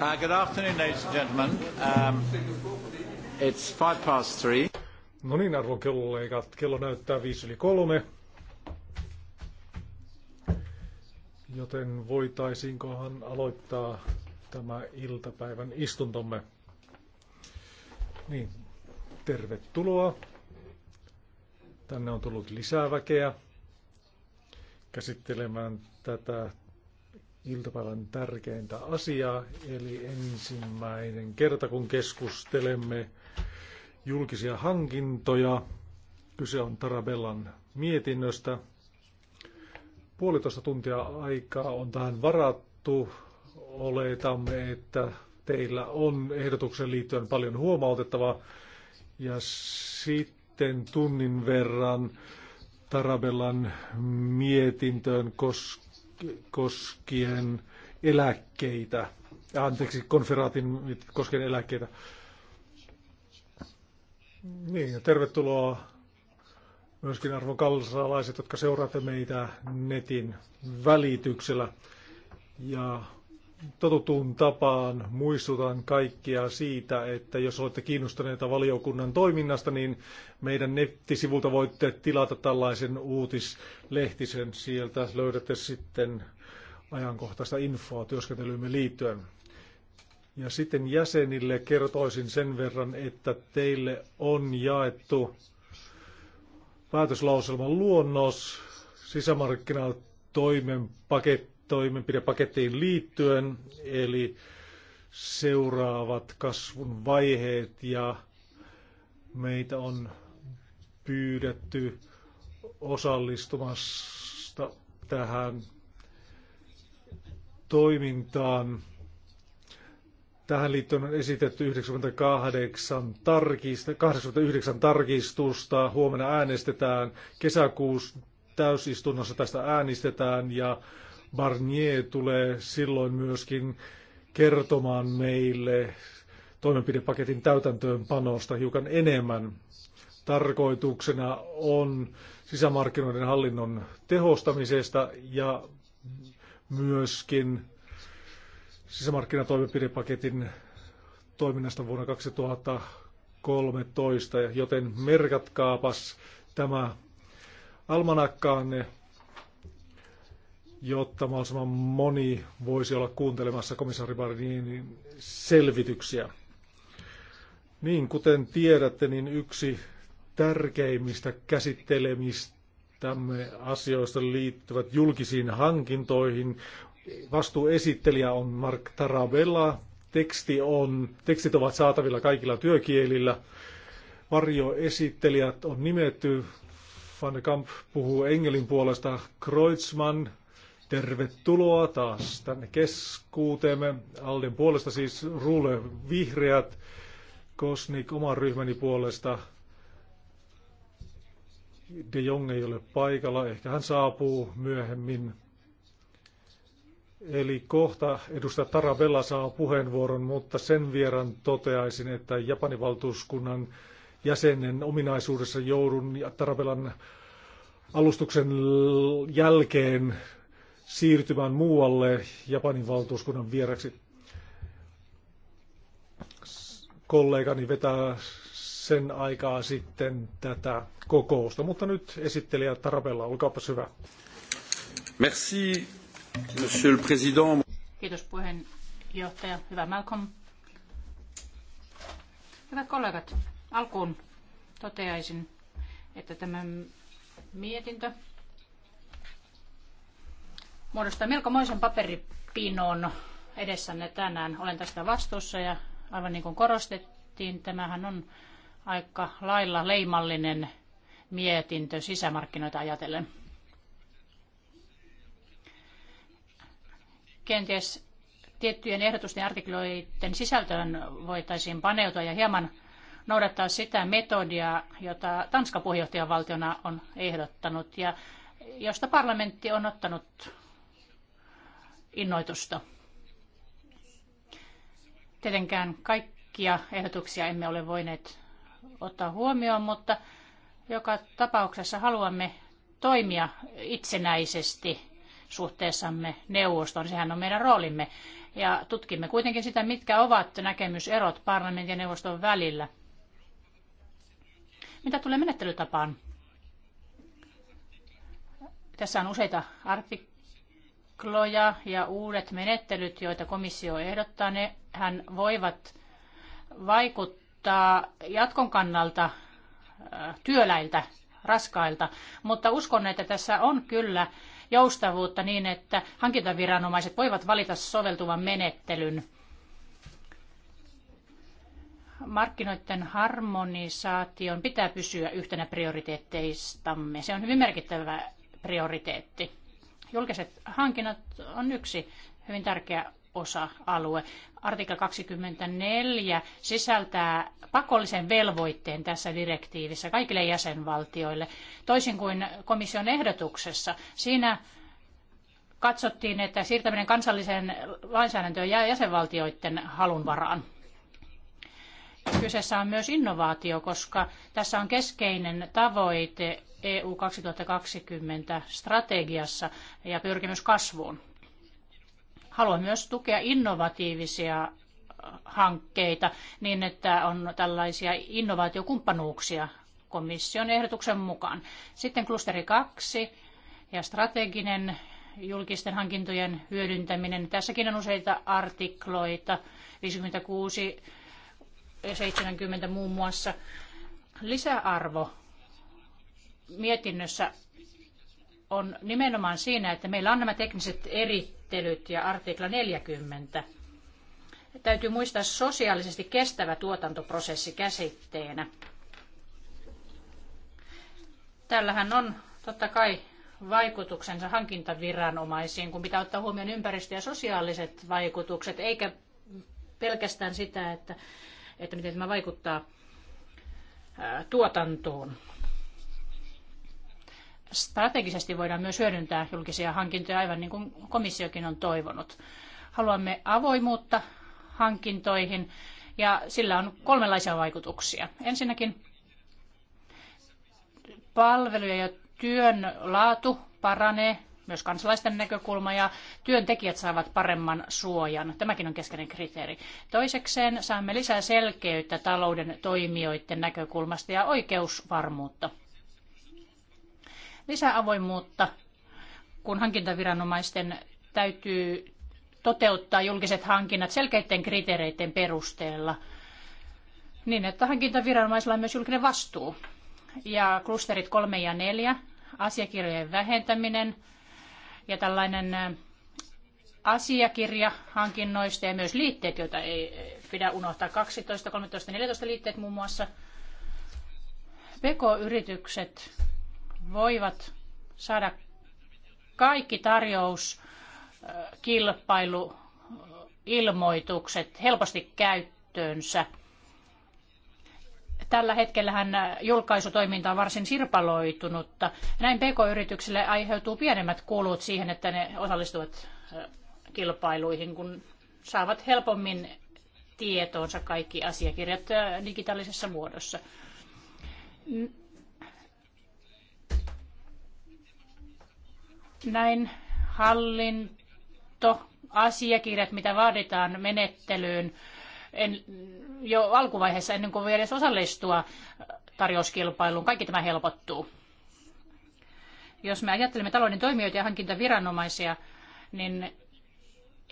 Uh, good afternoon, ladies and gentlemen. Um, it's five past three. No niin, arvon kollegat, kello näyttää viisi yli kolme. Joten voitaisiinkohan aloittaa tämä iltapäivän istuntomme. Niin, tervetuloa Tänne on tullut lisää väkeä käsittelemään tätä iltapäivän tärkeintä asiaa, eli ensimmäinen kerta kun keskustelemme julkisia hankintoja. Kyse on Tarabellan mietinnöstä. Puolitoista tuntia aikaa on tähän varattu. Oletamme, että teillä on ehdotuksen liittyen paljon huomautettavaa. Ja sitten sitten tunnin verran Tarabellan mietintöön koskien eläkkeitä, anteeksi, konferaatin koskien eläkkeitä. Niin, ja tervetuloa myöskin arvon kansalaiset, jotka seuraatte meitä netin välityksellä. Ja totuttuun tapaan muistutan kaikkia siitä, että jos olette kiinnostuneita valiokunnan toiminnasta, niin meidän nettisivulta voitte tilata tällaisen uutislehtisen. Sieltä löydätte sitten ajankohtaista infoa työskentelyymme liittyen. Ja sitten jäsenille kertoisin sen verran, että teille on jaettu päätöslauselman luonnos sisämarkkinatoimen paketti toimenpidepakettiin liittyen, eli seuraavat kasvun vaiheet ja meitä on pyydetty osallistumasta tähän toimintaan. Tähän liittyen on esitetty 98 tarkista, 89 tarkistusta. Huomenna äänestetään. Kesäkuussa täysistunnossa tästä äänestetään ja Barnier tulee silloin myöskin kertomaan meille toimenpidepaketin täytäntöönpanosta hiukan enemmän. Tarkoituksena on sisämarkkinoiden hallinnon tehostamisesta ja myöskin sisämarkkinatoimenpidepaketin toiminnasta vuonna 2013, joten merkatkaapas tämä almanakkaanne jotta mahdollisimman moni voisi olla kuuntelemassa komissaari Bardinin selvityksiä. Niin, kuten tiedätte, niin yksi tärkeimmistä käsittelemistämme asioista liittyvät julkisiin hankintoihin. Vastuuesittelijä on Mark Tarabella. Teksti on, tekstit ovat saatavilla kaikilla työkielillä. Varjoesittelijät on nimetty. Van de Kamp puhuu Engelin puolesta. Kreutzmann Tervetuloa taas tänne keskuuteemme. Alden puolesta siis rule Vihreät, Kosnik oman ryhmäni puolesta. De Jong ei ole paikalla, ehkä hän saapuu myöhemmin. Eli kohta edustaja Tarabella saa puheenvuoron, mutta sen vieran toteaisin, että Japanin valtuuskunnan jäsenen ominaisuudessa joudun Tarabellan alustuksen jälkeen siirtymään muualle Japanin valtuuskunnan vieraksi. Kollegani vetää sen aikaa sitten tätä kokousta. Mutta nyt esittelijä Tarabella, olkaapa hyvä. Merci, monsieur le président. Kiitos puheenjohtaja. Hyvä Malcolm. Hyvät kollegat, alkuun toteaisin, että tämä mietintö muodostaa melkomoisen paperipinon edessänne tänään. Olen tästä vastuussa ja aivan niin kuin korostettiin, tämähän on aika lailla leimallinen mietintö sisämarkkinoita ajatellen. Kenties tiettyjen ehdotusten artikloiden sisältöön voitaisiin paneutua ja hieman noudattaa sitä metodia, jota Tanska puheenjohtajavaltiona on ehdottanut ja josta parlamentti on ottanut innoitusta. Tietenkään kaikkia ehdotuksia emme ole voineet ottaa huomioon, mutta joka tapauksessa haluamme toimia itsenäisesti suhteessamme neuvostoon. Sehän on meidän roolimme. Ja tutkimme kuitenkin sitä, mitkä ovat näkemyserot parlamentin ja neuvoston välillä. Mitä tulee menettelytapaan? Tässä on useita artik- artikloja ja uudet menettelyt, joita komissio ehdottaa, ne hän voivat vaikuttaa jatkon kannalta äh, työläiltä, raskailta, mutta uskon, että tässä on kyllä joustavuutta niin, että hankintaviranomaiset voivat valita soveltuvan menettelyn. Markkinoiden harmonisaation pitää pysyä yhtenä prioriteetteistamme. Se on hyvin merkittävä prioriteetti. Julkiset hankinnat on yksi hyvin tärkeä osa-alue. Artikla 24 sisältää pakollisen velvoitteen tässä direktiivissä kaikille jäsenvaltioille, toisin kuin komission ehdotuksessa. Siinä katsottiin, että siirtäminen kansalliseen lainsäädäntöön jää jäsenvaltioiden halun varaan. Kyseessä on myös innovaatio, koska tässä on keskeinen tavoite EU 2020 strategiassa ja pyrkimys kasvuun. Haluan myös tukea innovatiivisia äh, hankkeita niin, että on tällaisia innovaatiokumppanuuksia komission ehdotuksen mukaan. Sitten klusteri 2 ja strateginen julkisten hankintojen hyödyntäminen. Tässäkin on useita artikloita, 56 ja 70 muun muassa. Lisäarvo mietinnössä on nimenomaan siinä, että meillä on nämä tekniset erittelyt ja artikla 40. Täytyy muistaa sosiaalisesti kestävä tuotantoprosessi käsitteenä. Tällähän on totta kai vaikutuksensa hankintaviranomaisiin, kun pitää ottaa huomioon ympäristö- ja sosiaaliset vaikutukset, eikä pelkästään sitä, että, että miten tämä vaikuttaa tuotantoon strategisesti voidaan myös hyödyntää julkisia hankintoja, aivan niin kuin komissiokin on toivonut. Haluamme avoimuutta hankintoihin ja sillä on kolmenlaisia vaikutuksia. Ensinnäkin palveluja ja työn laatu paranee myös kansalaisten näkökulma ja työntekijät saavat paremman suojan. Tämäkin on keskeinen kriteeri. Toisekseen saamme lisää selkeyttä talouden toimijoiden näkökulmasta ja oikeusvarmuutta lisää avoimuutta, kun hankintaviranomaisten täytyy toteuttaa julkiset hankinnat selkeiden kriteereiden perusteella, niin että hankintaviranomaisilla on myös julkinen vastuu. Ja klusterit 3 ja 4, asiakirjojen vähentäminen ja tällainen asiakirja hankinnoista ja myös liitteet, joita ei pidä unohtaa, 12, 13, 14 liitteet muun muassa. PK-yritykset voivat saada kaikki tarjouskilpailuilmoitukset helposti käyttöönsä. Tällä hetkellähän julkaisutoiminta on varsin sirpaloitunutta. Näin pk-yrityksille aiheutuu pienemmät kulut siihen, että ne osallistuvat kilpailuihin, kun saavat helpommin tietoonsa kaikki asiakirjat digitaalisessa muodossa Näin hallinto, asiakirjat, mitä vaaditaan menettelyyn en, jo alkuvaiheessa ennen kuin voi edes osallistua tarjouskilpailuun, kaikki tämä helpottuu. Jos me ajattelemme talouden toimijoita ja hankintaviranomaisia, niin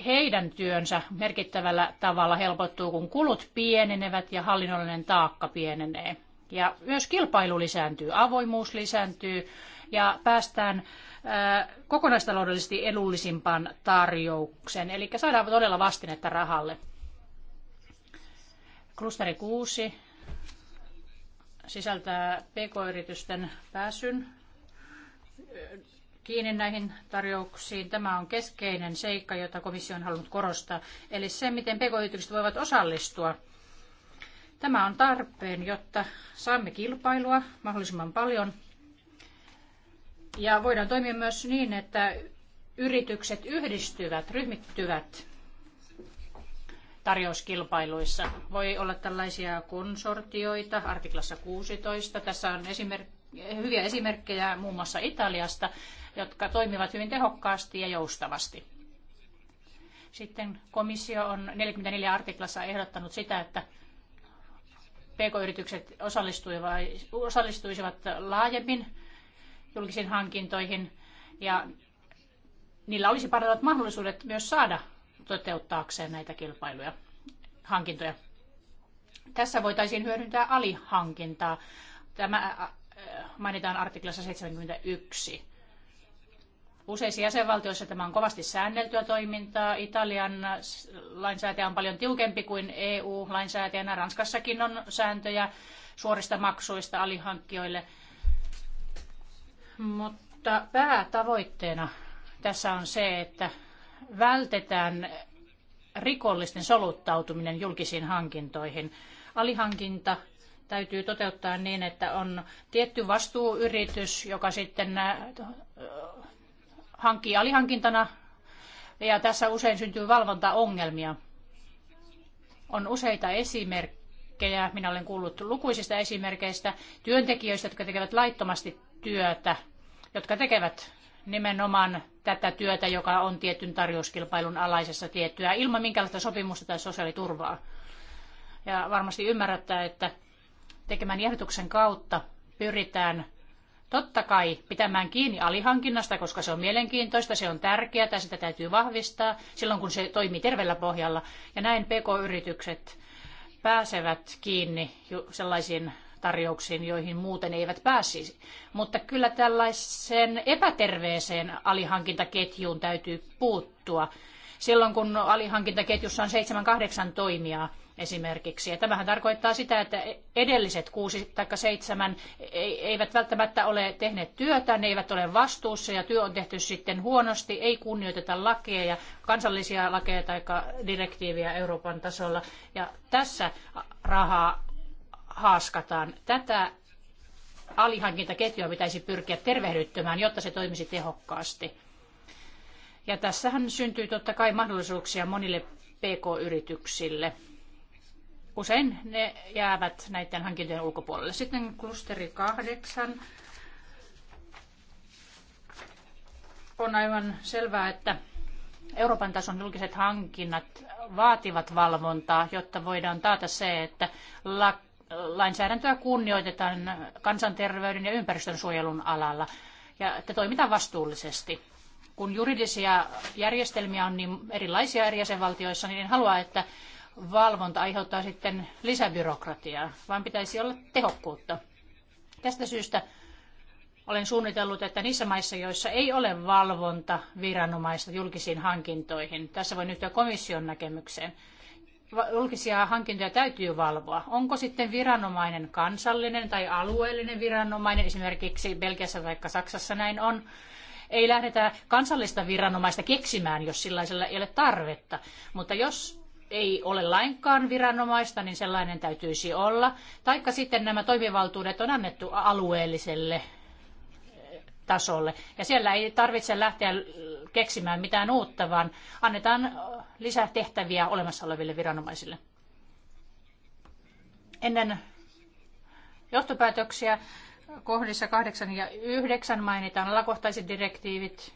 heidän työnsä merkittävällä tavalla helpottuu, kun kulut pienenevät ja hallinnollinen taakka pienenee. Ja myös kilpailu lisääntyy, avoimuus lisääntyy ja päästään äh, kokonaistaloudellisesti edullisimpaan tarjoukseen. Eli saadaan todella vastinetta rahalle. Klusteri 6 sisältää pk-yritysten pääsyn äh, kiinni näihin tarjouksiin. Tämä on keskeinen seikka, jota komissio on halunnut korostaa. Eli se, miten pk-yritykset voivat osallistua. Tämä on tarpeen, jotta saamme kilpailua mahdollisimman paljon ja voidaan toimia myös niin, että yritykset yhdistyvät, ryhmittyvät tarjouskilpailuissa. Voi olla tällaisia konsortioita, artiklassa 16. Tässä on esimerk- hyviä esimerkkejä muun muassa Italiasta, jotka toimivat hyvin tehokkaasti ja joustavasti. Sitten komissio on 44 artiklassa ehdottanut sitä, että PK-yritykset osallistuisivat laajemmin julkisiin hankintoihin ja niillä olisi parhaat mahdollisuudet myös saada toteuttaakseen näitä kilpailuja, hankintoja. Tässä voitaisiin hyödyntää alihankintaa. Tämä mainitaan artiklassa 71. Useissa jäsenvaltioissa tämä on kovasti säänneltyä toimintaa. Italian lainsäätäjä on paljon tiukempi kuin EU-lainsäätäjänä. Ranskassakin on sääntöjä suorista maksuista alihankkijoille – mutta päätavoitteena tässä on se, että vältetään rikollisten soluttautuminen julkisiin hankintoihin. Alihankinta täytyy toteuttaa niin, että on tietty vastuuyritys, joka sitten äh, hankkii alihankintana, ja tässä usein syntyy valvontaongelmia. On useita esimerkkejä esimerkkejä. Minä olen kuullut lukuisista esimerkkeistä työntekijöistä, jotka tekevät laittomasti työtä, jotka tekevät nimenomaan tätä työtä, joka on tietyn tarjouskilpailun alaisessa tiettyä, ilman minkäänlaista sopimusta tai sosiaaliturvaa. Ja varmasti ymmärrätte, että tekemän ehdotuksen kautta pyritään totta kai pitämään kiinni alihankinnasta, koska se on mielenkiintoista, se on tärkeää, sitä täytyy vahvistaa silloin, kun se toimii terveellä pohjalla. Ja näin PK-yritykset pääsevät kiinni sellaisiin tarjouksiin, joihin muuten eivät pääsisi. Mutta kyllä tällaiseen epäterveeseen alihankintaketjuun täytyy puuttua. Silloin kun alihankintaketjussa on 7-8 toimijaa, esimerkiksi. Ja tämähän tarkoittaa sitä, että edelliset kuusi tai seitsemän eivät välttämättä ole tehneet työtä, ne eivät ole vastuussa ja työ on tehty sitten huonosti, ei kunnioiteta lakeja ja kansallisia lakeja tai direktiiviä Euroopan tasolla. Ja tässä rahaa haaskataan. Tätä alihankintaketjua pitäisi pyrkiä tervehdyttämään, jotta se toimisi tehokkaasti. Ja tässähän syntyy totta kai mahdollisuuksia monille PK-yrityksille. Usein ne jäävät näiden hankintojen ulkopuolelle. Sitten klusteri kahdeksan. On aivan selvää, että Euroopan tason julkiset hankinnat vaativat valvontaa, jotta voidaan taata se, että la- lainsäädäntöä kunnioitetaan kansanterveyden ja ympäristön suojelun alalla ja että toimitaan vastuullisesti. Kun juridisia järjestelmiä on niin erilaisia eri jäsenvaltioissa, niin en halua, että valvonta aiheuttaa sitten lisäbyrokratiaa, vaan pitäisi olla tehokkuutta. Tästä syystä olen suunnitellut, että niissä maissa, joissa ei ole valvonta viranomaista julkisiin hankintoihin, tässä voin yhtyä komission näkemykseen, julkisia hankintoja täytyy valvoa. Onko sitten viranomainen kansallinen tai alueellinen viranomainen, esimerkiksi Belgiassa tai Saksassa näin on, ei lähdetä kansallista viranomaista keksimään, jos sellaisella ei ole tarvetta. Mutta jos ei ole lainkaan viranomaista, niin sellainen täytyisi olla. Taikka sitten nämä toimivaltuudet on annettu alueelliselle eh, tasolle. Ja siellä ei tarvitse lähteä keksimään mitään uutta, vaan annetaan eh, lisää tehtäviä olemassa oleville viranomaisille. Ennen johtopäätöksiä kohdissa 8 ja 9 mainitaan alakohtaiset direktiivit,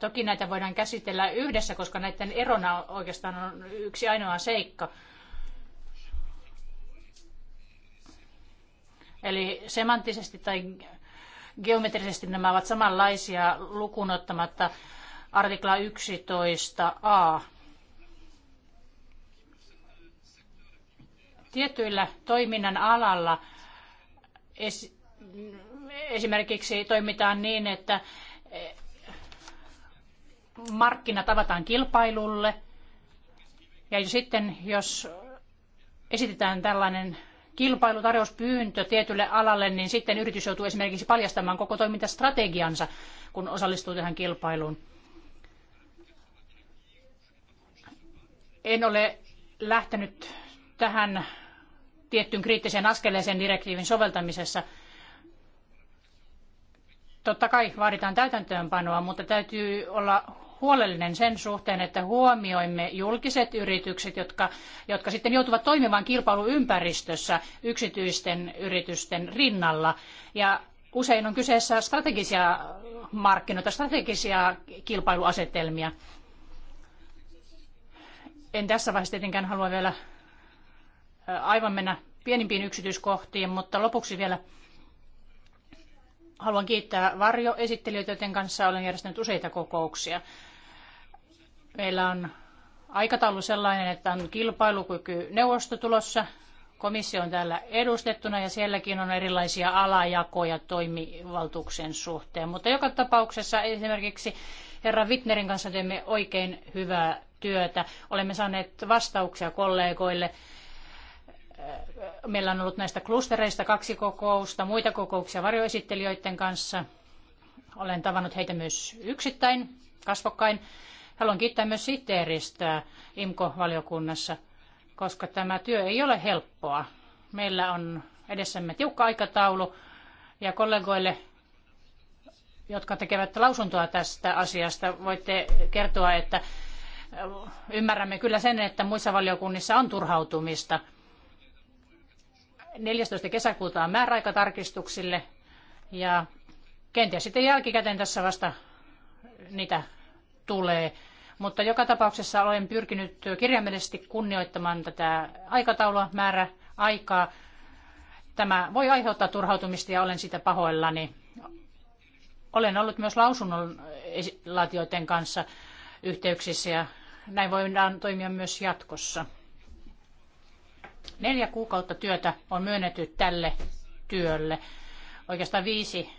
Toki näitä voidaan käsitellä yhdessä, koska näiden erona oikeastaan on yksi ainoa seikka. Eli semanttisesti tai geometrisesti nämä ovat samanlaisia lukuun ottamatta artikla 11a. Tietyillä toiminnan alalla esimerkiksi toimitaan niin, että markkinat avataan kilpailulle. Ja sitten jos esitetään tällainen kilpailutarjouspyyntö tietylle alalle, niin sitten yritys joutuu esimerkiksi paljastamaan koko toimintastrategiansa, kun osallistuu tähän kilpailuun. En ole lähtenyt tähän tiettyyn kriittiseen askeleeseen direktiivin soveltamisessa. Totta kai vaaditaan täytäntöönpanoa, mutta täytyy olla huolellinen sen suhteen, että huomioimme julkiset yritykset, jotka, jotka sitten joutuvat toimimaan kilpailuympäristössä yksityisten yritysten rinnalla. Ja usein on kyseessä strategisia markkinoita, strategisia kilpailuasetelmia. En tässä vaiheessa tietenkään halua vielä aivan mennä pienimpiin yksityiskohtiin, mutta lopuksi vielä haluan kiittää varjoesittelijöitä, joiden kanssa olen järjestänyt useita kokouksia. Meillä on aikataulu sellainen, että on kilpailukykyneuvosto tulossa. Komissio on täällä edustettuna ja sielläkin on erilaisia alajakoja toimivaltuuksien suhteen. Mutta joka tapauksessa esimerkiksi herra Wittnerin kanssa teemme oikein hyvää työtä. Olemme saaneet vastauksia kollegoille. Meillä on ollut näistä klustereista kaksi kokousta, muita kokouksia varjoesittelijöiden kanssa. Olen tavannut heitä myös yksittäin, kasvokkain. Haluan kiittää myös sihteeristöä IMKO-valiokunnassa, koska tämä työ ei ole helppoa. Meillä on edessämme tiukka aikataulu ja kollegoille jotka tekevät lausuntoa tästä asiasta, voitte kertoa, että ymmärrämme kyllä sen, että muissa valiokunnissa on turhautumista. 14. kesäkuuta on määräaika tarkistuksille ja kenties sitten jälkikäteen tässä vasta niitä tulee. Mutta joka tapauksessa olen pyrkinyt kirjaimellisesti kunnioittamaan tätä aikataulua, määrä, aikaa. Tämä voi aiheuttaa turhautumista ja olen sitä pahoillani. Olen ollut myös lausunnonlaatioiden kanssa yhteyksissä ja näin voidaan toimia myös jatkossa. Neljä kuukautta työtä on myönnetty tälle työlle. Oikeastaan viisi,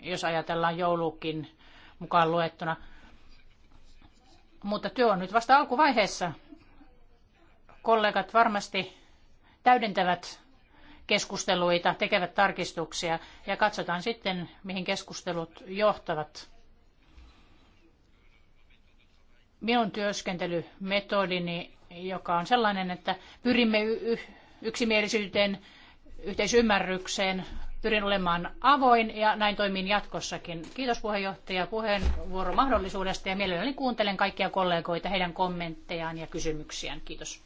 jos ajatellaan joulukin mukaan luettuna – mutta työ on nyt vasta alkuvaiheessa. Kollegat varmasti täydentävät keskusteluita, tekevät tarkistuksia ja katsotaan sitten, mihin keskustelut johtavat. Minun työskentelymetodini, joka on sellainen, että pyrimme yksimielisyyteen, yhteisymmärrykseen Pyrin olemaan avoin ja näin toimin jatkossakin. Kiitos puheenjohtaja mahdollisuudesta ja mielelläni kuuntelen kaikkia kollegoita, heidän kommenttejaan ja kysymyksiään. Kiitos.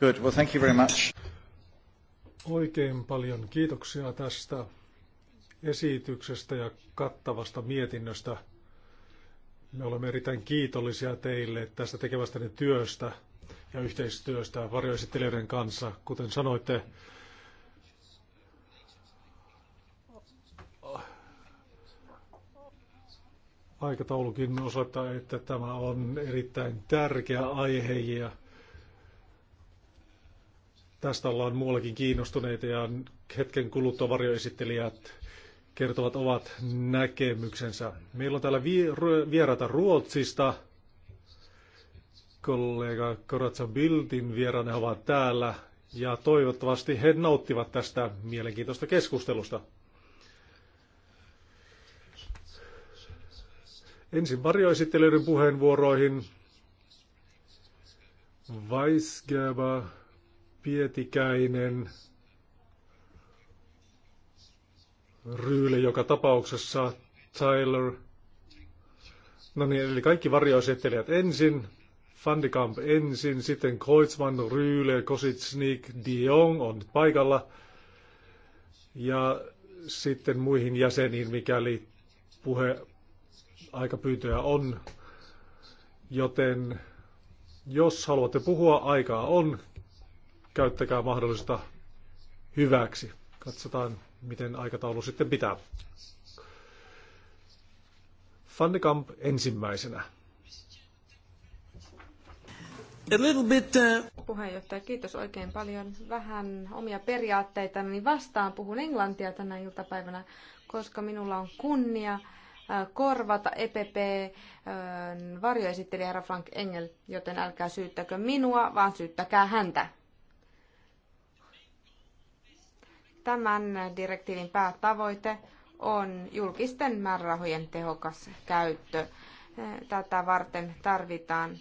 Good. Well, thank you very much. Oikein paljon kiitoksia tästä esityksestä ja kattavasta mietinnöstä. Me olemme erittäin kiitollisia teille tästä tekemästänne työstä – ja yhteistyöstä varjoesittelijöiden kanssa. Kuten sanoitte, aikataulukin osoittaa, että tämä on erittäin tärkeä aihe ja tästä ollaan muuallakin kiinnostuneita ja hetken kuluttua varjoesittelijät kertovat ovat näkemyksensä. Meillä on täällä vieraita Ruotsista kollega Koratsa Bildin vieraana ovat täällä ja toivottavasti he nauttivat tästä mielenkiintoista keskustelusta. Ensin varjoesittelyiden puheenvuoroihin. Weisgerber, Pietikäinen, Ryyle joka tapauksessa, Tyler. No niin, eli kaikki varjoesittelijät ensin. Kamp ensin, sitten Kreutzmann, Ryyle, Kositsnik, Dion on nyt paikalla. Ja sitten muihin jäseniin, mikäli puhe aikapyyntöjä on. Joten jos haluatte puhua, aikaa on, käyttäkää mahdollista hyväksi. Katsotaan, miten aikataulu sitten pitää. Fannikamp ensimmäisenä a little bit... Uh... Puheenjohtaja, kiitos oikein paljon. Vähän omia periaatteita, niin vastaan puhun englantia tänä iltapäivänä, koska minulla on kunnia äh, korvata EPP äh, varjoesittelijä herra Frank Engel, joten älkää syyttäkö minua, vaan syyttäkää häntä. Tämän direktiivin päätavoite on julkisten määrärahojen tehokas käyttö. Äh, tätä varten tarvitaan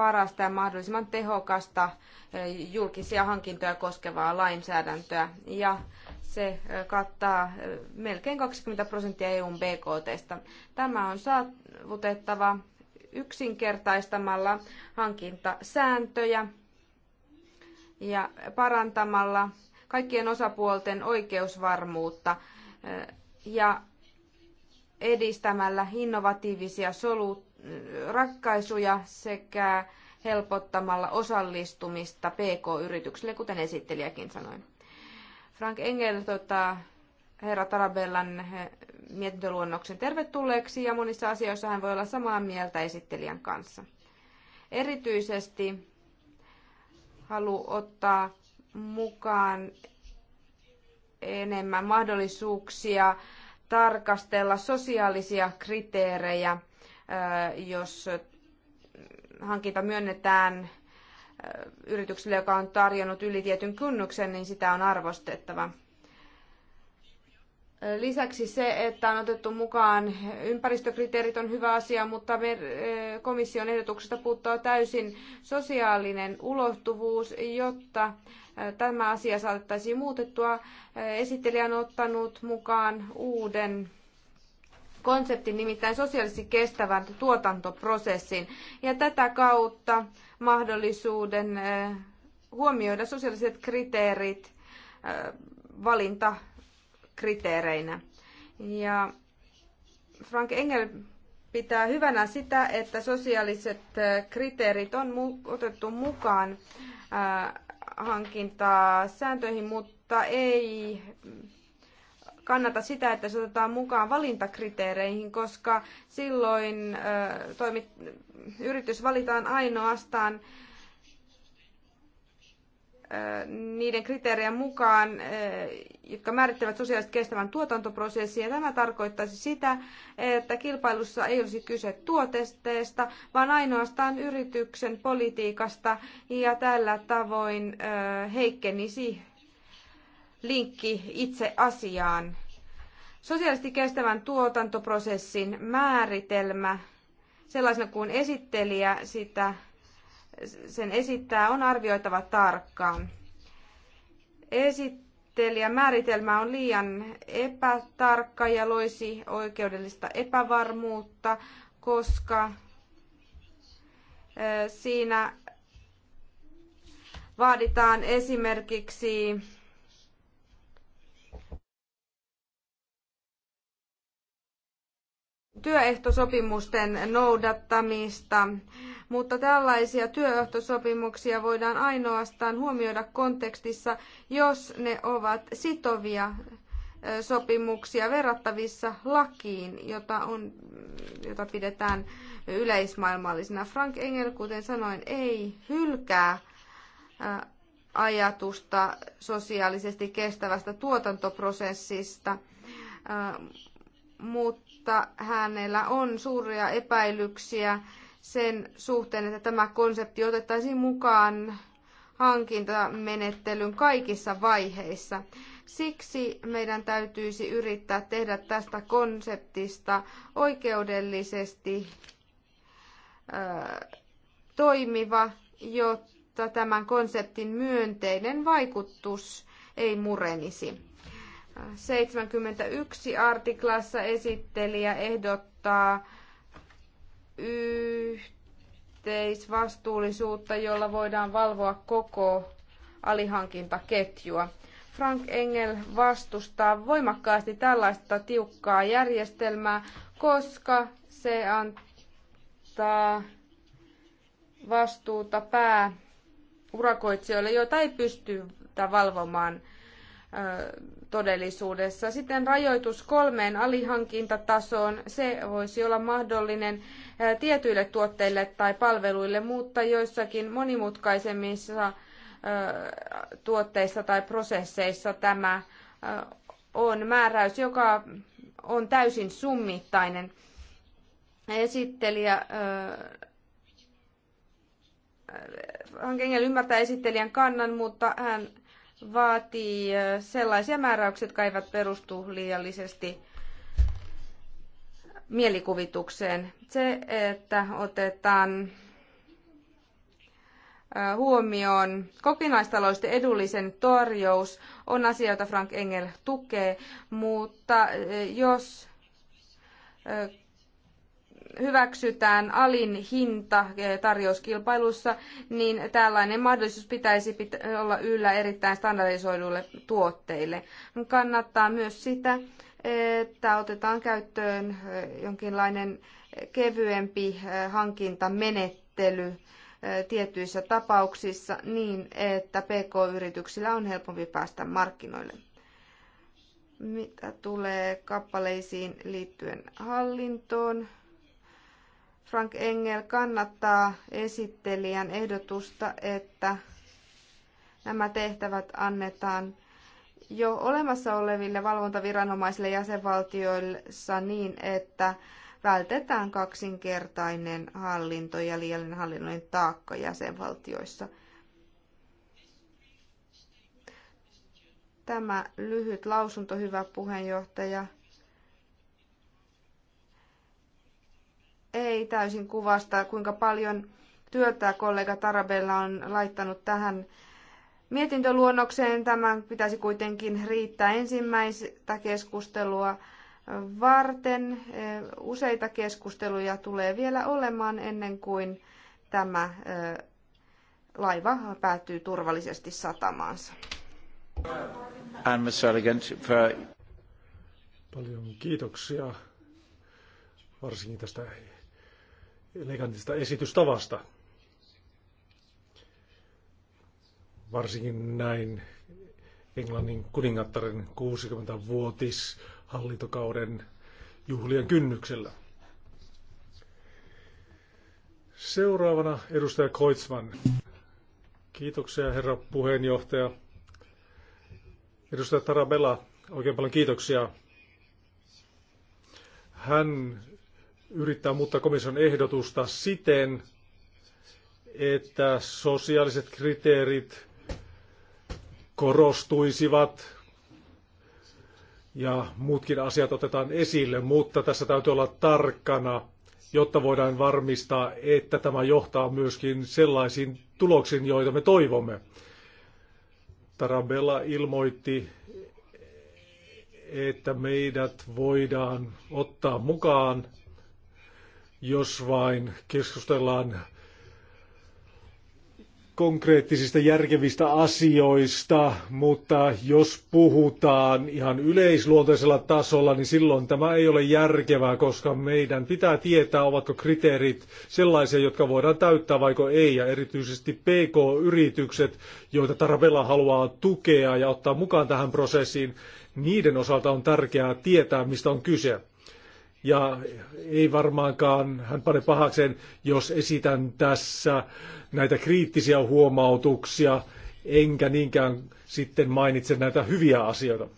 parasta ja mahdollisimman tehokasta eh, julkisia hankintoja koskevaa lainsäädäntöä. Ja se eh, kattaa eh, melkein 20 prosenttia EUn BKTstä. Tämä on saavutettava yksinkertaistamalla hankintasääntöjä ja parantamalla kaikkien osapuolten oikeusvarmuutta ja edistämällä innovatiivisia solut, ratkaisuja sekä helpottamalla osallistumista PK-yrityksille, kuten esittelijäkin sanoi. Frank Engel tota, herra Tarabellan eh, mietintöluonnoksen tervetulleeksi ja monissa asioissa hän voi olla samaa mieltä esittelijän kanssa. Erityisesti halu ottaa mukaan enemmän mahdollisuuksia tarkastella sosiaalisia kriteerejä – jos hankinta myönnetään yritykselle, joka on tarjonnut yli tietyn kynnyksen, niin sitä on arvostettava. Lisäksi se, että on otettu mukaan ympäristökriteerit on hyvä asia, mutta komission ehdotuksesta puuttuu täysin sosiaalinen ulottuvuus, jotta tämä asia saatettaisiin muutettua. Esittelijä on ottanut mukaan uuden konseptin, nimittäin sosiaalisesti kestävän tuotantoprosessin. Ja tätä kautta mahdollisuuden eh, huomioida sosiaaliset kriteerit eh, valintakriteereinä. Ja Frank Engel pitää hyvänä sitä, että sosiaaliset eh, kriteerit on otettu mukaan hankintaa sääntöihin, mutta ei kannata sitä, että se otetaan mukaan valintakriteereihin, koska silloin toimit, yritys valitaan ainoastaan niiden kriteerien mukaan, jotka määrittävät sosiaalisesti kestävän tuotantoprosessin. Ja tämä tarkoittaisi sitä, että kilpailussa ei olisi kyse tuotesteesta, vaan ainoastaan yrityksen politiikasta. Ja tällä tavoin heikkenisi linkki itse asiaan. Sosiaalisesti kestävän tuotantoprosessin määritelmä sellaisena kuin esittelijä sitä, sen esittää, on arvioitava tarkkaan. Esittelijän määritelmä on liian epätarkka ja loisi oikeudellista epävarmuutta, koska siinä vaaditaan esimerkiksi työehtosopimusten noudattamista, mutta tällaisia työehtosopimuksia voidaan ainoastaan huomioida kontekstissa, jos ne ovat sitovia sopimuksia verrattavissa lakiin, jota, on, jota pidetään yleismaailmallisena. Frank Engel, kuten sanoin, ei hylkää ajatusta sosiaalisesti kestävästä tuotantoprosessista, mutta mutta hänellä on suuria epäilyksiä sen suhteen, että tämä konsepti otettaisiin mukaan hankintamenettelyn kaikissa vaiheissa. Siksi meidän täytyisi yrittää tehdä tästä konseptista oikeudellisesti toimiva, jotta tämän konseptin myönteinen vaikutus ei murenisi. 71 artiklassa esittelijä ehdottaa yhteisvastuullisuutta, jolla voidaan valvoa koko alihankintaketjua. Frank Engel vastustaa voimakkaasti tällaista tiukkaa järjestelmää, koska se antaa vastuuta pääurakoitsijoille, joita ei pystytä valvomaan – todellisuudessa. Sitten rajoitus kolmeen alihankintatasoon, se voisi olla mahdollinen tietyille tuotteille tai palveluille, mutta joissakin monimutkaisemmissa tuotteissa tai prosesseissa tämä on määräys, joka on täysin summittainen. Esittelijä Hankengel ymmärtää esittelijän kannan, mutta hän vaatii äh, sellaisia määräyksiä, jotka eivät perustu liiallisesti mielikuvitukseen. Se, että otetaan äh, huomioon kokinaistaloista edullisen torjous on asia, jota Frank Engel tukee, mutta äh, jos hyväksytään alin hinta eh, tarjouskilpailussa, niin tällainen mahdollisuus pitäisi olla yllä erittäin standardisoiduille tuotteille. Kannattaa myös sitä, että otetaan käyttöön eh, jonkinlainen kevyempi eh, hankintamenettely tietyissä tapauksissa niin, että PK-yrityksillä on helpompi päästä markkinoille. Mitä tulee kappaleisiin liittyen hallintoon, Frank Engel kannattaa esittelijän ehdotusta, että nämä tehtävät annetaan jo olemassa oleville valvontaviranomaisille jäsenvaltioissa niin, että vältetään kaksinkertainen hallinto ja liiallinen hallinnollinen taakka jäsenvaltioissa. Tämä lyhyt lausunto, hyvä puheenjohtaja ei täysin kuvasta, kuinka paljon työtä kollega Tarabella on laittanut tähän mietintöluonnokseen. Tämän pitäisi kuitenkin riittää ensimmäistä keskustelua varten. Eh, useita keskusteluja tulee vielä olemaan ennen kuin tämä eh, laiva päätyy turvallisesti satamaansa. Paljon kiitoksia varsinkin tästä elegantista esitystavasta. Varsinkin näin Englannin kuningattaren 60-vuotis hallitokauden juhlien kynnyksellä. Seuraavana edustaja Koitsman. Kiitoksia herra puheenjohtaja. Edustaja Tarabella, oikein paljon kiitoksia. Hän yrittää muuttaa komission ehdotusta siten, että sosiaaliset kriteerit korostuisivat ja muutkin asiat otetaan esille, mutta tässä täytyy olla tarkkana, jotta voidaan varmistaa, että tämä johtaa myöskin sellaisiin tuloksiin, joita me toivomme. Tarabella ilmoitti, että meidät voidaan ottaa mukaan jos vain keskustellaan konkreettisista järkevistä asioista, mutta jos puhutaan ihan yleisluonteisella tasolla, niin silloin tämä ei ole järkevää, koska meidän pitää tietää, ovatko kriteerit sellaisia, jotka voidaan täyttää vaiko ei, ja erityisesti PK-yritykset, joita Tarvella haluaa tukea ja ottaa mukaan tähän prosessiin, niiden osalta on tärkeää tietää, mistä on kyse. Ja ei varmaankaan hän pane pahakseen, jos esitän tässä näitä kriittisiä huomautuksia, enkä niinkään sitten mainitse näitä hyviä asioita.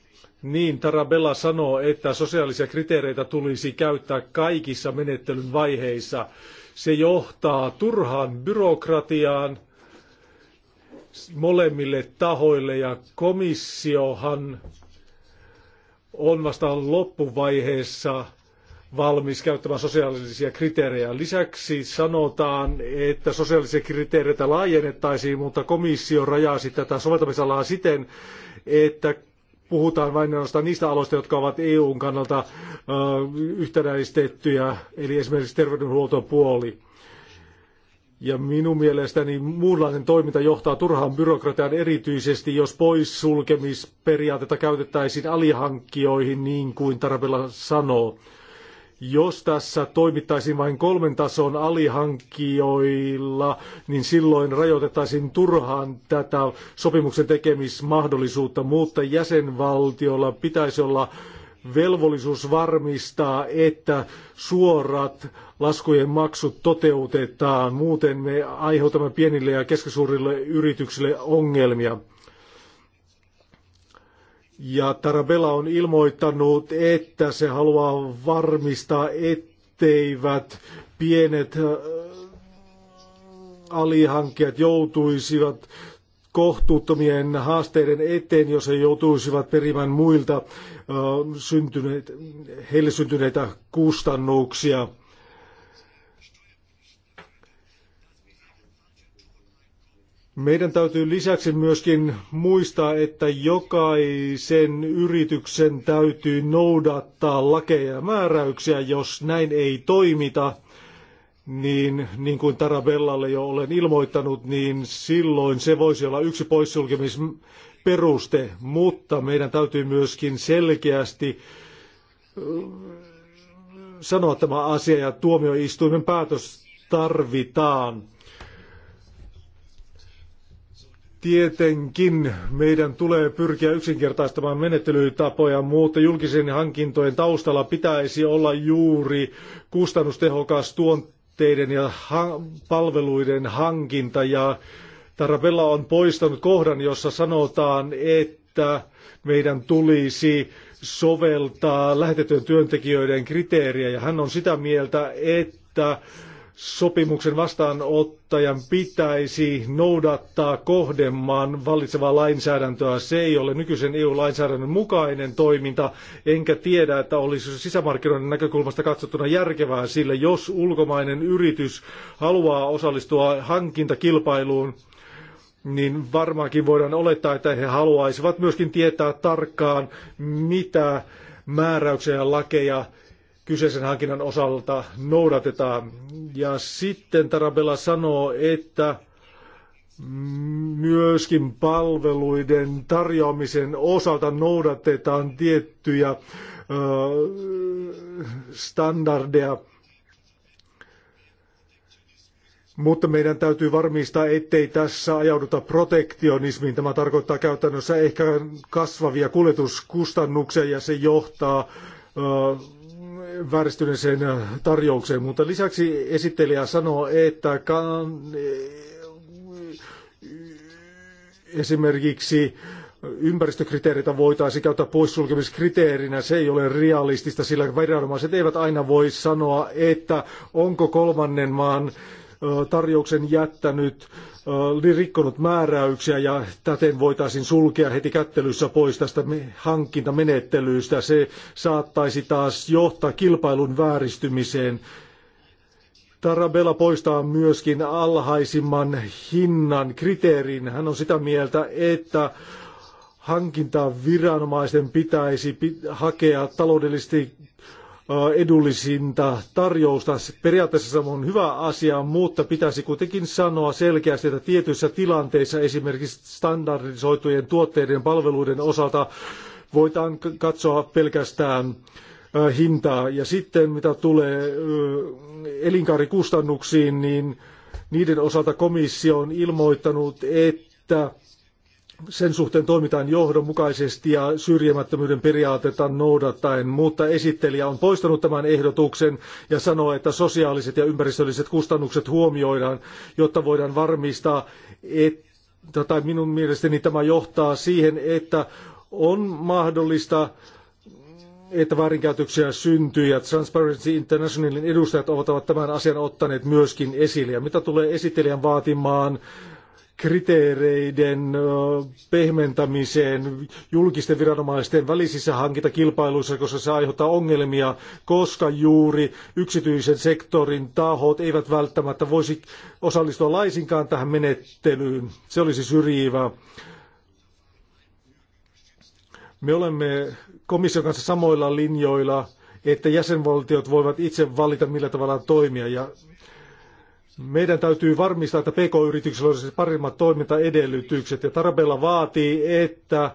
Niin, Tarabella sanoo, että sosiaalisia kriteereitä tulisi käyttää kaikissa menettelyn vaiheissa. Se johtaa turhaan byrokratiaan molemmille tahoille ja komissiohan on vasta loppuvaiheessa valmis käyttämään sosiaalisia kriteerejä. Lisäksi sanotaan, että sosiaalisia kriteereitä laajennettaisiin, mutta komissio rajasi tätä soveltamisalaa siten, että puhutaan vain ainoastaan niistä aloista, jotka ovat EUn kannalta yhtenäistettyjä, eli esimerkiksi terveydenhuoltopuoli. Ja minun mielestäni muunlainen toiminta johtaa turhaan byrokratiaan erityisesti, jos poissulkemisperiaatetta käytettäisiin alihankkijoihin, niin kuin Tarabella sanoo. Jos tässä toimittaisiin vain kolmen tason alihankkijoilla, niin silloin rajoitettaisiin turhaan tätä sopimuksen tekemismahdollisuutta, mutta jäsenvaltiolla pitäisi olla velvollisuus varmistaa, että suorat laskujen maksut toteutetaan. Muuten me aiheutamme pienille ja keskisuurille yrityksille ongelmia. Ja Tarabella on ilmoittanut, että se haluaa varmistaa, etteivät pienet äh, alihankkijat joutuisivat kohtuuttomien haasteiden eteen, jos he joutuisivat perimään muilta äh, syntyneet, heille syntyneitä kustannuksia. Meidän täytyy lisäksi myöskin muistaa, että jokaisen yrityksen täytyy noudattaa lakeja ja määräyksiä. Jos näin ei toimita, niin, niin kuin Tarabellalle jo olen ilmoittanut, niin silloin se voisi olla yksi poissulkemisperuste, mutta meidän täytyy myöskin selkeästi äh, sanoa tämä asia ja tuomioistuimen päätös tarvitaan. Tietenkin meidän tulee pyrkiä yksinkertaistamaan menettelytapoja, mutta julkisen hankintojen taustalla pitäisi olla juuri kustannustehokas tuotteiden ja palveluiden hankinta. Ja Tarabella on poistanut kohdan, jossa sanotaan, että meidän tulisi soveltaa lähetettyjen työntekijöiden kriteeriä. Ja hän on sitä mieltä, että että sopimuksen vastaanottajan pitäisi noudattaa kohdemaan vallitsevaa lainsäädäntöä. Se ei ole nykyisen EU-lainsäädännön mukainen toiminta, enkä tiedä, että olisi sisämarkkinoiden näkökulmasta katsottuna järkevää, Sille, jos ulkomainen yritys haluaa osallistua hankintakilpailuun, niin varmaankin voidaan olettaa, että he haluaisivat myöskin tietää tarkkaan, mitä määräyksiä ja lakeja kyseisen hankinnan osalta noudatetaan. Ja sitten Tarabella sanoo, että myöskin palveluiden tarjoamisen osalta noudatetaan tiettyjä ö, standardeja. Mutta meidän täytyy varmistaa, ettei tässä ajauduta protektionismiin. Tämä tarkoittaa käytännössä ehkä kasvavia kuljetuskustannuksia ja se johtaa ö, vääristyneeseen äh, tarjoukseen, mutta lisäksi esittelijä sanoo, että kan, äh, esimerkiksi ympäristökriteereitä voitaisiin käyttää poissulkemiskriteerinä. Se ei ole realistista, sillä viranomaiset eivät aina voi sanoa, että onko kolmannen maan äh, tarjouksen jättänyt rikkonut määräyksiä ja täten voitaisiin sulkea heti kättelyssä pois tästä hankintamenettelystä. Se saattaisi taas johtaa kilpailun vääristymiseen. Tarabella poistaa myöskin alhaisimman hinnan kriteerin. Hän on sitä mieltä, että hankintaviranomaisten pitäisi hakea taloudellisesti edullisinta tarjousta. Periaatteessa se on hyvä asia, mutta pitäisi kuitenkin sanoa selkeästi, että tietyissä tilanteissa esimerkiksi standardisoitujen tuotteiden ja palveluiden osalta voidaan katsoa pelkästään hintaa. Ja sitten mitä tulee elinkaarikustannuksiin, niin niiden osalta komissio on ilmoittanut, että sen suhteen toimitaan johdonmukaisesti ja syrjimättömyyden periaatetta noudattaen, mutta esittelijä on poistanut tämän ehdotuksen ja sanoo, että sosiaaliset ja ympäristölliset kustannukset huomioidaan, jotta voidaan varmistaa, että, tai minun mielestäni tämä johtaa siihen, että on mahdollista että väärinkäytöksiä syntyy ja Transparency Internationalin edustajat ovat tämän asian ottaneet myöskin esille. Ja mitä tulee esittelijän vaatimaan kriteereiden pehmentämiseen julkisten viranomaisten välisissä hankintakilpailuissa, koska se aiheuttaa ongelmia, koska juuri yksityisen sektorin tahot eivät välttämättä voisi osallistua laisinkaan tähän menettelyyn. Se olisi syrjivää. Me olemme komission kanssa samoilla linjoilla, että jäsenvaltiot voivat itse valita, millä tavalla toimia. Ja meidän täytyy varmistaa, että PK-yrityksillä olisi paremmat toimintaedellytykset ja tarpeella vaatii, että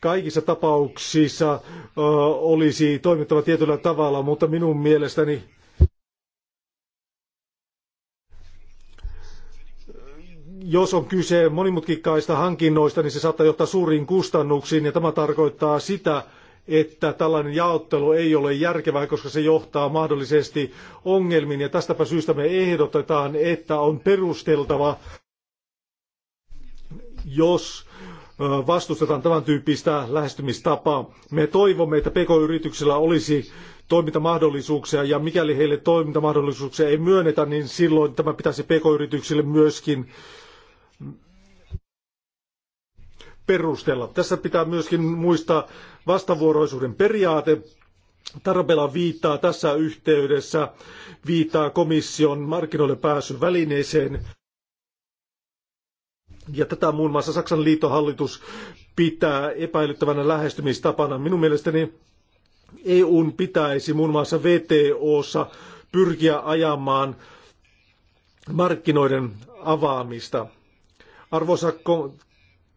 kaikissa tapauksissa olisi toimittava tietyllä tavalla, mutta minun mielestäni jos on kyse monimutkikkaista hankinnoista, niin se saattaa johtaa suuriin kustannuksiin ja tämä tarkoittaa sitä, että tällainen jaottelu ei ole järkevää, koska se johtaa mahdollisesti ongelmiin. Ja tästäpä syystä me ehdotetaan, että on perusteltava, jos vastustetaan tämän tyyppistä lähestymistapaa. Me toivomme, että PK-yrityksillä olisi toimintamahdollisuuksia ja mikäli heille toimintamahdollisuuksia ei myönnetä, niin silloin tämä pitäisi PK-yrityksille myöskin perustella. Tässä pitää myöskin muistaa Vastavuoroisuuden periaate Tarabella viittaa tässä yhteydessä, viittaa komission markkinoille pääsyn välineeseen. Ja tätä muun muassa Saksan liittohallitus pitää epäilyttävänä lähestymistapana. Minun mielestäni EUn pitäisi muun muassa VTOssa pyrkiä ajamaan markkinoiden avaamista. Arvoisa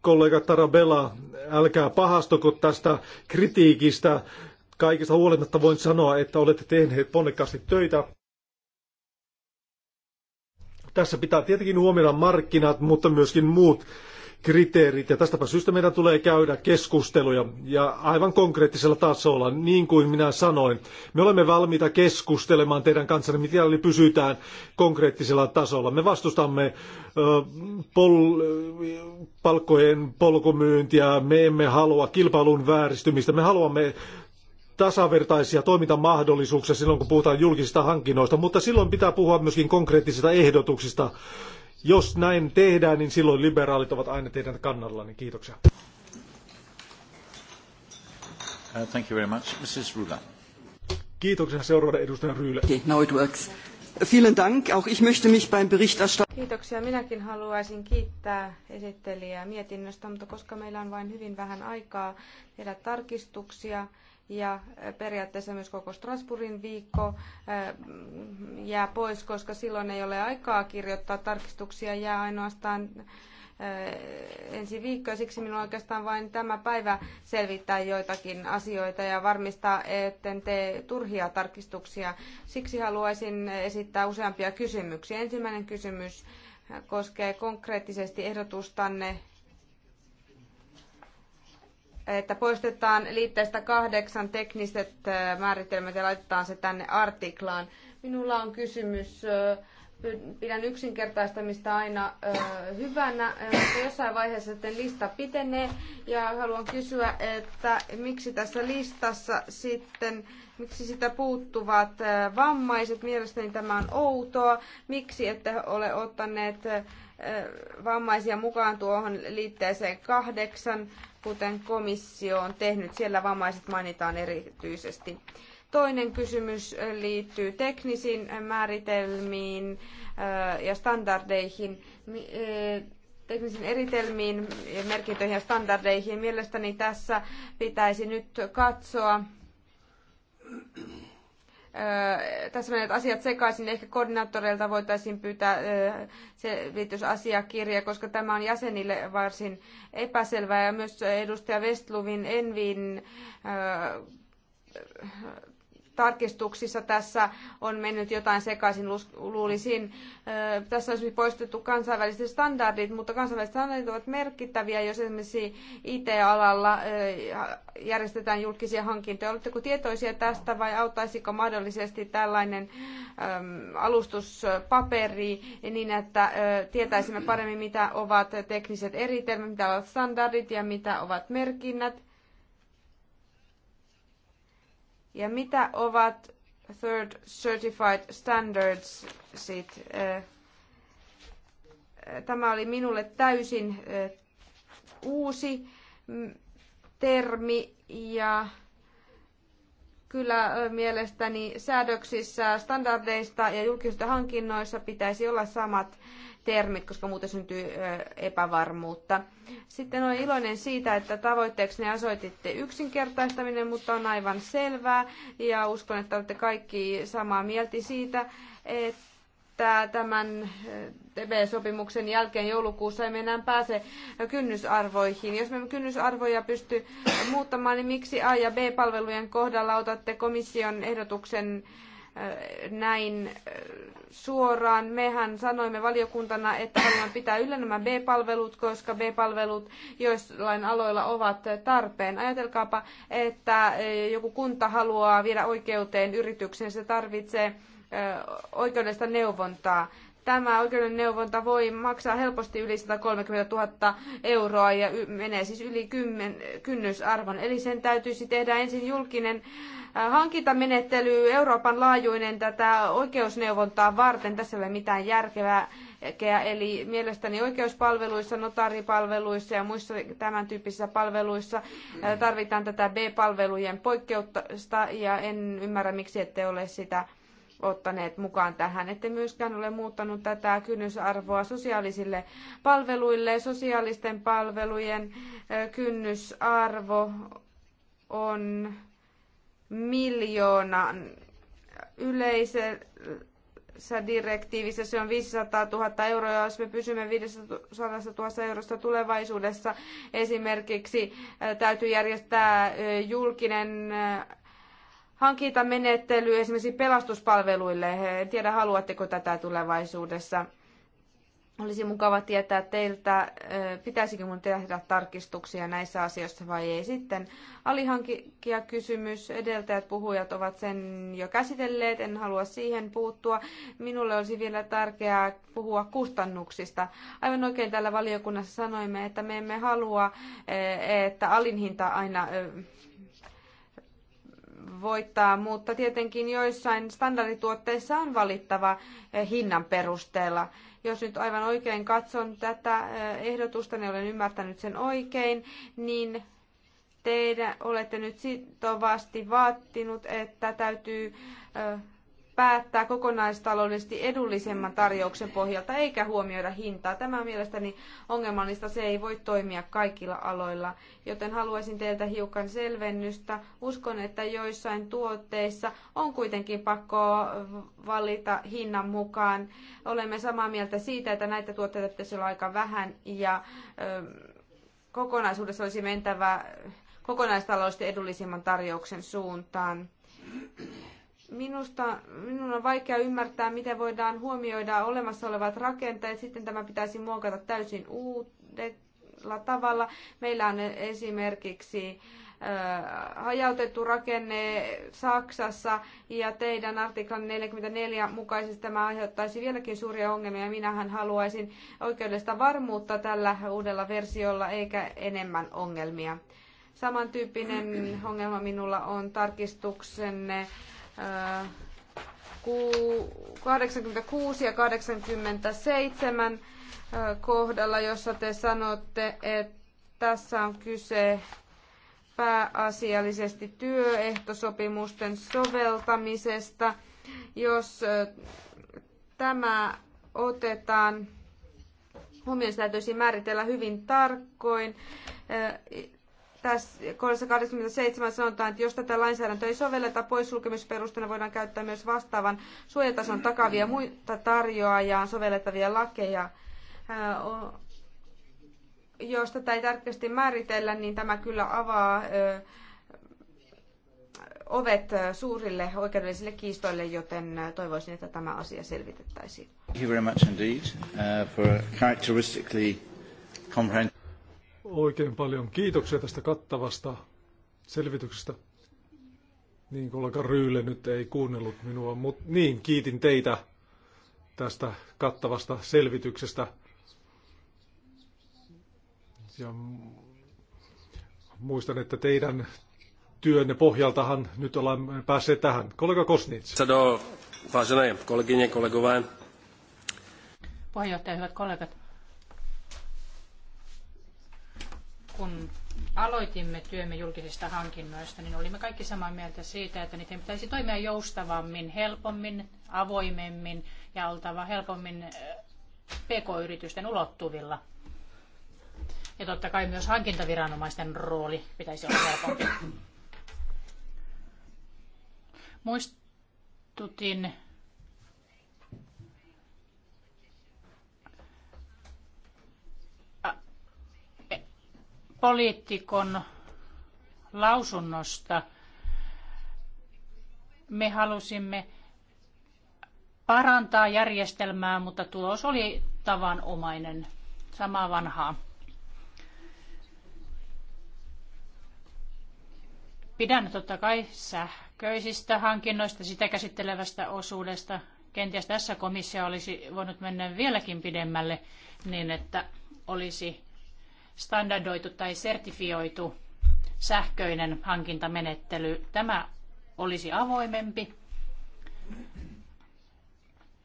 kollega Tarabella, älkää pahastuko tästä kritiikistä. Kaikista huolimatta voin sanoa, että olette tehneet ponnekkaasti töitä. Tässä pitää tietenkin huomioida markkinat, mutta myöskin muut kriteerit. Ja tästäpä syystä meidän tulee käydä keskusteluja ja aivan konkreettisella tasolla, niin kuin minä sanoin. Me olemme valmiita keskustelemaan teidän kanssanne, mikäli pysytään konkreettisella tasolla. Me vastustamme pol- palkkojen polkumyyntiä, me emme halua kilpailun vääristymistä, me haluamme tasavertaisia toimintamahdollisuuksia silloin, kun puhutaan julkisista hankinnoista, mutta silloin pitää puhua myöskin konkreettisista ehdotuksista jos näin tehdään, niin silloin liberaalit ovat aina teidän Niin Kiitoksia. Uh, thank you very much. Mrs. Rula. Kiitoksia seuraava edustaja Ryylä. Okay, now it works. Vielen Dank. Auch ich möchte mich beim Berichterstatter... Kiitoksia. Minäkin haluaisin kiittää esittelijää mietinnöstä, mutta koska meillä on vain hyvin vähän aikaa tehdä tarkistuksia, ja äh, periaatteessa myös koko Strasbourgin viikko äh, jää pois, koska silloin ei ole aikaa kirjoittaa tarkistuksia, jää ainoastaan äh, ensi ja Siksi minulla oikeastaan vain tämä päivä selvittää joitakin asioita ja varmistaa, etten tee turhia tarkistuksia. Siksi haluaisin esittää useampia kysymyksiä. Ensimmäinen kysymys koskee konkreettisesti ehdotustanne että poistetaan liitteestä kahdeksan tekniset määritelmät ja laitetaan se tänne artiklaan. Minulla on kysymys, pidän yksinkertaistamista aina hyvänä, mutta jossain vaiheessa sitten lista pitenee ja haluan kysyä, että miksi tässä listassa sitten Miksi sitä puuttuvat vammaiset? Mielestäni tämä on outoa. Miksi ette ole ottaneet vammaisia mukaan tuohon liitteeseen kahdeksan, kuten komissio on tehnyt. Siellä vammaiset mainitaan erityisesti. Toinen kysymys liittyy teknisiin määritelmiin ja standardeihin teknisiin eritelmiin, merkintöihin ja standardeihin. Mielestäni tässä pitäisi nyt katsoa tässä menet asiat sekaisin, ehkä koordinaattoreilta voitaisiin pyytää selvitysasiakirja, koska tämä on jäsenille varsin epäselvää ja myös edustaja Westluvin Envin tarkistuksissa tässä on mennyt jotain sekaisin, luulisin. Tässä on siis poistettu kansainväliset standardit, mutta kansainväliset standardit ovat merkittäviä, jos esimerkiksi IT-alalla järjestetään julkisia hankintoja. Oletteko tietoisia tästä vai auttaisiko mahdollisesti tällainen alustuspaperi niin, että tietäisimme paremmin, mitä ovat tekniset eritelmät, mitä ovat standardit ja mitä ovat merkinnät? Ja mitä ovat Third Certified Standards sit? Eh, tämä oli minulle täysin eh, uusi mm, termi ja Kyllä mielestäni säädöksissä, standardeista ja julkisista hankinnoissa pitäisi olla samat termit, koska muuten syntyy epävarmuutta. Sitten olen iloinen siitä, että tavoitteeksi ne asoititte yksinkertaistaminen, mutta on aivan selvää ja uskon, että olette kaikki samaa mieltä siitä, että että tämän eh, TV-sopimuksen jälkeen joulukuussa emme enää pääse kynnysarvoihin. Jos me kynnysarvoja pysty muuttamaan, niin miksi A- ja B-palvelujen kohdalla otatte komission ehdotuksen eh, näin eh, suoraan. Mehän sanoimme valiokuntana, että haluamme pitää yllä nämä B-palvelut, koska B-palvelut joillain aloilla ovat tarpeen. Ajatelkaapa, että joku kunta haluaa viedä oikeuteen yrityksen, se tarvitsee oikeudellista neuvontaa. Tämä oikeuden neuvonta voi maksaa helposti yli 130 000 euroa ja menee siis yli kymmen kynnysarvon. Eli sen täytyisi tehdä ensin julkinen hankintamenettely Euroopan laajuinen tätä oikeusneuvontaa varten. Tässä ei ole mitään järkevää. Eli mielestäni oikeuspalveluissa, notaripalveluissa ja muissa tämän tyyppisissä palveluissa tarvitaan tätä B-palvelujen poikkeusta ja en ymmärrä, miksi ette ole sitä ottaneet mukaan tähän. Ette myöskään ole muuttanut tätä kynnysarvoa sosiaalisille palveluille. Sosiaalisten palvelujen kynnysarvo on miljoonan yleisessä direktiivissä se on 500 000 euroa, jos me pysymme 500 000 eurosta tulevaisuudessa. Esimerkiksi täytyy järjestää julkinen hankintamenettely esimerkiksi pelastuspalveluille. En tiedä, haluatteko tätä tulevaisuudessa. Olisi mukava tietää teiltä, pitäisikö minun tehdä tarkistuksia näissä asioissa vai ei. Sitten alihankkia kysymys. Edeltäjät puhujat ovat sen jo käsitelleet, en halua siihen puuttua. Minulle olisi vielä tärkeää puhua kustannuksista. Aivan oikein täällä valiokunnassa sanoimme, että me emme halua, että alinhinta aina voittaa, mutta tietenkin joissain standardituotteissa on valittava eh, hinnan perusteella. Jos nyt aivan oikein katson tätä eh, ehdotusta, niin olen ymmärtänyt sen oikein, niin teidän olette nyt sitovasti vaatinut, että täytyy eh, päättää kokonaistaloudellisesti edullisemman tarjouksen pohjalta eikä huomioida hintaa. Tämä on mielestäni ongelmallista, se ei voi toimia kaikilla aloilla, joten haluaisin teiltä hiukan selvennystä. Uskon, että joissain tuotteissa on kuitenkin pakko valita hinnan mukaan. Olemme samaa mieltä siitä, että näitä tuotteita pitäisi olla aika vähän ja ö, kokonaisuudessa olisi mentävä kokonaistaloudellisesti edullisimman tarjouksen suuntaan. Minusta, minun on vaikea ymmärtää, miten voidaan huomioida olemassa olevat rakenteet. Sitten tämä pitäisi muokata täysin uudella tavalla. Meillä on esimerkiksi hajautettu rakenne Saksassa ja teidän artiklan 44 mukaisesti tämä aiheuttaisi vieläkin suuria ongelmia. Minähän haluaisin oikeudellista varmuutta tällä uudella versiolla eikä enemmän ongelmia. Samantyyppinen ongelma minulla on tarkistuksenne 86 ja 87 kohdalla, jossa te sanotte, että tässä on kyse pääasiallisesti työehtosopimusten soveltamisesta. Jos tämä otetaan huomioon, täytyisi määritellä hyvin tarkkoin. Tässä kohdassa 27 sanotaan, että jos tätä lainsäädäntöä ei sovelleta, poissulkemisperustana voidaan käyttää myös vastaavan suojatason takavia muita tarjoajaan sovellettavia lakeja. Äh, jos tätä ei tarkasti määritellä, niin tämä kyllä avaa äh, ovet äh, suurille oikeudellisille kiistoille, joten toivoisin, että tämä asia selvitettäisiin. Thank you very much indeed uh, for characteristically comprehensive oikein paljon kiitoksia tästä kattavasta selvityksestä. Niin kollega Ryyle nyt ei kuunnellut minua, mutta niin, kiitin teitä tästä kattavasta selvityksestä. Ja muistan, että teidän työnne pohjaltahan nyt ollaan päässeet tähän. Kollega Kosnits. Sado, vážené kolegyne, kolegové. Puheenjohtaja, hyvät kollegat. kun aloitimme työmme julkisista hankinnoista, niin olimme kaikki samaa mieltä siitä, että niiden pitäisi toimia joustavammin, helpommin, avoimemmin ja oltava helpommin pk-yritysten ulottuvilla. Ja totta kai myös hankintaviranomaisten rooli pitäisi olla helpompi. Muistutin poliitikon lausunnosta. Me halusimme parantaa järjestelmää, mutta tulos oli tavanomainen, samaa vanhaa. Pidän totta kai sähköisistä hankinnoista, sitä käsittelevästä osuudesta. Kenties tässä komissio olisi voinut mennä vieläkin pidemmälle niin, että olisi standardoitu tai sertifioitu sähköinen hankintamenettely, tämä olisi avoimempi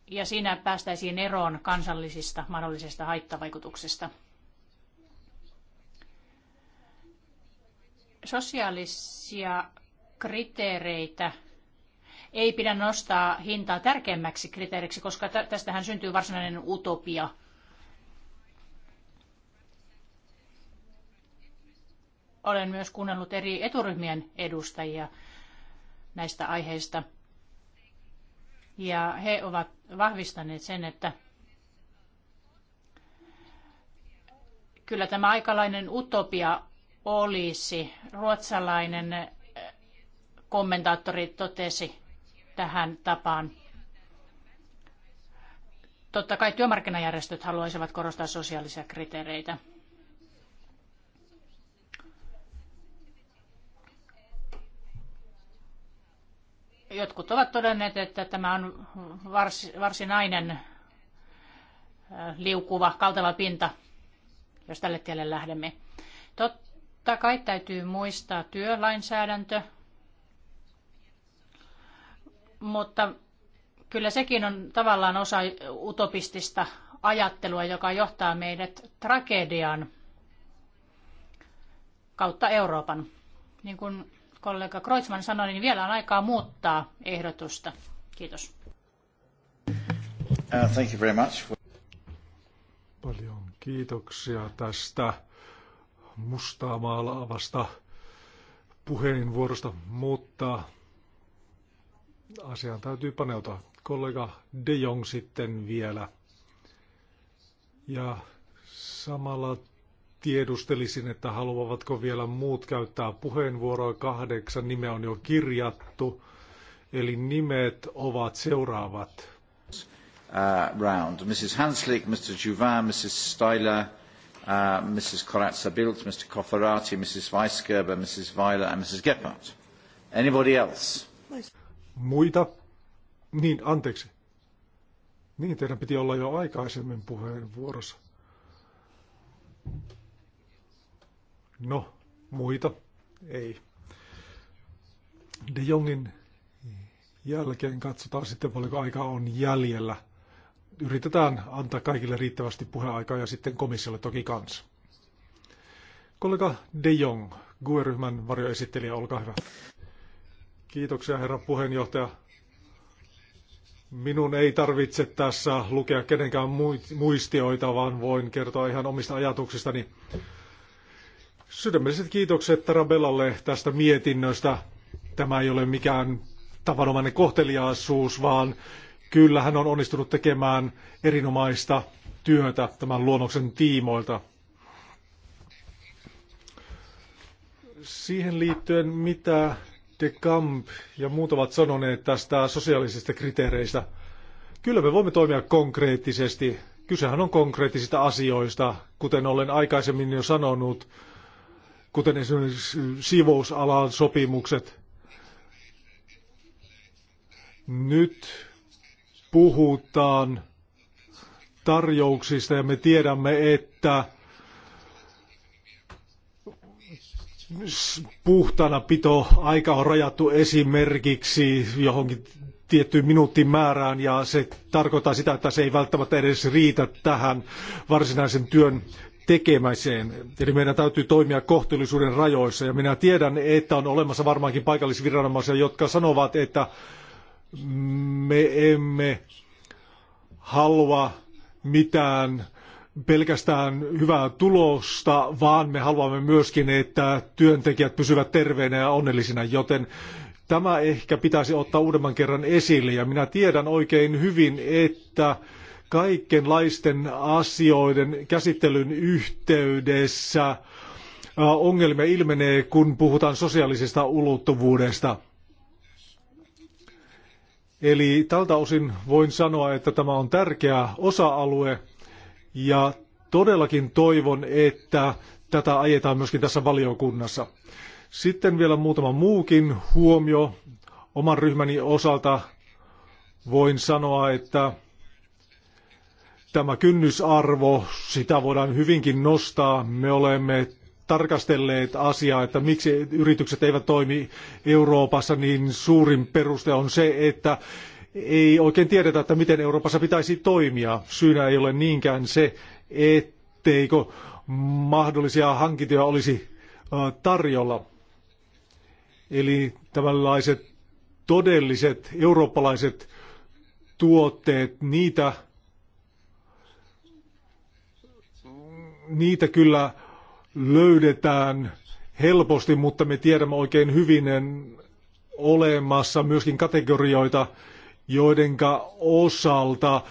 ja siinä päästäisiin eroon kansallisista mahdollisista haittavaikutuksista. Sosiaalisia kriteereitä ei pidä nostaa hintaa tärkeämmäksi kriteeriksi, koska tästähän syntyy varsinainen utopia – Olen myös kuunnellut eri eturyhmien edustajia näistä aiheista. Ja he ovat vahvistaneet sen, että kyllä tämä aikalainen utopia olisi. Ruotsalainen eh, kommentaattori totesi tähän tapaan. Totta kai työmarkkinajärjestöt haluaisivat korostaa sosiaalisia kriteereitä. Jotkut ovat todenneet, että tämä on vars, varsinainen liukuva, kalteva pinta, jos tälle tielle lähdemme. Totta kai täytyy muistaa työlainsäädäntö, mutta kyllä sekin on tavallaan osa utopistista ajattelua, joka johtaa meidät tragediaan kautta Euroopan. Niin kuin kollega Kreutzmann sanoi, niin vielä on aikaa muuttaa ehdotusta. Kiitos. Uh, thank you very much. Paljon kiitoksia tästä mustaa maalaavasta puheenvuorosta, mutta asiaan täytyy paneutua. Kollega De Jong sitten vielä. Ja samalla tiedustelisin, että haluavatko vielä muut käyttää puheenvuoroa. Kahdeksan nime on jo kirjattu, eli nimet ovat seuraavat. Uh, round. Mrs. Hanslick, Mr. Juvin, Mrs. Steiler, uh, Mrs. Corazza-Bilt, Mr. Cofferati, Mrs. Weisgerber, Mrs. Weiler and Mrs. Gephardt. Anybody else? Muita? Niin, anteeksi. Niin, teidän piti olla jo aikaisemmin puheenvuorossa. No, muita ei. De Jongin jälkeen katsotaan sitten paljonko aikaa on jäljellä. Yritetään antaa kaikille riittävästi puheaikaa ja sitten komissiolle toki kanssa. Kollega De Jong, GUE-ryhmän varjoesittelijä, olkaa hyvä. Kiitoksia herra puheenjohtaja. Minun ei tarvitse tässä lukea kenenkään muistioita, vaan voin kertoa ihan omista ajatuksistani. Sydämelliset kiitokset Tarabellalle tästä mietinnöstä. Tämä ei ole mikään tavanomainen kohteliaisuus, vaan kyllä hän on onnistunut tekemään erinomaista työtä tämän luonnoksen tiimoilta. Siihen liittyen, mitä De Camp ja muut ovat sanoneet tästä sosiaalisista kriteereistä. Kyllä me voimme toimia konkreettisesti. Kysehän on konkreettisista asioista. Kuten olen aikaisemmin jo sanonut, kuten esimerkiksi siivousalan sopimukset. Nyt puhutaan tarjouksista ja me tiedämme, että puhtana pito aika on rajattu esimerkiksi johonkin tiettyyn minuuttimäärään määrään ja se tarkoittaa sitä, että se ei välttämättä edes riitä tähän varsinaisen työn tekemiseen. Eli meidän täytyy toimia kohtuullisuuden rajoissa. Ja minä tiedän, että on olemassa varmaankin paikallisviranomaisia, jotka sanovat, että me emme halua mitään pelkästään hyvää tulosta, vaan me haluamme myöskin, että työntekijät pysyvät terveinä ja onnellisina, joten tämä ehkä pitäisi ottaa uudemman kerran esille. Ja minä tiedän oikein hyvin, että kaikenlaisten asioiden käsittelyn yhteydessä ongelmia ilmenee, kun puhutaan sosiaalisesta ulottuvuudesta. Eli tältä osin voin sanoa, että tämä on tärkeä osa-alue ja todellakin toivon, että tätä ajetaan myöskin tässä valiokunnassa. Sitten vielä muutama muukin huomio oman ryhmäni osalta. Voin sanoa, että Tämä kynnysarvo, sitä voidaan hyvinkin nostaa. Me olemme tarkastelleet asiaa, että miksi yritykset eivät toimi Euroopassa, niin suurin peruste on se, että ei oikein tiedetä, että miten Euroopassa pitäisi toimia. Syynä ei ole niinkään se, etteikö mahdollisia hankintoja olisi tarjolla. Eli tämänlaiset todelliset eurooppalaiset tuotteet, niitä niitä kyllä löydetään helposti, mutta me tiedämme oikein hyvin olemassa myöskin kategorioita, joidenka osalta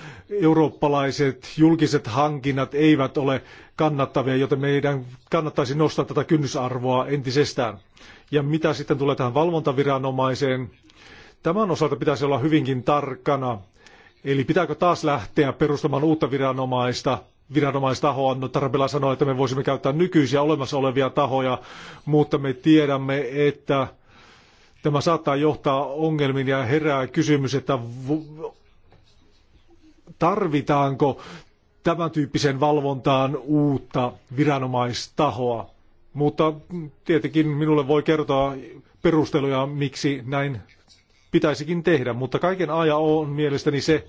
eurooppalaiset julkiset hankinnat eivät ole kannattavia, joten meidän kannattaisi nostaa tätä kynnysarvoa entisestään. Ja mitä sitten tulee tähän valvontaviranomaiseen, tämän osalta pitäisi olla hyvinkin tarkkana. Eli pitääkö taas lähteä perustamaan uutta viranomaista viranomaistahoa. No Tarabella sanoi, että me voisimme käyttää nykyisiä olemassa olevia tahoja, mutta me tiedämme, että tämä saattaa johtaa ongelmiin ja herää kysymys, että tarvitaanko tämän tyyppisen valvontaan uutta viranomaistahoa. Mutta tietenkin minulle voi kertoa perusteluja, miksi näin pitäisikin tehdä, mutta kaiken aja on mielestäni se,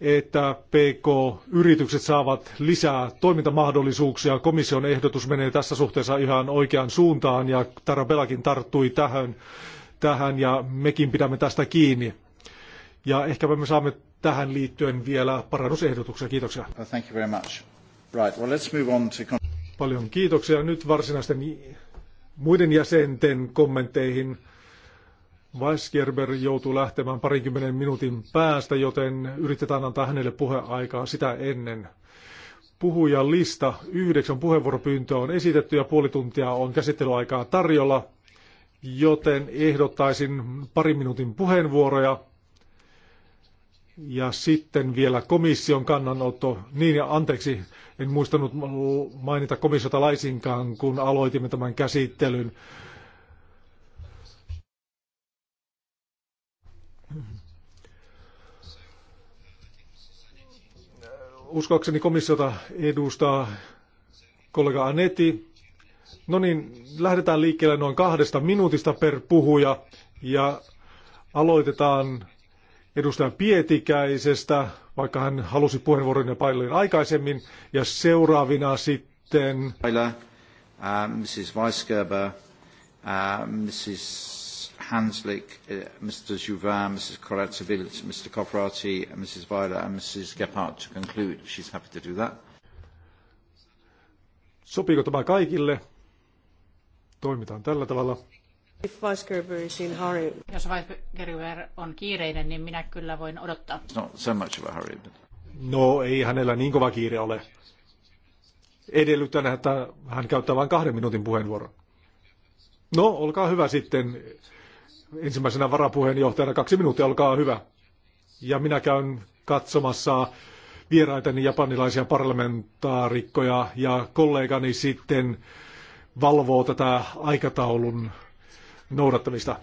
että PK-yritykset saavat lisää toimintamahdollisuuksia. Komission ehdotus menee tässä suhteessa ihan oikeaan suuntaan ja Tarabellakin tarttui tähän, tähän ja mekin pidämme tästä kiinni. Ja ehkä me saamme tähän liittyen vielä parannusehdotuksia. Kiitoksia. Uh, thank you very much. Right, well, let's move on to... Paljon kiitoksia. Nyt varsinaisten muiden jäsenten kommentteihin. Weisgerber joutuu lähtemään parinkymmenen minuutin päästä, joten yritetään antaa hänelle puheaikaa sitä ennen. Puhujan lista, yhdeksän puheenvuoropyyntöä on esitetty ja puoli tuntia on käsittelyaikaa tarjolla, joten ehdottaisin parin minuutin puheenvuoroja. Ja sitten vielä komission kannanotto. Niin ja anteeksi, en muistanut mainita komissiota laisinkaan, kun aloitimme tämän käsittelyn. uskoakseni komissiota edustaa kollega Anetti. No niin, lähdetään liikkeelle noin kahdesta minuutista per puhuja ja aloitetaan edustaja Pietikäisestä, vaikka hän halusi puheenvuoron ja paljon aikaisemmin. Ja seuraavina sitten... Uh, Mrs. Weisgerber, uh, Mrs. Hanslick, uh, Mr. Jouvin, Mrs. Corazzaville, bild Mr. Cofferati, Mrs. Weiler and Mrs. Gephardt to conclude. She's happy to do that. Sopiiko tämä kaikille? Toimitaan tällä tavalla. If Weisgerber is in hurry. Jos Weisgerber on kiireinen, niin minä kyllä voin odottaa. It's not so much of a hurry, but... No, ei hänellä niin kova kiire ole. Edellytän, että hän käyttää vain kahden minuutin puheenvuoron. No, olkaa hyvä sitten ensimmäisenä varapuheenjohtajana kaksi minuuttia, olkaa hyvä. Ja minä käyn katsomassa vieraitani japanilaisia parlamentaarikkoja ja kollegani sitten valvoo tätä aikataulun noudattamista.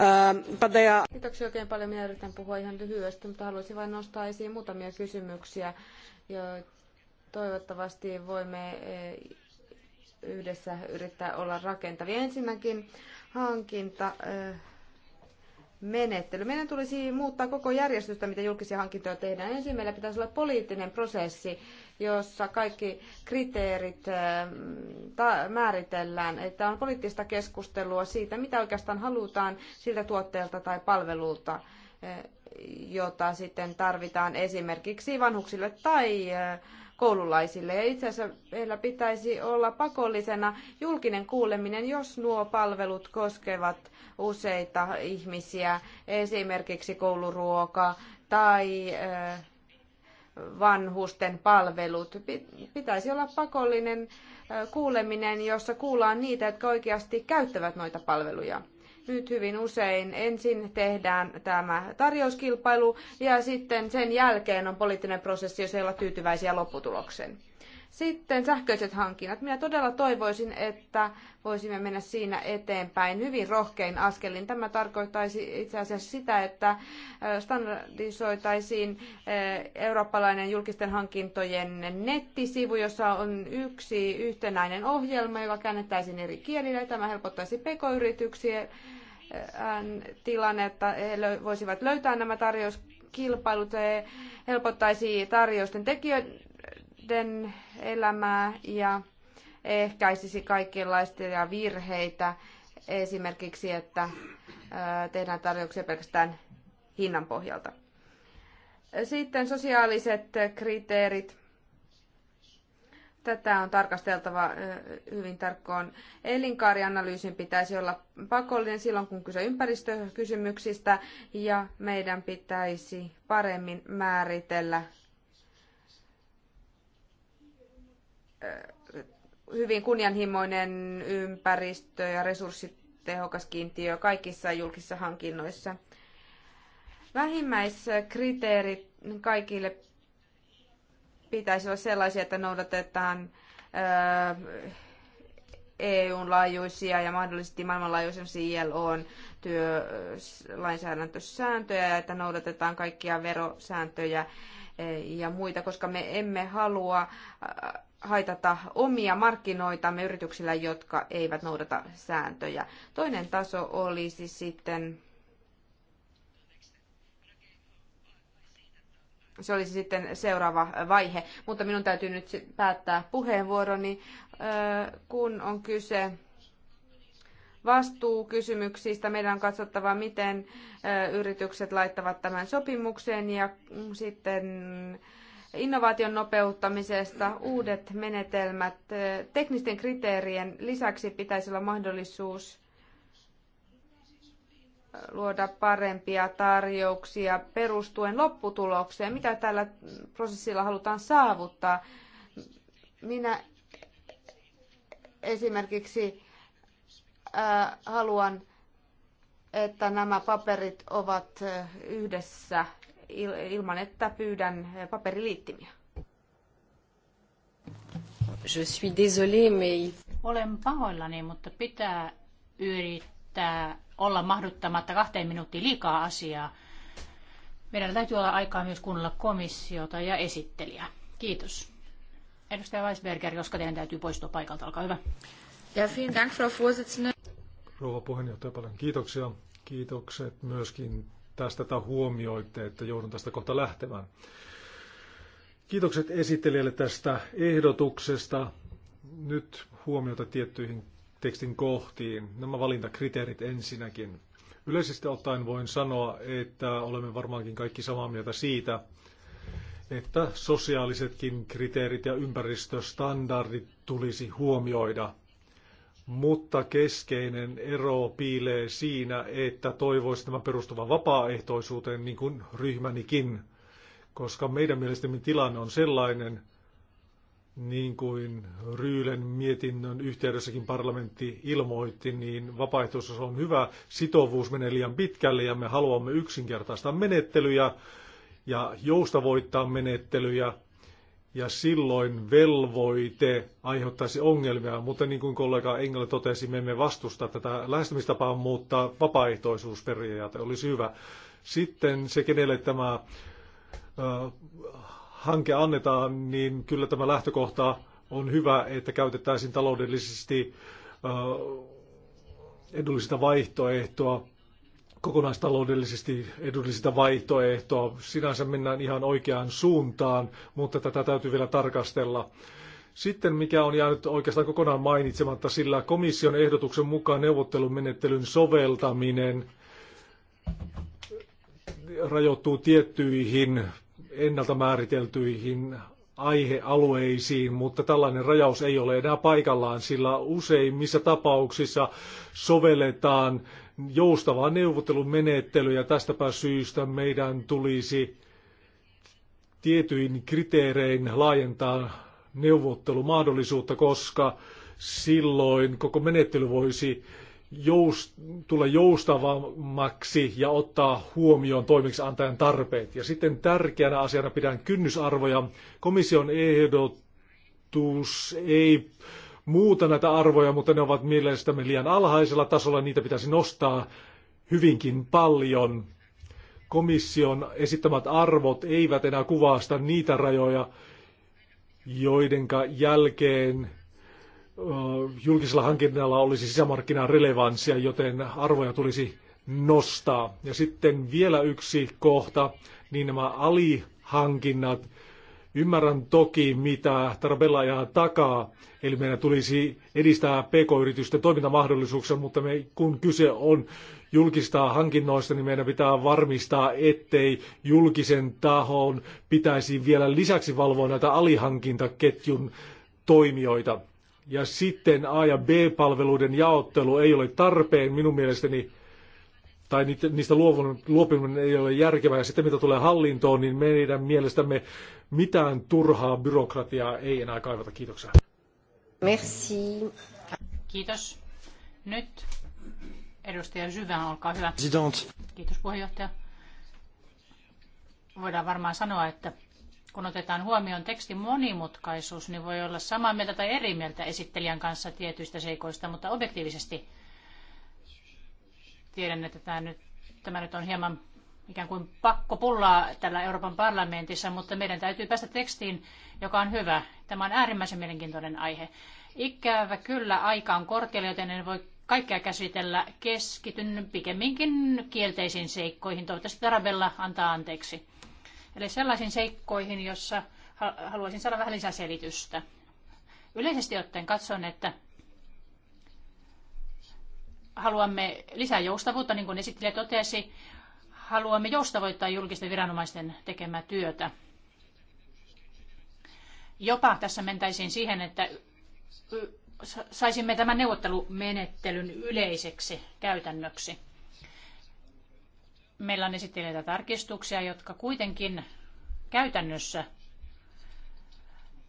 Ähm, Kiitoksia oikein paljon. Minä yritän puhua ihan lyhyesti, mutta haluaisin vain nostaa esiin muutamia kysymyksiä, Ja toivottavasti voimme eh, yhdessä yrittää olla rakentavia. Ensinnäkin hankinta menettely. Meidän tulisi muuttaa koko järjestystä, mitä julkisia hankintoja tehdään. Ensin meillä pitäisi olla poliittinen prosessi, jossa kaikki kriteerit määritellään, että on poliittista keskustelua siitä, mitä oikeastaan halutaan siltä tuotteelta tai palvelulta, jota sitten tarvitaan esimerkiksi vanhuksille tai koululaisille. Ja itse asiassa meillä pitäisi olla pakollisena julkinen kuuleminen, jos nuo palvelut koskevat useita ihmisiä, esimerkiksi kouluruoka tai eh, vanhusten palvelut. Pitäisi olla pakollinen eh, kuuleminen, jossa kuullaan niitä, jotka oikeasti käyttävät noita palveluja nyt hyvin usein ensin tehdään tämä tarjouskilpailu ja sitten sen jälkeen on poliittinen prosessi, jos ei olla tyytyväisiä lopputulokseen. Sitten sähköiset hankinnat. Minä todella toivoisin, että voisimme mennä siinä eteenpäin hyvin rohkein askelin. Tämä tarkoittaisi itse asiassa sitä, että standardisoitaisiin eurooppalainen julkisten hankintojen nettisivu, jossa on yksi yhtenäinen ohjelma, joka käännettäisiin eri kielillä. Tämä helpottaisi pk-yrityksiä tilannetta, he voisivat löytää nämä tarjouskilpailut, se helpottaisi tarjousten tekijöiden lasten elämää ja ehkäisisi kaikenlaisia virheitä, esimerkiksi, että tehdään tarjouksia pelkästään hinnan pohjalta. Sitten sosiaaliset kriteerit. Tätä on tarkasteltava hyvin tarkkoon. Elinkaarianalyysin pitäisi olla pakollinen silloin, kun kyse ympäristökysymyksistä, ja meidän pitäisi paremmin määritellä hyvin kunnianhimoinen ympäristö ja resurssitehokas kiintiö kaikissa julkisissa hankinnoissa. Vähimmäiskriteerit kaikille pitäisi olla sellaisia, että noudatetaan eu laajuisia ja mahdollisesti maailmanlaajuisen clo työlainsäädäntösääntöjä ja että noudatetaan kaikkia verosääntöjä e, ja muita, koska me emme halua haitata omia markkinoitamme yrityksillä, jotka eivät noudata sääntöjä. Toinen taso olisi sitten se olisi sitten seuraava vaihe. Mutta minun täytyy nyt päättää puheenvuoroni, kun on kyse vastuukysymyksistä. Meidän on katsottava, miten yritykset laittavat tämän sopimukseen ja sitten innovaation nopeuttamisesta. Uudet menetelmät. Teknisten kriteerien lisäksi pitäisi olla mahdollisuus luoda parempia tarjouksia perustuen lopputulokseen, mitä tällä prosessilla halutaan saavuttaa. Minä esimerkiksi haluan, että nämä paperit ovat yhdessä ilman, että pyydän paperiliittimiä. Je suis désolé, mais... Olen pahoillani, mutta pitää yrittää olla mahduttamatta kahteen minuuttiin liikaa asiaa. Meidän täytyy olla aikaa myös kuunnella komissiota ja esittelijää. Kiitos. Edustaja Weisberger, koska teidän täytyy poistua paikalta, olkaa hyvä. Ja vielen Dank, Frau Vorsitzende. Rouva puheenjohtaja, paljon kiitoksia. Kiitokset myöskin taas tätä huomioitte, että joudun tästä kohta lähtemään. Kiitokset esittelijälle tästä ehdotuksesta. Nyt huomiota tiettyihin tekstin kohtiin. Nämä valintakriteerit ensinnäkin. Yleisesti ottaen voin sanoa, että olemme varmaankin kaikki samaa mieltä siitä, että sosiaalisetkin kriteerit ja ympäristöstandardit tulisi huomioida – mutta keskeinen ero piilee siinä, että toivoisi tämän perustuvan vapaaehtoisuuteen, niin kuin ryhmänikin, koska meidän mielestämme tilanne on sellainen, niin kuin Ryylen mietinnön yhteydessäkin parlamentti ilmoitti, niin vapaaehtoisuus on hyvä, sitovuus menee liian pitkälle ja me haluamme yksinkertaistaa menettelyjä ja joustavoittaa menettelyjä – ja silloin velvoite aiheuttaisi ongelmia, mutta niin kuin kollega Engel totesi, me emme vastusta tätä lähestymistapaa, mutta vapaaehtoisuusperiaate olisi hyvä. Sitten se, kenelle tämä ö, hanke annetaan, niin kyllä tämä lähtökohta on hyvä, että käytettäisiin taloudellisesti ö, edullista vaihtoehtoa kokonaistaloudellisesti edullisinta vaihtoehtoa. Sinänsä mennään ihan oikeaan suuntaan, mutta tätä täytyy vielä tarkastella. Sitten mikä on jäänyt oikeastaan kokonaan mainitsematta, sillä komission ehdotuksen mukaan neuvottelumenettelyn soveltaminen rajoittuu tiettyihin ennalta määriteltyihin aihealueisiin, mutta tällainen rajaus ei ole enää paikallaan, sillä useimmissa tapauksissa sovelletaan joustavaa neuvottelumenettelyä. Tästäpä syystä meidän tulisi tietyin kriteerein laajentaa neuvottelumahdollisuutta, koska silloin koko menettely voisi joust- tulla joustavammaksi ja ottaa huomioon toimeksiantajan tarpeet. Ja sitten tärkeänä asiana pidän kynnysarvoja. Komission ehdotus ei muuta näitä arvoja, mutta ne ovat mielestämme liian alhaisella tasolla. Niitä pitäisi nostaa hyvinkin paljon. Komission esittämät arvot eivät enää kuvasta niitä rajoja, joidenka jälkeen julkisella hankinnalla olisi sisämarkkinan relevanssia, joten arvoja tulisi nostaa. Ja sitten vielä yksi kohta, niin nämä alihankinnat, Ymmärrän toki, mitä Tarabella ajaa takaa, eli meidän tulisi edistää pk-yritysten toimintamahdollisuuksia, mutta me, kun kyse on julkista hankinnoista, niin meidän pitää varmistaa, ettei julkisen tahon pitäisi vielä lisäksi valvoa näitä alihankintaketjun toimijoita. Ja sitten A- ja B-palveluiden jaottelu ei ole tarpeen minun mielestäni tai niistä luopuminen ei ole järkevää. Ja sitten mitä tulee hallintoon, niin meidän mielestämme mitään turhaa byrokratiaa ei enää kaivata. Kiitoksia. Merci. Kiitos. Nyt edustaja Syvän, olkaa hyvä. President. Kiitos puheenjohtaja. Voidaan varmaan sanoa, että kun otetaan huomioon tekstin monimutkaisuus, niin voi olla samaa mieltä tai eri mieltä esittelijän kanssa tietyistä seikoista, mutta objektiivisesti Tiedän, että tämä nyt, tämä nyt on hieman ikään kuin pakko pullaa tällä Euroopan parlamentissa, mutta meidän täytyy päästä tekstiin, joka on hyvä. Tämä on äärimmäisen mielenkiintoinen aihe. Ikävä kyllä aika on korkealla, joten en voi kaikkea käsitellä. Keskityn pikemminkin kielteisiin seikkoihin. Toivottavasti Tarabella antaa anteeksi. Eli sellaisiin seikkoihin, jossa haluaisin saada vähän lisää selitystä. Yleisesti ottaen katson, että haluamme lisää joustavuutta, niin kuin esittelijä totesi. Haluamme joustavoittaa julkisten viranomaisten tekemää työtä. Jopa tässä mentäisiin siihen, että saisimme tämän neuvottelumenettelyn yleiseksi käytännöksi. Meillä on esittelijöitä tarkistuksia, jotka kuitenkin käytännössä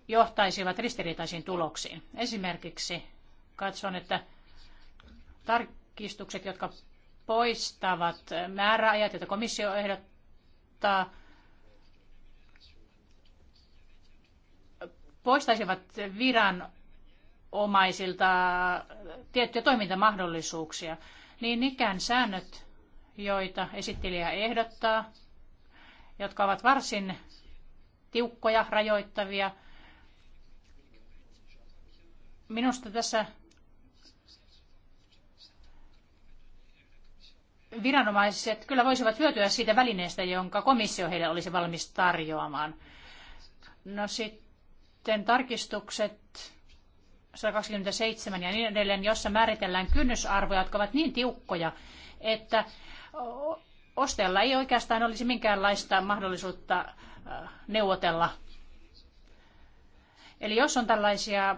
johtaisivat ristiriitaisiin tuloksiin. Esimerkiksi katson, että tarkistukset, jotka poistavat määräajat, joita komissio ehdottaa, poistaisivat viranomaisilta tiettyjä toimintamahdollisuuksia. Niin ikään säännöt, joita esittelijä ehdottaa, jotka ovat varsin tiukkoja, rajoittavia. Minusta tässä viranomaiset kyllä voisivat hyötyä siitä välineestä, jonka komissio heille olisi valmis tarjoamaan. No sitten tarkistukset 127 ja niin edelleen, jossa määritellään kynnysarvoja, jotka ovat niin tiukkoja, että ostajalla ei oikeastaan olisi minkäänlaista mahdollisuutta äh, neuvotella. Eli jos on tällaisia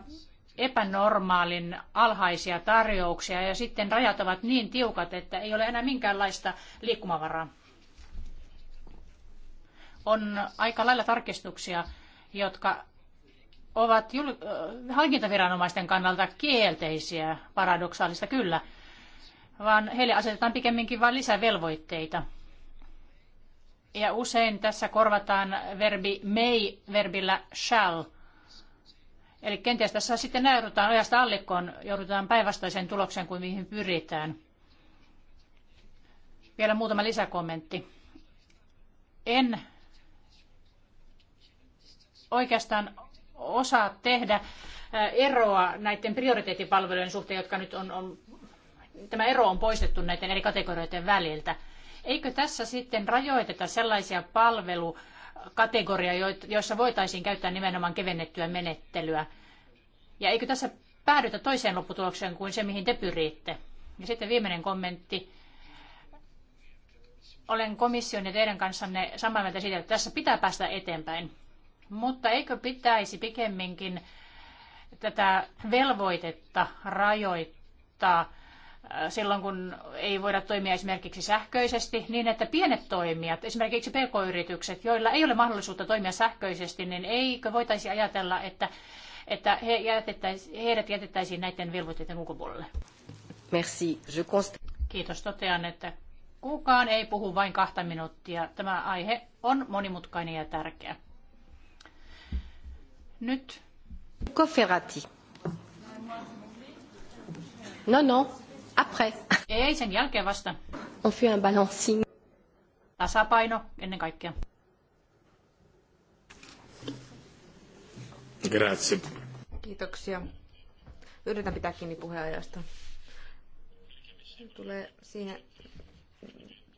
epänormaalin alhaisia tarjouksia ja sitten rajat ovat niin tiukat, että ei ole enää minkäänlaista liikkumavaraa. On aika lailla tarkistuksia, jotka ovat jul- äh, hankintaviranomaisten kannalta kielteisiä, paradoksaalista kyllä, vaan heille asetetaan pikemminkin vain lisävelvoitteita. Ja usein tässä korvataan verbi may verbillä shall – Eli kenties tässä sitten ajaudutaan ajasta allikkoon, joudutaan päinvastaiseen tulokseen kuin mihin pyritään. Vielä muutama lisäkommentti. En oikeastaan osaa tehdä äh, eroa näiden prioriteettipalvelujen suhteen, jotka nyt on, on tämä ero on poistettu näiden eri kategorioiden väliltä. Eikö tässä sitten rajoiteta sellaisia palveluja, kategoria, joissa voitaisiin käyttää nimenomaan kevennettyä menettelyä. Ja eikö tässä päädytä toiseen lopputulokseen kuin se, mihin te pyritte? Ja sitten viimeinen kommentti. Olen komission ja teidän kanssanne samaa mieltä siitä, että tässä pitää päästä eteenpäin. Mutta eikö pitäisi pikemminkin tätä velvoitetta rajoittaa Äh, silloin, kun ei voida toimia esimerkiksi sähköisesti, niin että pienet toimijat, esimerkiksi pk-yritykset, joilla ei ole mahdollisuutta toimia sähköisesti, niin eikö voitaisi ajatella, että, että he jätettäisiin, heidät jätettäisiin näiden velvoitteiden ulkopuolelle? Merci. Je const... Kiitos. Totean, että kukaan ei puhu vain kahta minuuttia. Tämä aihe on monimutkainen ja tärkeä. Nyt après. Ei, sen jälkeen vasta. On fait un balancing. Tasapaino ennen kaikkea. Grazie. Kiitoksia. Yritän pitää kiinni puheenajasta. Tulee siihen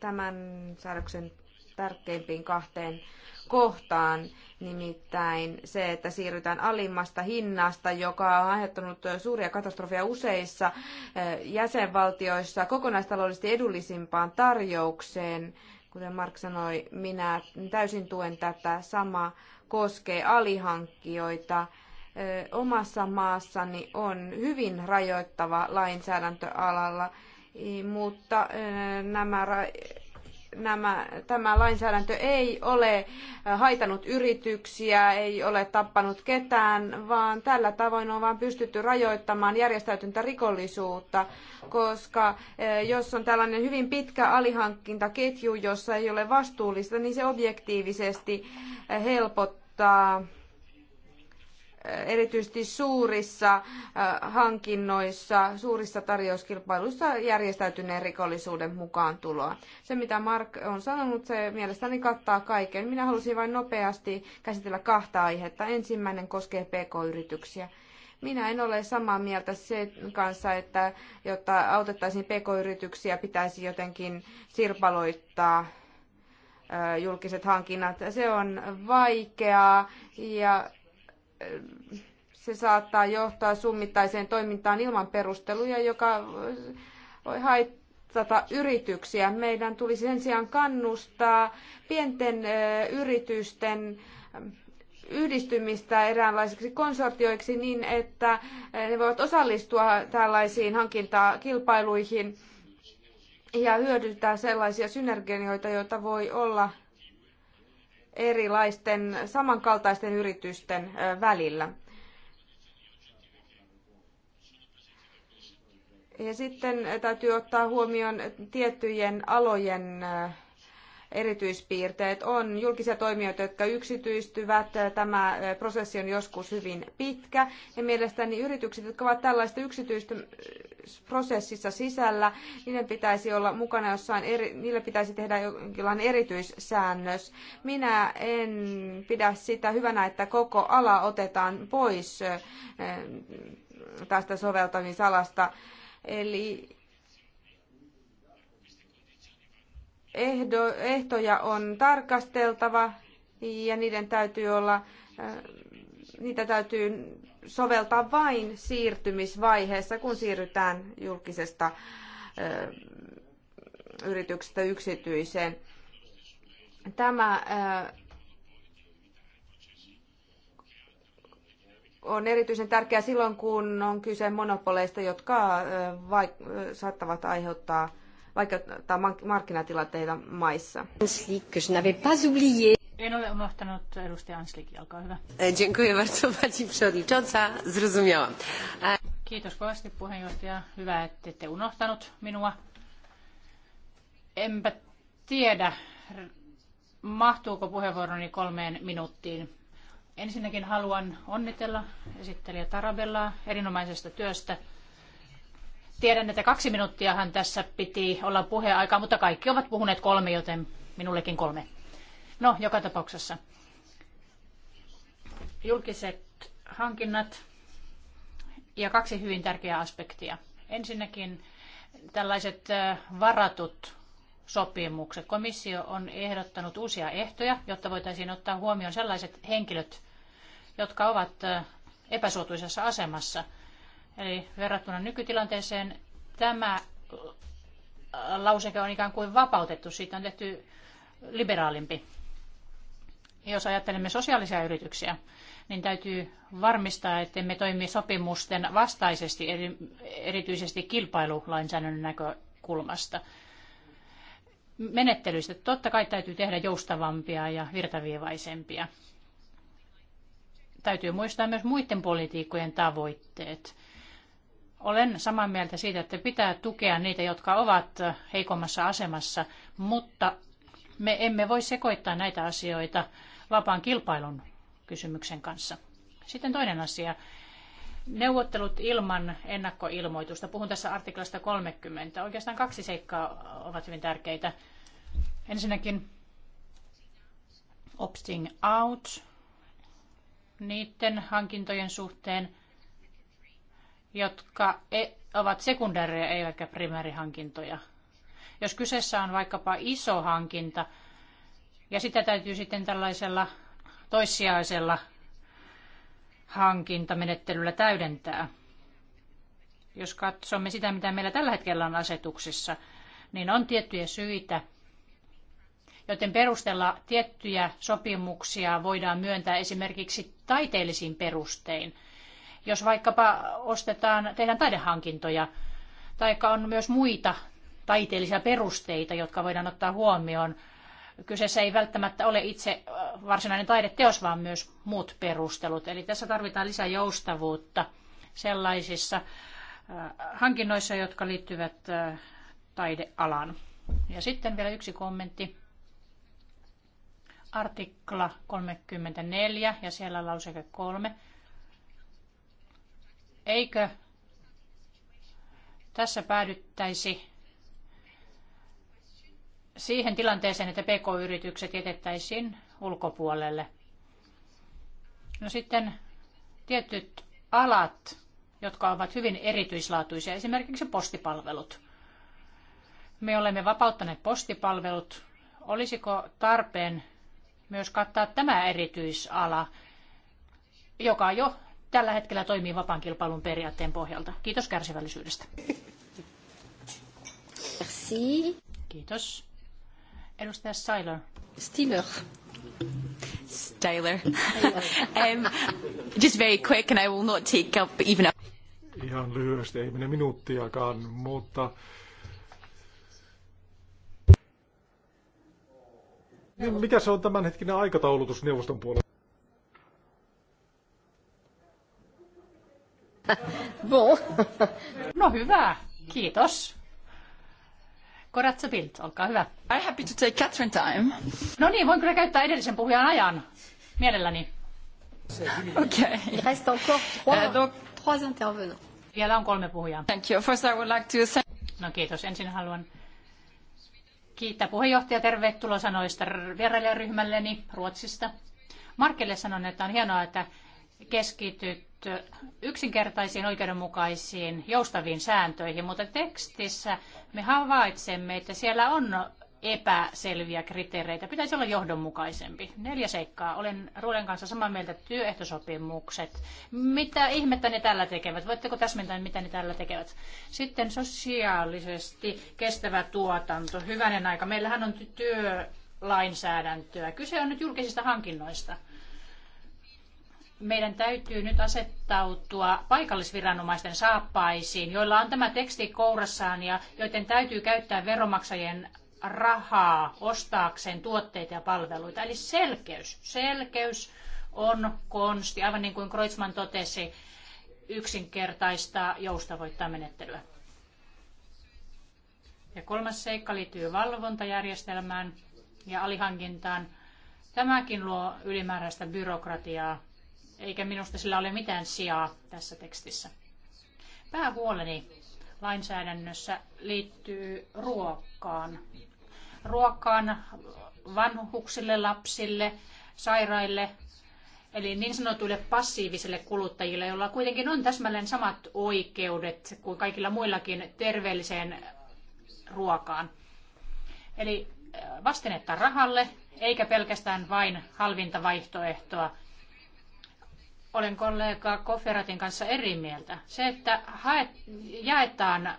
tämän säädöksen tärkeimpiin kahteen kohtaan, nimittäin se, että siirrytään alimmasta hinnasta, joka on aiheuttanut suuria katastrofeja useissa eh, jäsenvaltioissa kokonaistaloudellisesti edullisimpaan tarjoukseen. Kuten Mark sanoi, minä täysin tuen tätä. Sama koskee alihankkijoita. Eh, omassa maassani on hyvin rajoittava lainsäädäntöalalla, eh, mutta nämä ra- nämä, tämä lainsäädäntö ei ole äh, haitanut yrityksiä, ei ole tappanut ketään, vaan tällä tavoin on vain pystytty rajoittamaan järjestäytyntä rikollisuutta, koska äh, jos on tällainen hyvin pitkä alihankintaketju, jossa ei ole vastuullista, niin se objektiivisesti äh, helpottaa erityisesti suurissa äh, hankinnoissa, suurissa tarjouskilpailuissa järjestäytyneen rikollisuuden mukaan tuloa. Se, mitä Mark on sanonut, se mielestäni kattaa kaiken. Minä halusin vain nopeasti käsitellä kahta aihetta. Ensimmäinen koskee pk-yrityksiä. Minä en ole samaa mieltä sen kanssa, että jotta autettaisiin pk-yrityksiä, pitäisi jotenkin sirpaloittaa äh, julkiset hankinnat. Se on vaikeaa ja se saattaa johtaa summittaiseen toimintaan ilman perusteluja, joka voi haittata yrityksiä. Meidän tulisi sen sijaan kannustaa pienten yritysten yhdistymistä eräänlaisiksi konsortioiksi niin, että ne voivat osallistua tällaisiin hankintakilpailuihin ja hyödyntää sellaisia synergioita, joita voi olla erilaisten samankaltaisten yritysten välillä. Ja sitten täytyy ottaa huomioon tiettyjen alojen erityispiirteet. On julkisia toimijoita, jotka yksityistyvät. Tämä prosessi on joskus hyvin pitkä. Ja mielestäni yritykset, jotka ovat tällaista yksityistymisprosessissa sisällä, niiden pitäisi olla mukana jossain, eri, niille pitäisi tehdä jonkinlainen erityissäännös. Minä en pidä sitä hyvänä, että koko ala otetaan pois tästä soveltamisalasta. Eli ehdo, ehtoja on tarkasteltava ja niiden täytyy olla, äh, niitä täytyy soveltaa vain siirtymisvaiheessa, kun siirrytään julkisesta äh, yrityksestä yksityiseen. Tämä äh, on erityisen tärkeää silloin, kun on kyse monopoleista, jotka saattavat aiheuttaa vaikeuttaa markkinatilanteita maissa. En ole unohtanut edustaja Ansliki, olkaa hyvä. Eh, e, Kiitos kovasti puheenjohtaja. Hyvä, että ette unohtanut minua. Enpä tiedä, mahtuuko puheenvuoroni kolmeen minuuttiin. Ensinnäkin haluan onnitella esittelijä Tarabellaa erinomaisesta työstä – Tiedän, että kaksi minuuttiahan tässä piti olla puheaikaa, mutta kaikki ovat puhuneet kolme, joten minullekin kolme. No, joka tapauksessa. Julkiset hankinnat ja kaksi hyvin tärkeää aspektia. Ensinnäkin tällaiset varatut sopimukset. Komissio on ehdottanut uusia ehtoja, jotta voitaisiin ottaa huomioon sellaiset henkilöt, jotka ovat epäsuotuisessa asemassa – Eli verrattuna nykytilanteeseen tämä lauseke on ikään kuin vapautettu, siitä on tehty liberaalimpi. Jos ajattelemme sosiaalisia yrityksiä, niin täytyy varmistaa, että me toimii sopimusten vastaisesti, erityisesti kilpailulainsäädännön näkökulmasta. Menettelyistä totta kai täytyy tehdä joustavampia ja virtaviivaisempia. Täytyy muistaa myös muiden politiikkojen tavoitteet. Olen samaa mieltä siitä, että pitää tukea niitä, jotka ovat heikommassa asemassa, mutta me emme voi sekoittaa näitä asioita vapaan kilpailun kysymyksen kanssa. Sitten toinen asia. Neuvottelut ilman ennakkoilmoitusta. Puhun tässä artiklasta 30. Oikeastaan kaksi seikkaa ovat hyvin tärkeitä. Ensinnäkin opting out niiden hankintojen suhteen, jotka e, ovat sekundäärejä eivätkä primäärihankintoja. Jos kyseessä on vaikkapa iso hankinta, ja sitä täytyy sitten tällaisella toissijaisella hankintamenettelyllä täydentää. Jos katsomme sitä, mitä meillä tällä hetkellä on asetuksissa, niin on tiettyjä syitä, joten perusteella tiettyjä sopimuksia voidaan myöntää esimerkiksi taiteellisiin perustein – jos vaikkapa ostetaan, tehdään taidehankintoja, tai on myös muita taiteellisia perusteita, jotka voidaan ottaa huomioon. Kyseessä ei välttämättä ole itse äh, varsinainen taideteos, vaan myös muut perustelut. Eli tässä tarvitaan lisää joustavuutta sellaisissa äh, hankinnoissa, jotka liittyvät äh, taidealaan. Ja sitten vielä yksi kommentti. Artikla 34 ja siellä lauseke 3. Eikö tässä päädyttäisi siihen tilanteeseen, että pk-yritykset jätettäisiin ulkopuolelle? No sitten tietyt alat, jotka ovat hyvin erityislaatuisia, esimerkiksi postipalvelut. Me olemme vapauttaneet postipalvelut. Olisiko tarpeen myös kattaa tämä erityisala, joka jo tällä hetkellä toimii vapaan kilpailun periaatteen pohjalta. Kiitos kärsivällisyydestä. Merci. Kiitos. Edustaja Styler. Stiller. Styler. um, just very quick and I will not take up even Ihan lyhyesti, ei mene minuuttiakaan, mutta mikä se on tämänhetkinen aikataulutus neuvoston puolella? bon. No hyvä, kiitos. Koratsa Bild, olkaa hyvä. I'm happy to take Catherine time. No niin, voin kyllä käyttää edellisen puhujan ajan. Mielelläni. Okay. reste euh, trois intervenants. Vielä on kolme puhujaa. Thank you. First I would like to say... No kiitos. Ensin haluan kiittää puheenjohtaja tervetuloa sanoista vierailijaryhmälleni Ruotsista. Markelle sanon, että on hienoa, että keskityt yksinkertaisiin, oikeudenmukaisiin, joustaviin sääntöihin, mutta tekstissä me havaitsemme, että siellä on epäselviä kriteereitä. Pitäisi olla johdonmukaisempi. Neljä seikkaa. Olen Ruolen kanssa samaa mieltä työehtosopimukset. Mitä ihmettä ne tällä tekevät? Voitteko täsmentää, mitä ne tällä tekevät? Sitten sosiaalisesti kestävä tuotanto. Hyvänen aika. Meillähän on työlainsäädäntöä. Kyse on nyt julkisista hankinnoista meidän täytyy nyt asettautua paikallisviranomaisten saappaisiin, joilla on tämä teksti kourassaan ja joiden täytyy käyttää veromaksajien rahaa ostaakseen tuotteita ja palveluita. Eli selkeys. Selkeys on konsti, aivan niin kuin Kreutzmann totesi, yksinkertaistaa joustavoittaa menettelyä. Ja kolmas seikka liittyy valvontajärjestelmään ja alihankintaan. Tämäkin luo ylimääräistä byrokratiaa eikä minusta sillä ole mitään sijaa tässä tekstissä. Päähuoleni lainsäädännössä liittyy ruokkaan, ruokkaan vanhuksille, lapsille, sairaille, eli niin sanotuille passiivisille kuluttajille, joilla kuitenkin on täsmälleen samat oikeudet kuin kaikilla muillakin terveelliseen ruokaan. Eli vastinetta rahalle, eikä pelkästään vain halvinta vaihtoehtoa olen kollega Koferatin kanssa eri mieltä. Se, että haet, jaetaan äh,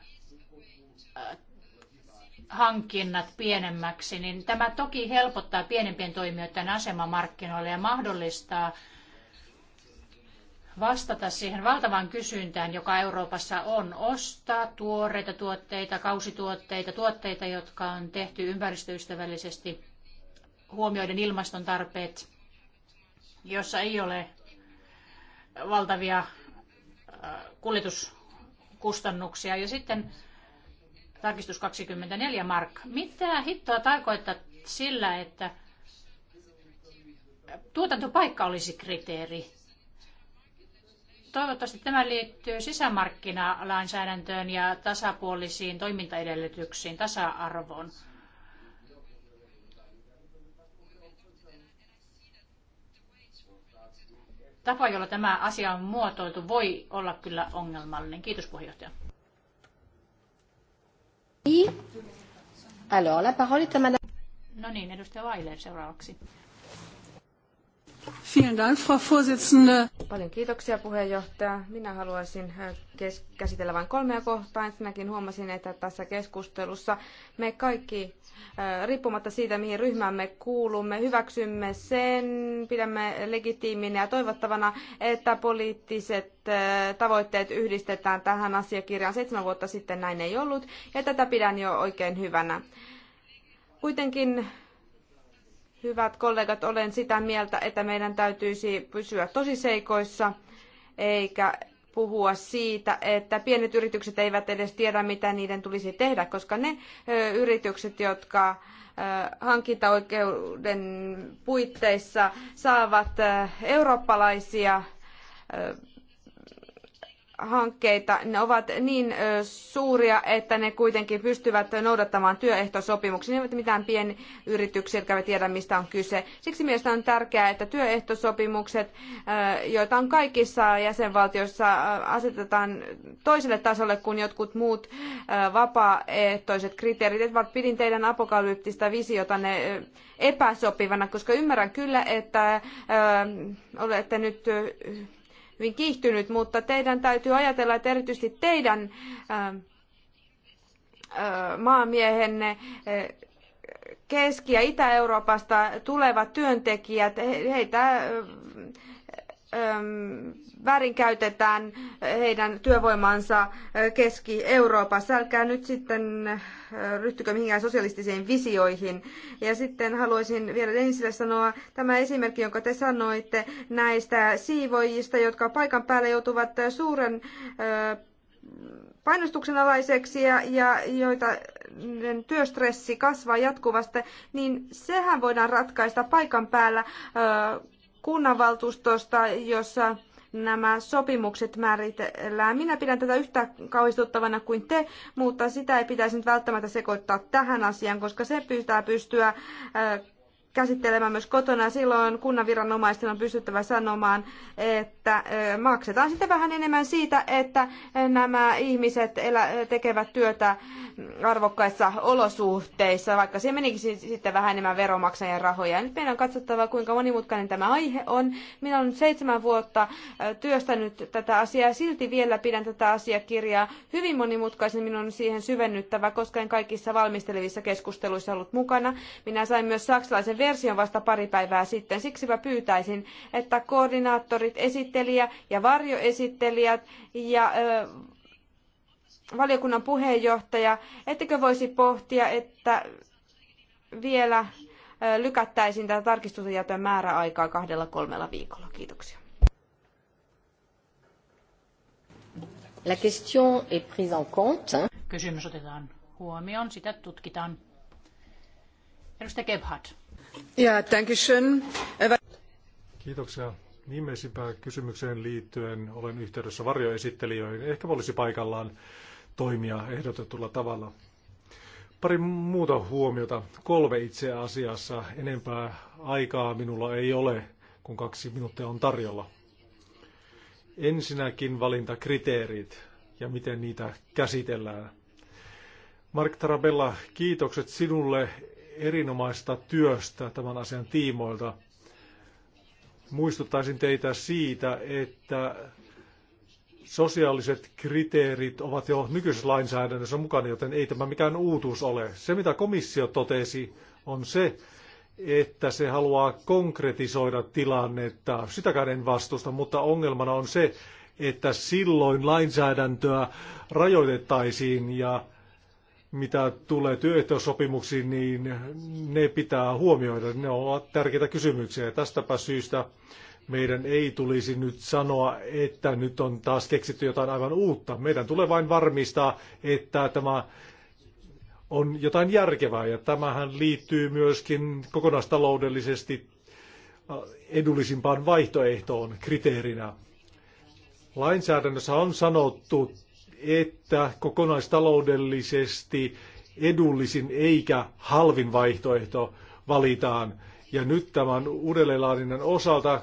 hankinnat pienemmäksi, niin tämä toki helpottaa pienempien toimijoiden asemaa markkinoilla ja mahdollistaa vastata siihen valtavaan kysyntään, joka Euroopassa on, ostaa tuoreita tuotteita, kausituotteita, tuotteita, jotka on tehty ympäristöystävällisesti huomioiden ilmaston tarpeet, jossa ei ole valtavia äh, kuljetuskustannuksia. Ja sitten tarkistus 24 mark. Mitä hittoa tarkoittaa sillä, että tuotantopaikka olisi kriteeri? Toivottavasti tämä liittyy sisämarkkinalainsäädäntöön ja tasapuolisiin toimintaedellytyksiin, tasa-arvoon. tapa, jolla tämä asia on muotoiltu, voi olla kyllä ongelmallinen. Kiitos puheenjohtaja. No niin, edustaja Weiler seuraavaksi. Vielen Dank, Frau Vorsitzende. Paljon kiitoksia puheenjohtaja. Minä haluaisin äh, käsitellä vain kolmea kohtaa. Ensinnäkin huomasin, että tässä keskustelussa me kaikki Äh, riippumatta siitä, mihin ryhmämme kuulumme, hyväksymme sen, pidämme legitiiminä ja toivottavana, että poliittiset äh, tavoitteet yhdistetään tähän asiakirjaan. Seitsemän vuotta sitten näin ei ollut, ja tätä pidän jo oikein hyvänä. Kuitenkin Hyvät kollegat, olen sitä mieltä, että meidän täytyisi pysyä tosiseikoissa, eikä puhua siitä, että pienet yritykset eivät edes tiedä, mitä niiden tulisi tehdä, koska ne yritykset, jotka hankintaoikeuden puitteissa saavat eurooppalaisia hankkeita, ne ovat niin suuria, että ne kuitenkin pystyvät noudattamaan työehtosopimuksia. Ne eivät mitään pienyrityksiä, jotka eivät tiedä, mistä on kyse. Siksi mielestäni on tärkeää, että työehtosopimukset, joita on kaikissa jäsenvaltioissa, asetetaan toiselle tasolle kuin jotkut muut vapaaehtoiset kriteerit. Et pidin teidän apokalyptista visiota ne epäsopivana, koska ymmärrän kyllä, että olette nyt hyvin kiihtynyt, mutta teidän täytyy ajatella, että erityisesti teidän ähm, äh, maamiehenne äh, Keski- ja Itä-Euroopasta tulevat työntekijät, heitä äh, väärinkäytetään heidän työvoimansa Keski-Euroopassa. Älkää nyt sitten ryhtykö mihinkään sosialistisiin visioihin. Ja sitten haluaisin vielä Denisille sanoa tämä esimerkki, jonka te sanoitte näistä siivoijista, jotka paikan päällä joutuvat suuren painostuksen alaiseksi ja, ja joita työstressi kasvaa jatkuvasti, niin sehän voidaan ratkaista paikan päällä kunnanvaltuustosta, jossa nämä sopimukset määritellään. Minä pidän tätä yhtä kauhistuttavana kuin te, mutta sitä ei pitäisi nyt välttämättä sekoittaa tähän asiaan, koska se pitää pystyä käsittelemään myös kotona. Silloin kunnan viranomaisten on pystyttävä sanomaan, että maksetaan sitten vähän enemmän siitä, että nämä ihmiset tekevät työtä arvokkaissa olosuhteissa, vaikka siihen menikin sitten vähän enemmän veromaksajien rahoja. Nyt meidän on katsottava, kuinka monimutkainen tämä aihe on. Minä olen seitsemän vuotta työstänyt tätä asiaa ja silti vielä pidän tätä asiakirjaa hyvin monimutkaisen. Minun on siihen syvennyttävä, koska en kaikissa valmistelevissa keskusteluissa ollut mukana. Minä sain myös saksalaisen version vasta pari päivää sitten. mä pyytäisin, että koordinaattorit, esittelijä ja varjoesittelijät ja valiokunnan puheenjohtaja, ettekö voisi pohtia, että vielä lykättäisiin tätä tarkistusjätön määräaikaa kahdella kolmella viikolla. Kiitoksia. La question est prise en compte. Kysymys otetaan huomioon, sitä tutkitaan. Edustaja Gebhardt. Äh, Kiitoksia. Viimeisimpään kysymykseen liittyen olen yhteydessä varjoesittelijöihin. Ehkä olisi paikallaan toimia ehdotetulla tavalla. Pari muuta huomiota. Kolme itse asiassa. Enempää aikaa minulla ei ole, kun kaksi minuuttia on tarjolla. Ensinnäkin valintakriteerit ja miten niitä käsitellään. Mark Tarabella, kiitokset sinulle erinomaista työstä tämän asian tiimoilta. Muistuttaisin teitä siitä, että sosiaaliset kriteerit ovat jo nykyisessä lainsäädännössä mukana, joten ei tämä mikään uutuus ole. Se, mitä komissio totesi, on se, että se haluaa konkretisoida tilannetta. Sitäkään en vastusta, mutta ongelmana on se, että silloin lainsäädäntöä rajoitettaisiin ja mitä tulee työehtosopimuksiin, niin ne pitää huomioida. Ne ovat tärkeitä kysymyksiä. Ja tästäpä syystä meidän ei tulisi nyt sanoa, että nyt on taas keksitty jotain aivan uutta. Meidän tulee vain varmistaa, että tämä on jotain järkevää. Ja tämähän liittyy myöskin kokonaistaloudellisesti äh, edullisimpaan vaihtoehtoon kriteerinä. Lainsäädännössä on sanottu että kokonaistaloudellisesti edullisin eikä halvin vaihtoehto valitaan. Ja nyt tämän uudelleenlaadinnan osalta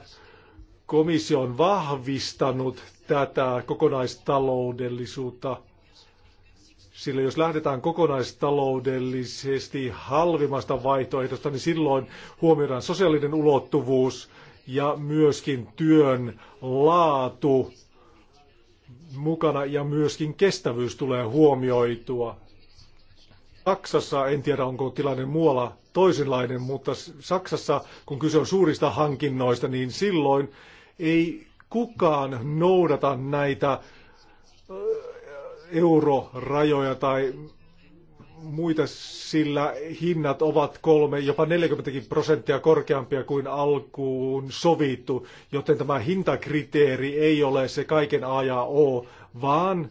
komissio on vahvistanut tätä kokonaistaloudellisuutta, sillä jos lähdetään kokonaistaloudellisesti halvimmasta vaihtoehdosta, niin silloin huomioidaan sosiaalinen ulottuvuus ja myöskin työn laatu mukana ja myöskin kestävyys tulee huomioitua. Saksassa, en tiedä onko tilanne muualla toisenlainen, mutta Saksassa, kun kyse on suurista hankinnoista, niin silloin ei kukaan noudata näitä eurorajoja tai muita, sillä hinnat ovat kolme, jopa 40 prosenttia korkeampia kuin alkuun sovittu, joten tämä hintakriteeri ei ole se kaiken A ja O, vaan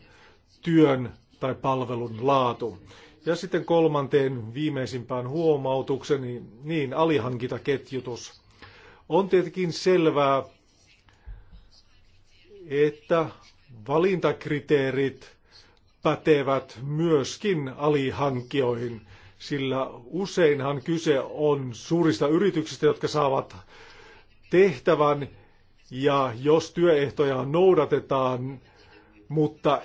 työn tai palvelun laatu. Ja sitten kolmanteen viimeisimpään huomautukseni, niin alihankintaketjutus. On tietenkin selvää, että valintakriteerit – pätevät myöskin alihankkijoihin, sillä useinhan kyse on suurista yrityksistä, jotka saavat tehtävän ja jos työehtoja noudatetaan, mutta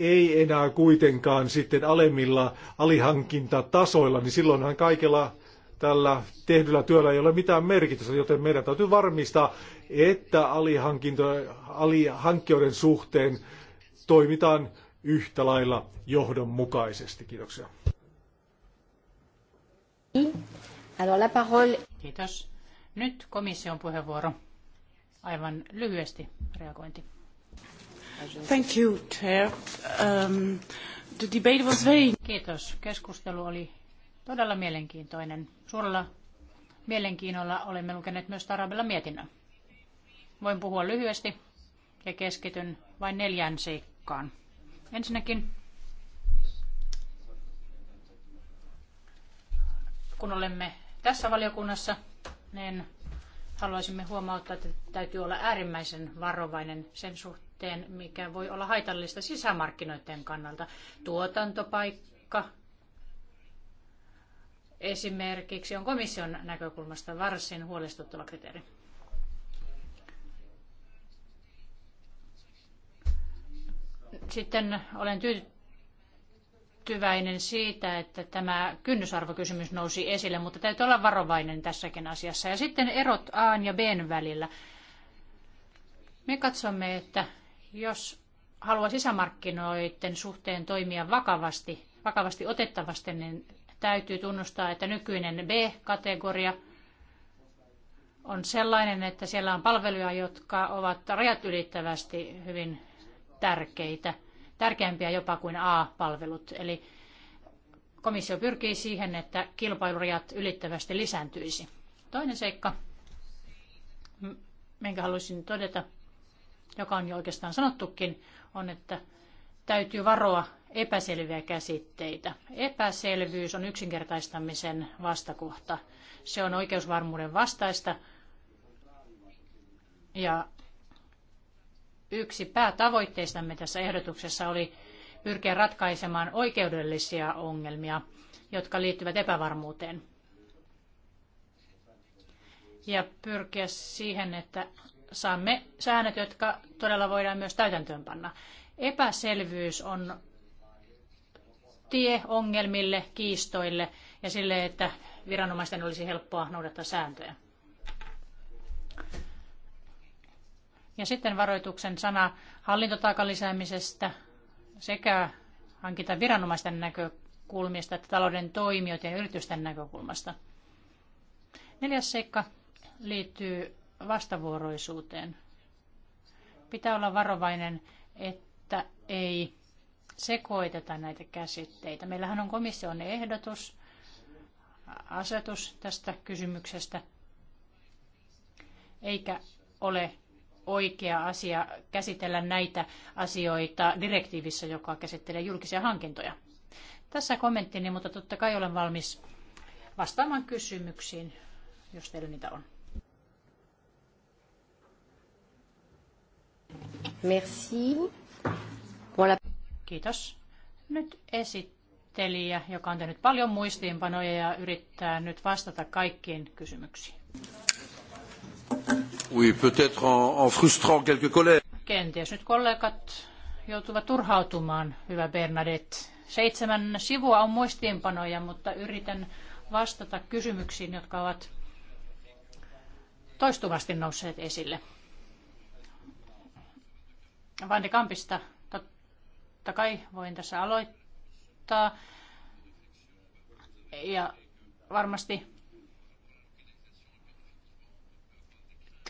ei enää kuitenkaan sitten alemmilla alihankintatasoilla, niin silloinhan kaikella tällä tehdyllä työllä ei ole mitään merkitystä, joten meidän täytyy varmistaa, että alihankkijoiden suhteen toimitaan yhtä lailla johdonmukaisesti. Kiitoksia. Kiitos. Nyt komission puheenvuoro. Aivan lyhyesti reagointi. Thank you, Chair. Um, the debate was very... Kiitos. Keskustelu oli todella mielenkiintoinen. Suurella mielenkiinnolla olemme lukeneet myös Tarabella mietinnön. Voin puhua lyhyesti ja keskityn vain neljään seikkaan. Ensinnäkin, kun olemme tässä valiokunnassa, niin haluaisimme huomauttaa, että täytyy olla äärimmäisen varovainen sen suhteen, mikä voi olla haitallista sisämarkkinoiden kannalta. Tuotantopaikka esimerkiksi on komission näkökulmasta varsin huolestuttava kriteeri. Sitten olen tyytyväinen siitä, että tämä kynnysarvokysymys nousi esille, mutta täytyy olla varovainen tässäkin asiassa. Ja sitten erot A ja B välillä. Me katsomme, että jos haluaa sisämarkkinoiden suhteen toimia vakavasti, vakavasti otettavasti, niin täytyy tunnustaa, että nykyinen B-kategoria on sellainen, että siellä on palveluja, jotka ovat rajat ylittävästi hyvin tärkeitä, tärkeämpiä jopa kuin A-palvelut. Eli komissio pyrkii siihen, että kilpailurajat ylittävästi lisääntyisi. Toinen seikka, minkä haluaisin todeta, joka on jo oikeastaan sanottukin, on, että täytyy varoa epäselviä käsitteitä. Epäselvyys on yksinkertaistamisen vastakohta. Se on oikeusvarmuuden vastaista ja yksi päätavoitteistamme tässä ehdotuksessa oli pyrkiä ratkaisemaan oikeudellisia ongelmia, jotka liittyvät epävarmuuteen. Ja pyrkiä siihen, että saamme säännöt, jotka todella voidaan myös täytäntöönpanna. Epäselvyys on tie ongelmille, kiistoille ja sille, että viranomaisten olisi helppoa noudattaa sääntöjä. Ja sitten varoituksen sana hallintotaakan lisäämisestä sekä hankita viranomaisten näkökulmista että talouden toimijoiden ja yritysten näkökulmasta. Neljäs seikka liittyy vastavuoroisuuteen. Pitää olla varovainen, että ei sekoiteta näitä käsitteitä. Meillähän on komission ehdotus, asetus tästä kysymyksestä, eikä ole oikea asia käsitellä näitä asioita direktiivissä, joka käsittelee julkisia hankintoja. Tässä kommenttini, mutta totta kai olen valmis vastaamaan kysymyksiin, jos teillä niitä on. Merci. Voilà. Kiitos. Nyt esittelijä, joka on tehnyt paljon muistiinpanoja ja yrittää nyt vastata kaikkiin kysymyksiin peut-être en, en frustrant quelques collègues. Kenties nyt kollegat joutuvat turhautumaan, hyvä Bernadette. Seitsemän sivua on muistiinpanoja, mutta yritän vastata kysymyksiin, jotka ovat toistuvasti nousseet esille. Van de Kampista totta kai voin tässä aloittaa. Ja varmasti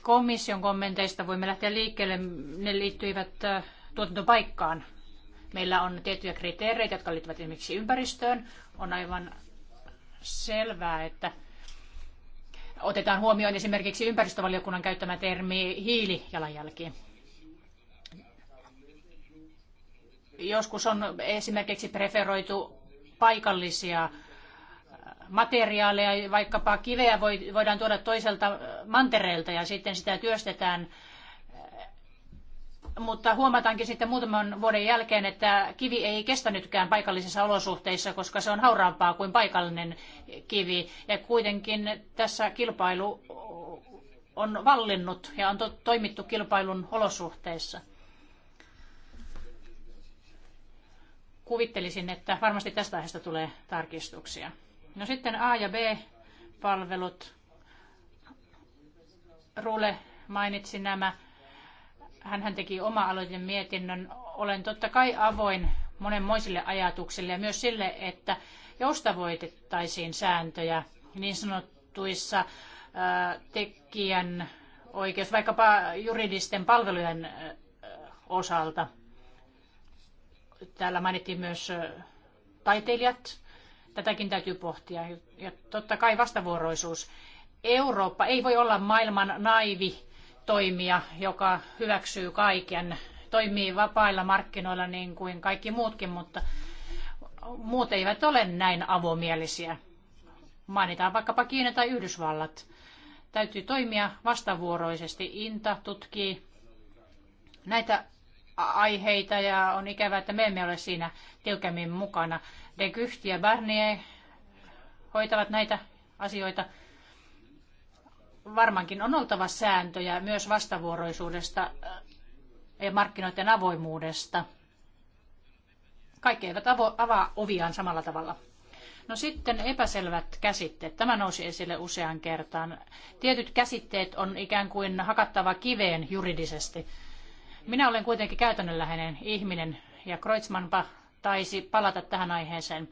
komission kommenteista voimme lähteä liikkeelle. Ne liittyivät tuotantopaikkaan. Meillä on tiettyjä kriteereitä, jotka liittyvät esimerkiksi ympäristöön. On aivan selvää, että otetaan huomioon esimerkiksi ympäristövaliokunnan käyttämä termi hiilijalanjälki. Joskus on esimerkiksi preferoitu paikallisia materiaaleja, vaikkapa kiveä voidaan tuoda toiselta mantereelta ja sitten sitä työstetään. Mutta huomataankin sitten muutaman vuoden jälkeen, että kivi ei kestänytkään paikallisissa olosuhteissa, koska se on hauraampaa kuin paikallinen kivi. Ja kuitenkin tässä kilpailu on vallinnut ja on toimittu kilpailun olosuhteissa. kuvittelisin, että varmasti tästä aiheesta tulee tarkistuksia. No sitten A- ja B-palvelut. Rule mainitsi nämä. hän teki oma aloitteen mietinnön. Olen totta kai avoin monenmoisille ajatuksille ja myös sille, että joustavoitettaisiin sääntöjä niin sanottuissa tekijän oikeus, vaikkapa juridisten palvelujen osalta. Täällä mainittiin myös taiteilijat. Tätäkin täytyy pohtia. Ja totta kai vastavuoroisuus. Eurooppa ei voi olla maailman naivi toimija, joka hyväksyy kaiken, toimii vapailla markkinoilla niin kuin kaikki muutkin, mutta muut eivät ole näin avomielisiä. Mainitaan vaikkapa Kiina tai Yhdysvallat. Täytyy toimia vastavuoroisesti. Inta tutkii näitä aiheita ja on ikävää, että me emme ole siinä tiukemmin mukana. De Kyht ja Barnier hoitavat näitä asioita. Varmaankin on oltava sääntöjä myös vastavuoroisuudesta äh, ja markkinoiden avoimuudesta. Kaikki eivät avo, avaa oviaan samalla tavalla. No sitten epäselvät käsitteet. Tämä nousi esille usean kertaan. Tietyt käsitteet on ikään kuin hakattava kiveen juridisesti. Minä olen kuitenkin käytännönläheinen ihminen ja Kreutzmannpa taisi palata tähän aiheeseen.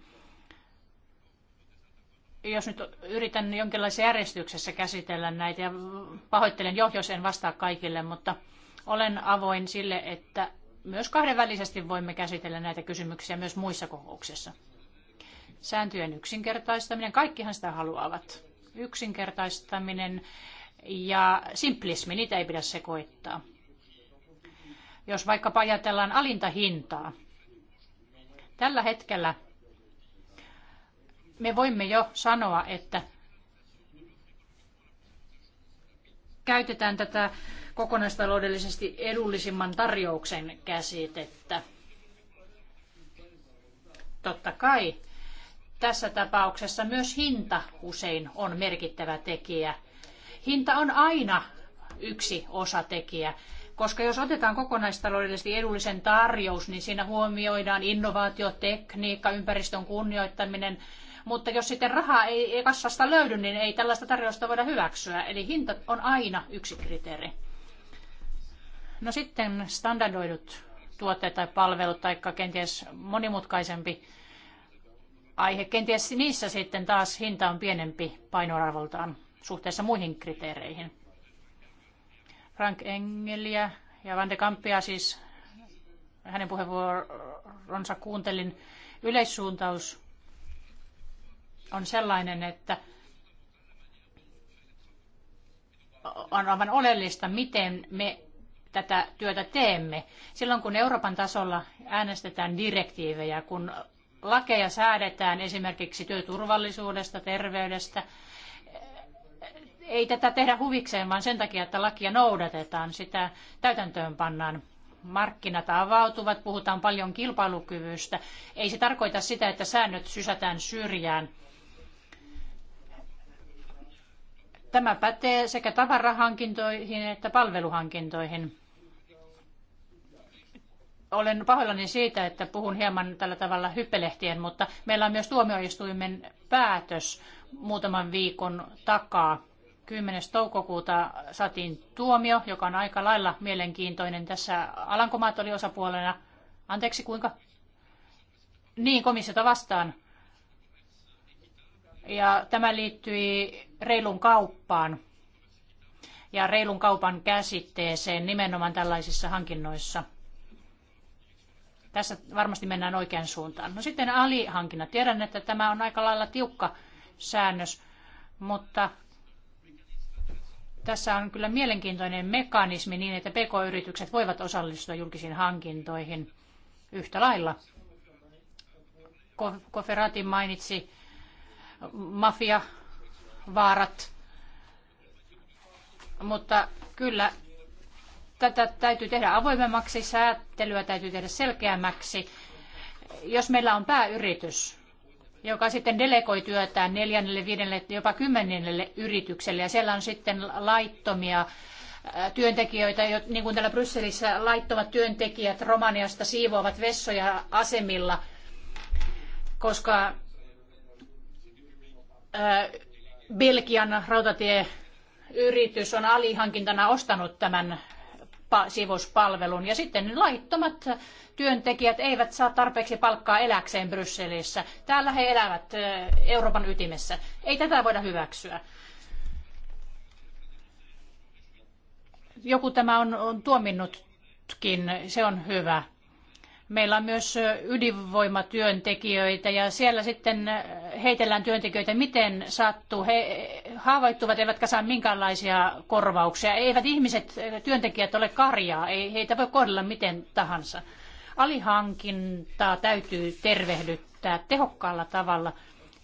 Jos nyt yritän jonkinlaisessa järjestyksessä käsitellä näitä ja pahoittelen jo, jos en vastaa kaikille, mutta olen avoin sille, että myös kahdenvälisesti voimme käsitellä näitä kysymyksiä myös muissa kokouksissa. Sääntöjen yksinkertaistaminen, kaikkihan sitä haluavat. Yksinkertaistaminen ja simplismi, niitä ei pidä sekoittaa. Jos vaikkapa ajatellaan alinta hintaa, Tällä hetkellä me voimme jo sanoa, että käytetään tätä kokonaistaloudellisesti edullisimman tarjouksen käsitettä. Totta kai tässä tapauksessa myös hinta usein on merkittävä tekijä. Hinta on aina yksi osatekijä koska jos otetaan kokonaistaloudellisesti edullisen tarjous, niin siinä huomioidaan innovaatio, tekniikka, ympäristön kunnioittaminen, mutta jos sitten rahaa ei kassasta löydy, niin ei tällaista tarjousta voida hyväksyä. Eli hinta on aina yksi kriteeri. No sitten standardoidut tuotteet tai palvelut tai kenties monimutkaisempi aihe. Kenties niissä sitten taas hinta on pienempi painoarvoltaan suhteessa muihin kriteereihin. Frank Engeliä ja Van de Kampia siis hänen puheenvuoronsa kuuntelin. Yleissuuntaus on sellainen, että on aivan oleellista, miten me tätä työtä teemme. Silloin kun Euroopan tasolla äänestetään direktiivejä, kun lakeja säädetään esimerkiksi työturvallisuudesta, terveydestä, ei tätä tehdä huvikseen, vaan sen takia, että lakia noudatetaan, sitä täytäntöön pannaan. Markkinat avautuvat, puhutaan paljon kilpailukyvystä. Ei se tarkoita sitä, että säännöt sysätään syrjään. Tämä pätee sekä tavarahankintoihin että palveluhankintoihin. Olen pahoillani siitä, että puhun hieman tällä tavalla hyppelehtien, mutta meillä on myös tuomioistuimen päätös muutaman viikon takaa 10. toukokuuta saatiin tuomio, joka on aika lailla mielenkiintoinen. Tässä Alankomaat oli osapuolena. Anteeksi, kuinka? Niin, komissiota vastaan. Ja tämä liittyi reilun kauppaan ja reilun kaupan käsitteeseen nimenomaan tällaisissa hankinnoissa. Tässä varmasti mennään oikeaan suuntaan. No sitten alihankinnat. Tiedän, että tämä on aika lailla tiukka säännös, mutta tässä on kyllä mielenkiintoinen mekanismi niin, että pk-yritykset voivat osallistua julkisiin hankintoihin yhtä lailla. Koferati mainitsi mafiavaarat, mutta kyllä tätä täytyy tehdä avoimemmaksi, säätelyä täytyy tehdä selkeämmäksi. Jos meillä on pääyritys, joka sitten delegoi työtään neljännelle, viidennelle, jopa kymmenennelle yritykselle. Ja siellä on sitten laittomia äh, työntekijöitä, niin kuin täällä Brysselissä laittomat työntekijät Romaniasta siivoavat vessoja asemilla, koska äh, Belgian rautatieyritys on alihankintana ostanut tämän siivouspalvelun. Ja sitten laittomat työntekijät eivät saa tarpeeksi palkkaa eläkseen Brysselissä. Täällä he elävät Euroopan ytimessä. Ei tätä voida hyväksyä. Joku tämä on, on tuominnutkin, se on hyvä. Meillä on myös ydinvoimatyöntekijöitä ja siellä sitten heitellään työntekijöitä, miten sattuu. He haavoittuvat eivätkä saa minkäänlaisia korvauksia. Eivät ihmiset, työntekijät ole karjaa, ei heitä voi kohdella miten tahansa. Alihankintaa täytyy tervehdyttää tehokkaalla tavalla,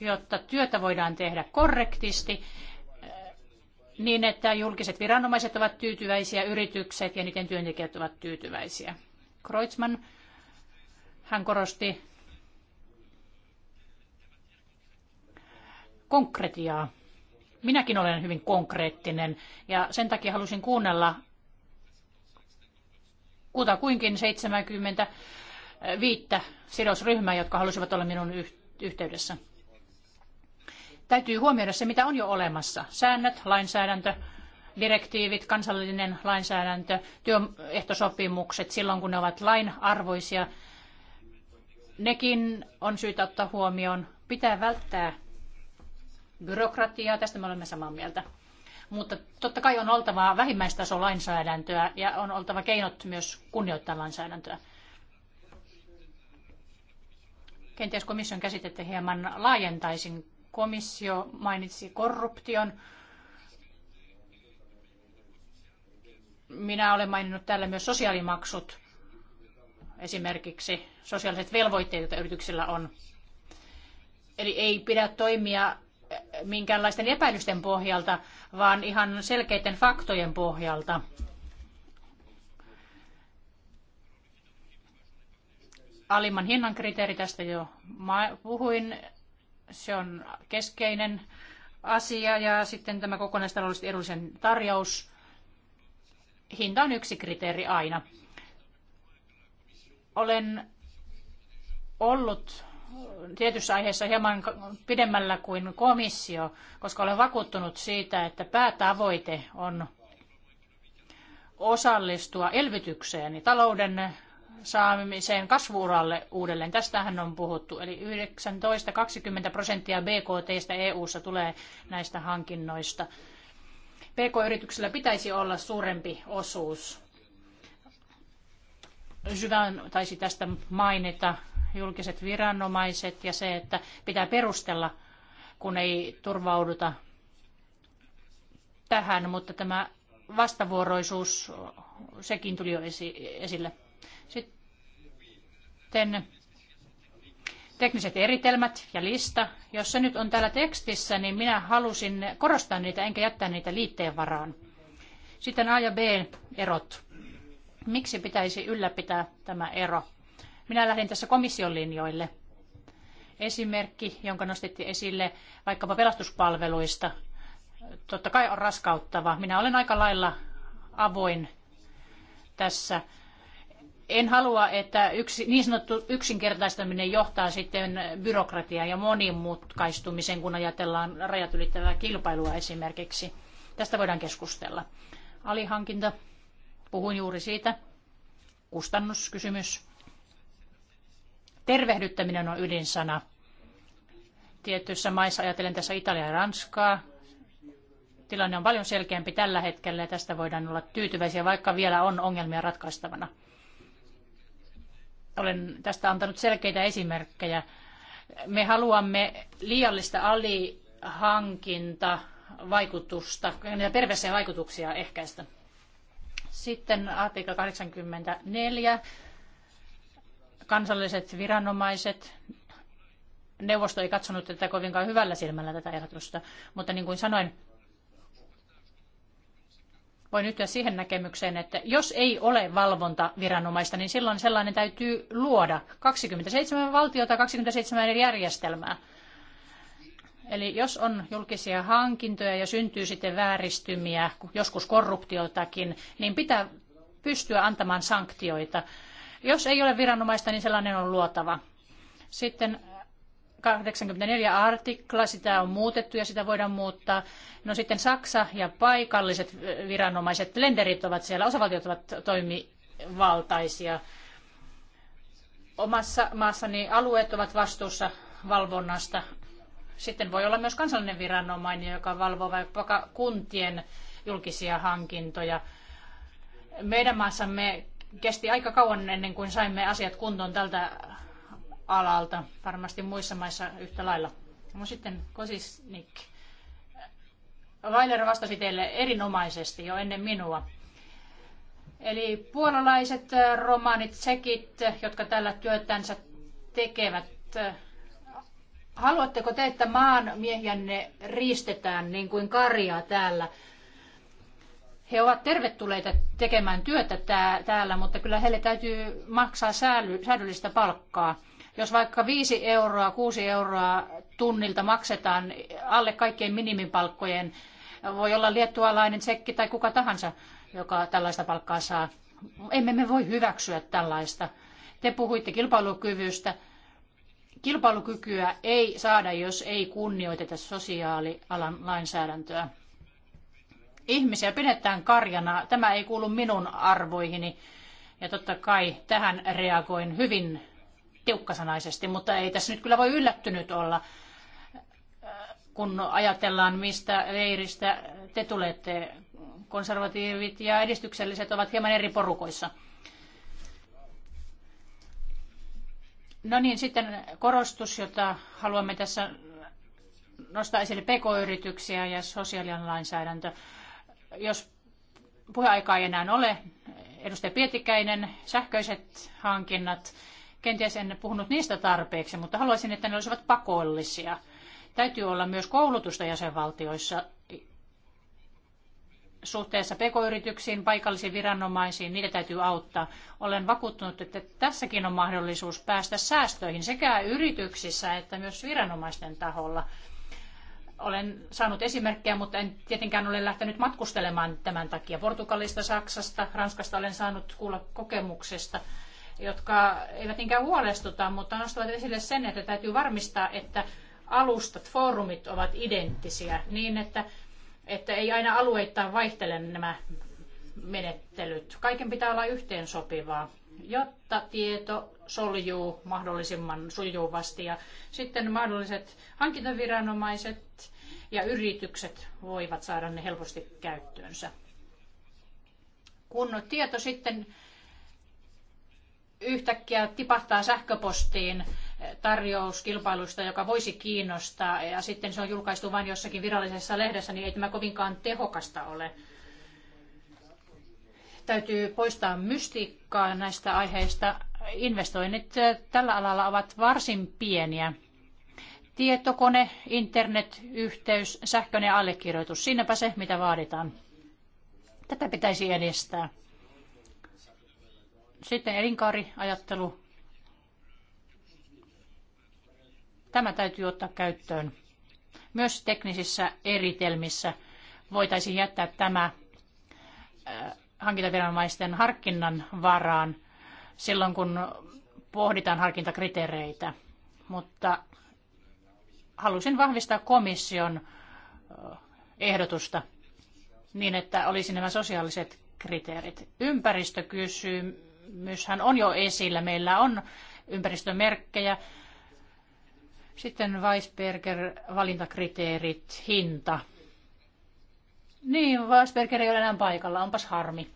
jotta työtä voidaan tehdä korrektisti niin, että julkiset viranomaiset ovat tyytyväisiä, yritykset ja niiden työntekijät ovat tyytyväisiä. Kreutzmann hän korosti konkretiaa. Minäkin olen hyvin konkreettinen ja sen takia halusin kuunnella kutakuinkin 75 sidosryhmää, jotka halusivat olla minun yhteydessä. Täytyy huomioida se, mitä on jo olemassa. Säännöt, lainsäädäntö, direktiivit, kansallinen lainsäädäntö, työehtosopimukset silloin, kun ne ovat lainarvoisia Nekin on syytä ottaa huomioon. Pitää välttää byrokratiaa, tästä me olemme samaa mieltä. Mutta totta kai on oltava vähimmäistaso lainsäädäntöä ja on oltava keinot myös kunnioittaa lainsäädäntöä. Kenties komission käsitettä hieman laajentaisin. Komissio mainitsi korruption. Minä olen maininnut täällä myös sosiaalimaksut esimerkiksi sosiaaliset velvoitteet, joita yrityksillä on. Eli ei pidä toimia minkäänlaisten epäilysten pohjalta, vaan ihan selkeiden faktojen pohjalta. Alimman hinnan kriteeri tästä jo puhuin. Se on keskeinen asia ja sitten tämä kokonaistaloudellisesti edullisen tarjous. Hinta on yksi kriteeri aina. Olen ollut tietyssä aiheessa hieman pidemmällä kuin komissio, koska olen vakuuttunut siitä, että päätavoite on osallistua elvytykseen ja talouden saamiseen kasvuuralle uudelleen. Tästähän on puhuttu. Eli 19-20 prosenttia BKTstä EU-ssa tulee näistä hankinnoista. PK-yrityksillä pitäisi olla suurempi osuus Syvän taisi siis tästä mainita julkiset viranomaiset ja se, että pitää perustella, kun ei turvauduta tähän, mutta tämä vastavuoroisuus, sekin tuli jo esille. Sitten tekniset eritelmät ja lista. Jos se nyt on täällä tekstissä, niin minä halusin korostaa niitä enkä jättää niitä liitteen varaan. Sitten A ja B erot. Miksi pitäisi ylläpitää tämä ero? Minä lähdin tässä komission linjoille. Esimerkki, jonka nostitte esille vaikkapa pelastuspalveluista, totta kai on raskauttava. Minä olen aika lailla avoin tässä. En halua, että yksi, niin sanottu yksinkertaistaminen johtaa sitten byrokratiaan ja monimutkaistumiseen, kun ajatellaan rajat ylittävää kilpailua esimerkiksi. Tästä voidaan keskustella. Alihankinta. Puhuin juuri siitä. Kustannuskysymys. Tervehdyttäminen on ydinsana. Tietyissä maissa, ajatellen tässä Italia ja Ranskaa, tilanne on paljon selkeämpi tällä hetkellä ja tästä voidaan olla tyytyväisiä, vaikka vielä on ongelmia ratkaistavana. Olen tästä antanut selkeitä esimerkkejä. Me haluamme liiallista alihankinta vaikutusta, perversiä vaikutuksia ehkäistä. Sitten artikla 84, kansalliset viranomaiset. Neuvosto ei katsonut tätä kovinkaan hyvällä silmällä tätä ehdotusta, mutta niin kuin sanoin, voin yhtyä siihen näkemykseen, että jos ei ole valvontaviranomaista, niin silloin sellainen täytyy luoda 27 valtiota, 27 eri järjestelmää. Eli jos on julkisia hankintoja ja syntyy sitten vääristymiä, joskus korruptiotakin, niin pitää pystyä antamaan sanktioita. Jos ei ole viranomaista, niin sellainen on luotava. Sitten 84 artikla, sitä on muutettu ja sitä voidaan muuttaa. No sitten Saksa ja paikalliset viranomaiset, lenderit ovat siellä, osavaltiot ovat toimivaltaisia. Omassa maassani alueet ovat vastuussa valvonnasta sitten voi olla myös kansallinen viranomainen, joka valvoo vaikka kuntien julkisia hankintoja. Meidän maassamme kesti aika kauan ennen kuin saimme asiat kuntoon tältä alalta, varmasti muissa maissa yhtä lailla. No sitten Kosisnik. Weiler vastasi teille erinomaisesti jo ennen minua. Eli puolalaiset romaanit, tsekit, jotka tällä työtänsä tekevät, Haluatteko te, että maan miehiänne riistetään niin kuin karjaa täällä? He ovat tervetulleita tekemään työtä täällä, mutta kyllä heille täytyy maksaa säädöllistä palkkaa. Jos vaikka 5 euroa, 6 euroa tunnilta maksetaan alle kaikkien minimipalkkojen, voi olla liettualainen tsekki tai kuka tahansa, joka tällaista palkkaa saa. Emme me voi hyväksyä tällaista. Te puhuitte kilpailukyvystä Kilpailukykyä ei saada, jos ei kunnioiteta sosiaalialan lainsäädäntöä. Ihmisiä pidetään karjana. Tämä ei kuulu minun arvoihini. Ja totta kai tähän reagoin hyvin tiukkasanaisesti, mutta ei tässä nyt kyllä voi yllättynyt olla, kun ajatellaan, mistä leiristä te tulette. Konservatiivit ja edistykselliset ovat hieman eri porukoissa. No niin, sitten korostus, jota haluamme tässä nostaa esille pk-yrityksiä ja sosiaalinen lainsäädäntö. Jos puheaikaa ei enää ole, edustaja Pietikäinen, sähköiset hankinnat, kenties en puhunut niistä tarpeeksi, mutta haluaisin, että ne olisivat pakollisia. Täytyy olla myös koulutusta jäsenvaltioissa suhteessa pk-yrityksiin, paikallisiin viranomaisiin, niitä täytyy auttaa. Olen vakuuttunut, että tässäkin on mahdollisuus päästä säästöihin sekä yrityksissä että myös viranomaisten taholla. Olen saanut esimerkkejä, mutta en tietenkään ole lähtenyt matkustelemaan tämän takia. Portugalista, Saksasta, Ranskasta olen saanut kuulla kokemuksesta, jotka eivät niinkään huolestuta, mutta nostavat esille sen, että täytyy varmistaa, että alustat, foorumit ovat identtisiä niin, että että ei aina alueittain vaihtele nämä menettelyt. Kaiken pitää olla yhteensopivaa, jotta tieto soljuu mahdollisimman sujuvasti ja sitten mahdolliset hankintaviranomaiset ja yritykset voivat saada ne helposti käyttöönsä. Kun tieto sitten yhtäkkiä tipahtaa sähköpostiin tarjouskilpailusta, joka voisi kiinnostaa, ja sitten se on julkaistu vain jossakin virallisessa lehdessä, niin ei tämä kovinkaan tehokasta ole. Täytyy poistaa mystiikkaa näistä aiheista. Investoinnit tällä alalla ovat varsin pieniä. Tietokone, internetyhteys, sähköinen allekirjoitus, siinäpä se, mitä vaaditaan. Tätä pitäisi edistää. Sitten elinkaariajattelu Tämä täytyy ottaa käyttöön. Myös teknisissä eritelmissä voitaisiin jättää tämä äh, hankintaviranomaisten harkinnan varaan silloin, kun pohditaan harkintakriteereitä. Mutta halusin vahvistaa komission äh, ehdotusta niin, että olisi nämä sosiaaliset kriteerit. Ympäristökysymyshän on jo esillä. Meillä on ympäristömerkkejä, sitten Weisberger, valintakriteerit, hinta. Niin, Weisberger ei ole enää paikalla, onpas harmi.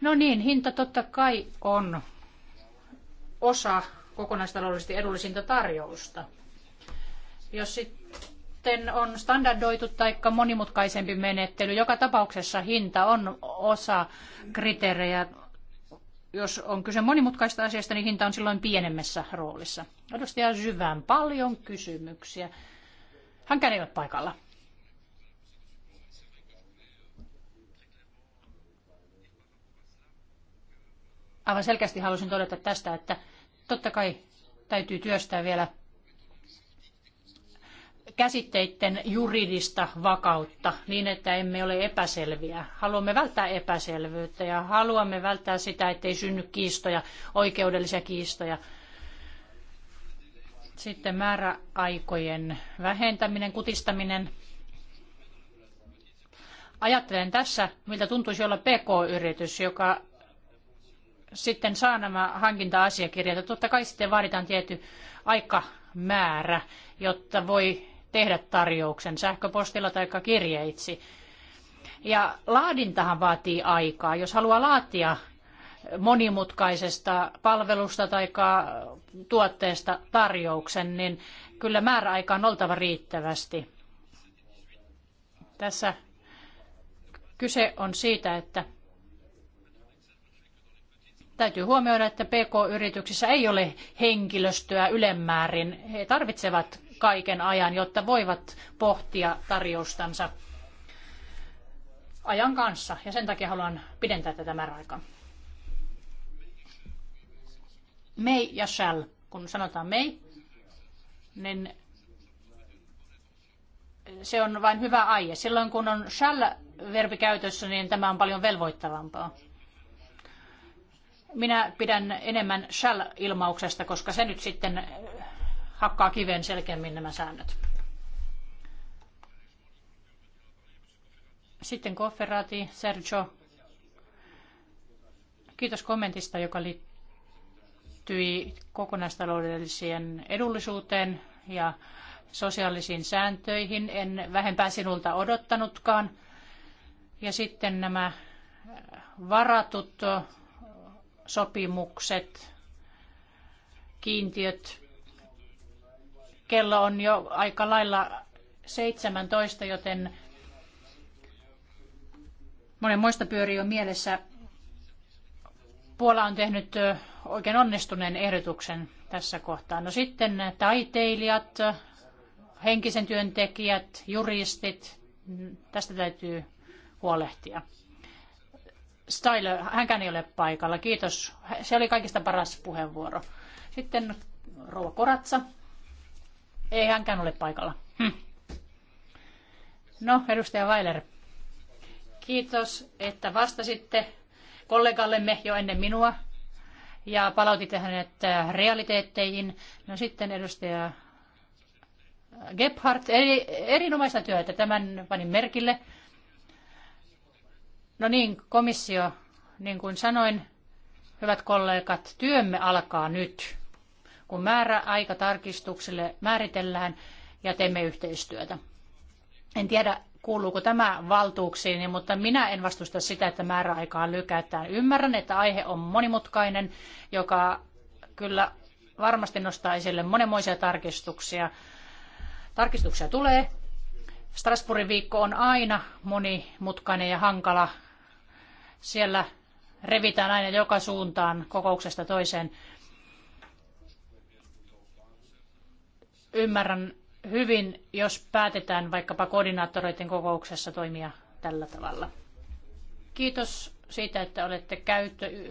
No niin, hinta totta kai on osa kokonaistaloudellisesti edullisinta tarjousta. Jos sitten on standardoitu tai monimutkaisempi menettely, joka tapauksessa hinta on osa kriteerejä jos on kyse monimutkaista asiasta, niin hinta on silloin pienemmässä roolissa. Edustaja Syvään paljon kysymyksiä. Hän ei ole paikalla. Aivan selkeästi halusin todeta tästä, että totta kai täytyy työstää vielä käsitteiden juridista vakautta niin, että emme ole epäselviä. Haluamme välttää epäselvyyttä ja haluamme välttää sitä, ettei synny kiistoja, oikeudellisia kiistoja. Sitten määräaikojen vähentäminen, kutistaminen. Ajattelen tässä, miltä tuntuisi olla PK-yritys, joka sitten saa nämä hankinta-asiakirjat. Totta kai sitten vaaditaan tietty aikamäärä, jotta voi tehdä tarjouksen sähköpostilla tai kirjeitsi. Ja laadintahan vaatii aikaa. Jos haluaa laatia monimutkaisesta palvelusta tai tuotteesta tarjouksen, niin kyllä määräaika on oltava riittävästi. Tässä kyse on siitä, että täytyy huomioida, että PK-yrityksissä ei ole henkilöstöä ylemmäärin. He tarvitsevat kaiken ajan, jotta voivat pohtia tarjoustansa ajan kanssa. Ja sen takia haluan pidentää tätä määräaikaa. May ja shall. Kun sanotaan may, niin se on vain hyvä aie. Silloin kun on shall-verbi käytössä, niin tämä on paljon velvoittavampaa. Minä pidän enemmän shall-ilmauksesta, koska se nyt sitten hakkaa kiven selkeämmin nämä säännöt. Sitten Kofferati, Sergio. Kiitos kommentista, joka liittyi kokonaistaloudelliseen edullisuuteen ja sosiaalisiin sääntöihin. En vähempää sinulta odottanutkaan. Ja sitten nämä varatut sopimukset, kiintiöt kello on jo aika lailla 17, joten monen muista pyörii jo mielessä. Puola on tehnyt oikein onnistuneen ehdotuksen tässä kohtaa. No sitten taiteilijat, henkisen työntekijät, juristit, tästä täytyy huolehtia. Style, hänkään ei ole paikalla. Kiitos. Se oli kaikista paras puheenvuoro. Sitten Rouva Koratsa. Ei hänkään ole paikalla. Hm. No, edustaja Weiler, kiitos, että vastasitte kollegallemme jo ennen minua ja palautitte hänet äh, realiteetteihin. No sitten edustaja Gebhardt, eri, erinomaista työtä, tämän panin merkille. No niin, komissio, niin kuin sanoin, hyvät kollegat, työmme alkaa nyt kun määräaika tarkistuksille määritellään ja teemme yhteistyötä. En tiedä, kuuluuko tämä valtuuksiin, mutta minä en vastusta sitä, että määräaikaa lykätään. Ymmärrän, että aihe on monimutkainen, joka kyllä varmasti nostaa esille monenmoisia tarkistuksia. Tarkistuksia tulee. Strasbourgin viikko on aina monimutkainen ja hankala. Siellä revitään aina joka suuntaan kokouksesta toiseen. Ymmärrän hyvin, jos päätetään vaikkapa koordinaattoreiden kokouksessa toimia tällä tavalla. Kiitos siitä, että olette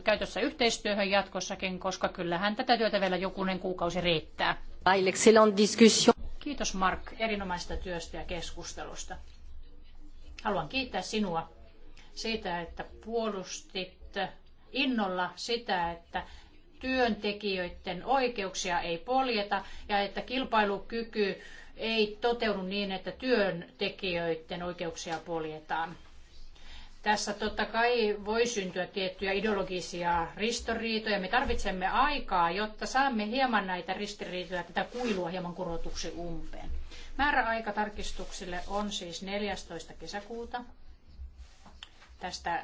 käytössä yhteistyöhön jatkossakin, koska kyllähän tätä työtä vielä jokunen kuukausi riittää. Kiitos Mark erinomaisesta työstä ja keskustelusta. Haluan kiittää sinua siitä, että puolustit innolla sitä, että työntekijöiden oikeuksia ei poljeta ja että kilpailukyky ei toteudu niin, että työntekijöiden oikeuksia poljetaan. Tässä totta kai voi syntyä tiettyjä ideologisia ristoriitoja. Me tarvitsemme aikaa, jotta saamme hieman näitä ristiriitoja, tätä kuilua hieman kurotuksi umpeen. Määräaika tarkistuksille on siis 14. kesäkuuta. Tästä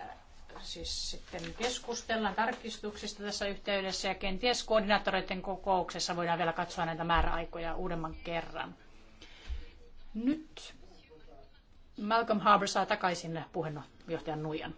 siis sitten keskustellaan tarkistuksista tässä yhteydessä ja kenties koordinaattoreiden kokouksessa voidaan vielä katsoa näitä määräaikoja uudemman kerran. Nyt Malcolm Harbour saa takaisin puheenjohtajan nuijan.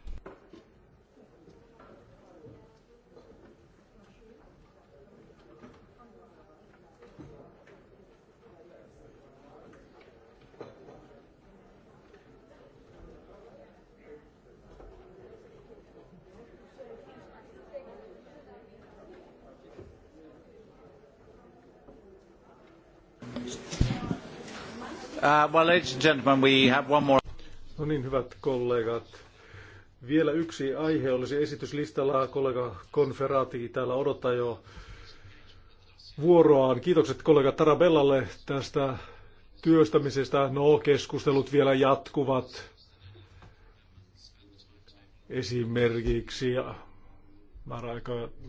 Uh, no niin, hyvät kollegat. Vielä yksi aihe olisi esityslistalla. Kollega Konferaati täällä odottaa jo vuoroaan. Kiitokset kollega Tarabellalle tästä työstämisestä. No, keskustelut vielä jatkuvat. Esimerkiksi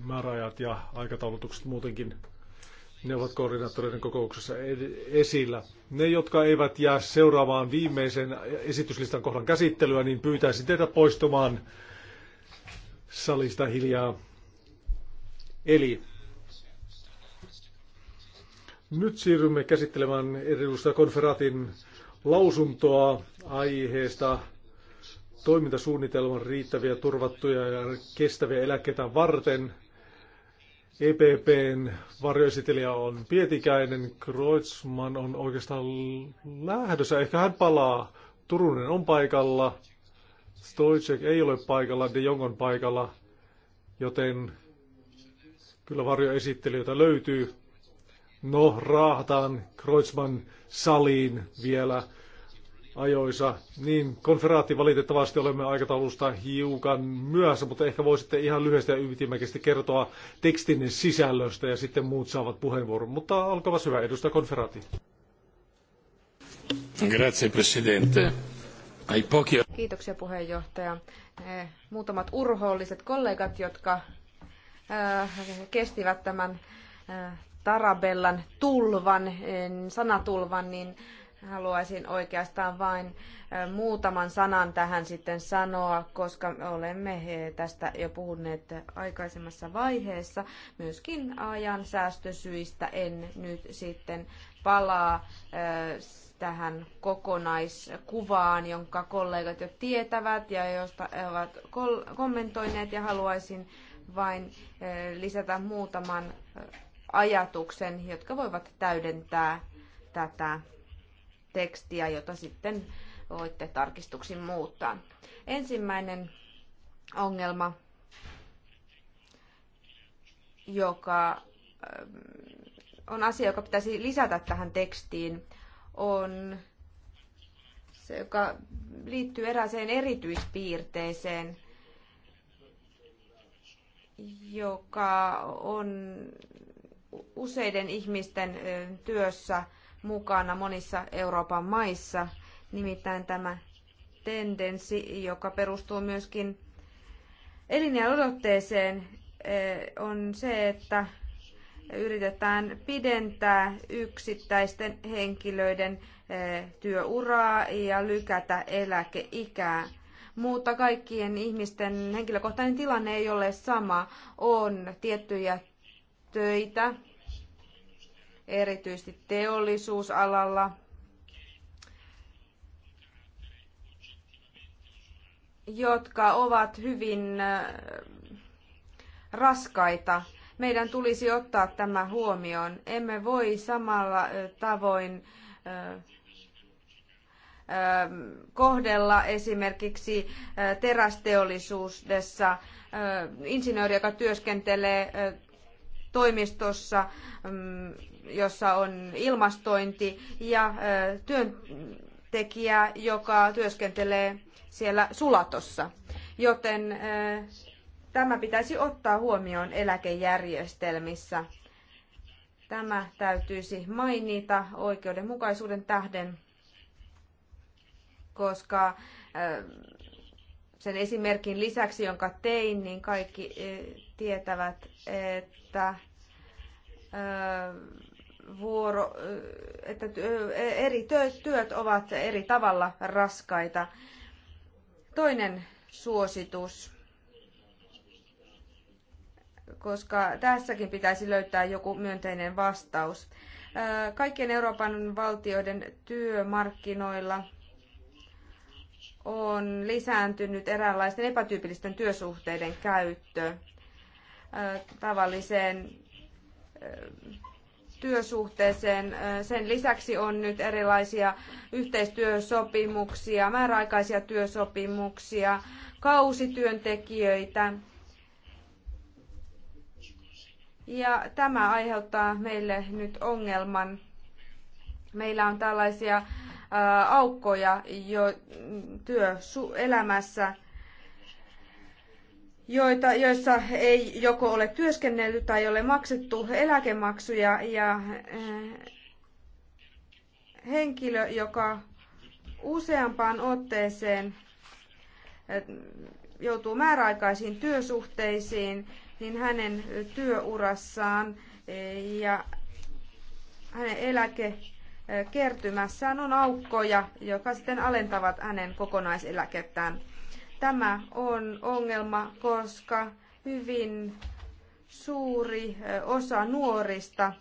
määräajat ja aikataulutukset muutenkin ne ovat koordinaattoreiden kokouksessa esillä. Ne, jotka eivät jää seuraavaan viimeisen esityslistan kohdan käsittelyä, niin pyytäisin teitä poistumaan salista hiljaa. Eli nyt siirrymme käsittelemään erilaisista konferaatin lausuntoa aiheesta toimintasuunnitelman riittäviä, turvattuja ja kestäviä eläkkeitä varten. EPPn varjoesittelijä on Pietikäinen, Kreutzmann on oikeastaan lähdössä, ehkä hän palaa. Turunen on paikalla, Stoicek ei ole paikalla, De Jong on paikalla, joten kyllä varjoesittelijöitä löytyy. No, raahataan Kreutzmann saliin vielä ajoissa. Niin, konferaatti valitettavasti olemme aikataulusta hiukan myöhässä, mutta ehkä voisitte ihan lyhyesti ja ytimäkesti kertoa tekstin sisällöstä ja sitten muut saavat puheenvuoron. Mutta alkava hyvä, edustaja konferaatti. Grazie, presidente. Ai pochi... Kiitoksia puheenjohtaja. Eh, muutamat urhoolliset kollegat, jotka eh, kestivät tämän eh, Tarabellan tulvan, sanatulvan, niin haluaisin oikeastaan vain muutaman sanan tähän sitten sanoa, koska olemme tästä jo puhuneet aikaisemmassa vaiheessa. Myöskin ajan säästösyistä en nyt sitten palaa tähän kokonaiskuvaan, jonka kollegat jo tietävät ja josta ovat kommentoineet ja haluaisin vain lisätä muutaman ajatuksen, jotka voivat täydentää tätä tekstiä, jota sitten voitte tarkistuksin muuttaa. Ensimmäinen ongelma, joka ähm, on asia, joka pitäisi lisätä tähän tekstiin, on se, joka liittyy erääseen erityispiirteeseen, joka on useiden ihmisten työssä mukana monissa Euroopan maissa, nimittäin tämä tendenssi, joka perustuu myöskin elinjään odotteeseen, eh, on se, että yritetään pidentää yksittäisten henkilöiden eh, työuraa ja lykätä eläkeikää. Mutta kaikkien ihmisten henkilökohtainen tilanne ei ole sama. On tiettyjä töitä, erityisesti teollisuusalalla. jotka ovat hyvin raskaita. Meidän tulisi ottaa tämä huomioon. Emme voi samalla tavoin kohdella esimerkiksi terästeollisuudessa insinööri, joka työskentelee toimistossa mm, jossa on ilmastointi ja työntekijä, joka työskentelee siellä sulatossa. Joten tämä pitäisi ottaa huomioon eläkejärjestelmissä. Tämä täytyisi mainita oikeudenmukaisuuden tähden, koska sen esimerkin lisäksi, jonka tein, niin kaikki tietävät, että vuoro, että eri työt, ovat eri tavalla raskaita. Toinen suositus, koska tässäkin pitäisi löytää joku myönteinen vastaus. Kaikkien Euroopan valtioiden työmarkkinoilla on lisääntynyt eräänlaisten epätyypillisten työsuhteiden käyttö tavalliseen työsuhteeseen. Sen lisäksi on nyt erilaisia yhteistyösopimuksia, määräaikaisia työsopimuksia, kausityöntekijöitä. Ja tämä aiheuttaa meille nyt ongelman. Meillä on tällaisia aukkoja jo työelämässä joita, joissa ei joko ole työskennellyt tai ole maksettu eläkemaksuja ja eh, henkilö, joka useampaan otteeseen eh, joutuu määräaikaisiin työsuhteisiin, niin hänen työurassaan eh, ja hänen eläkekertymässään on aukkoja, jotka sitten alentavat hänen kokonaiseläkettään. Tämä on ongelma, koska hyvin suuri osa nuorista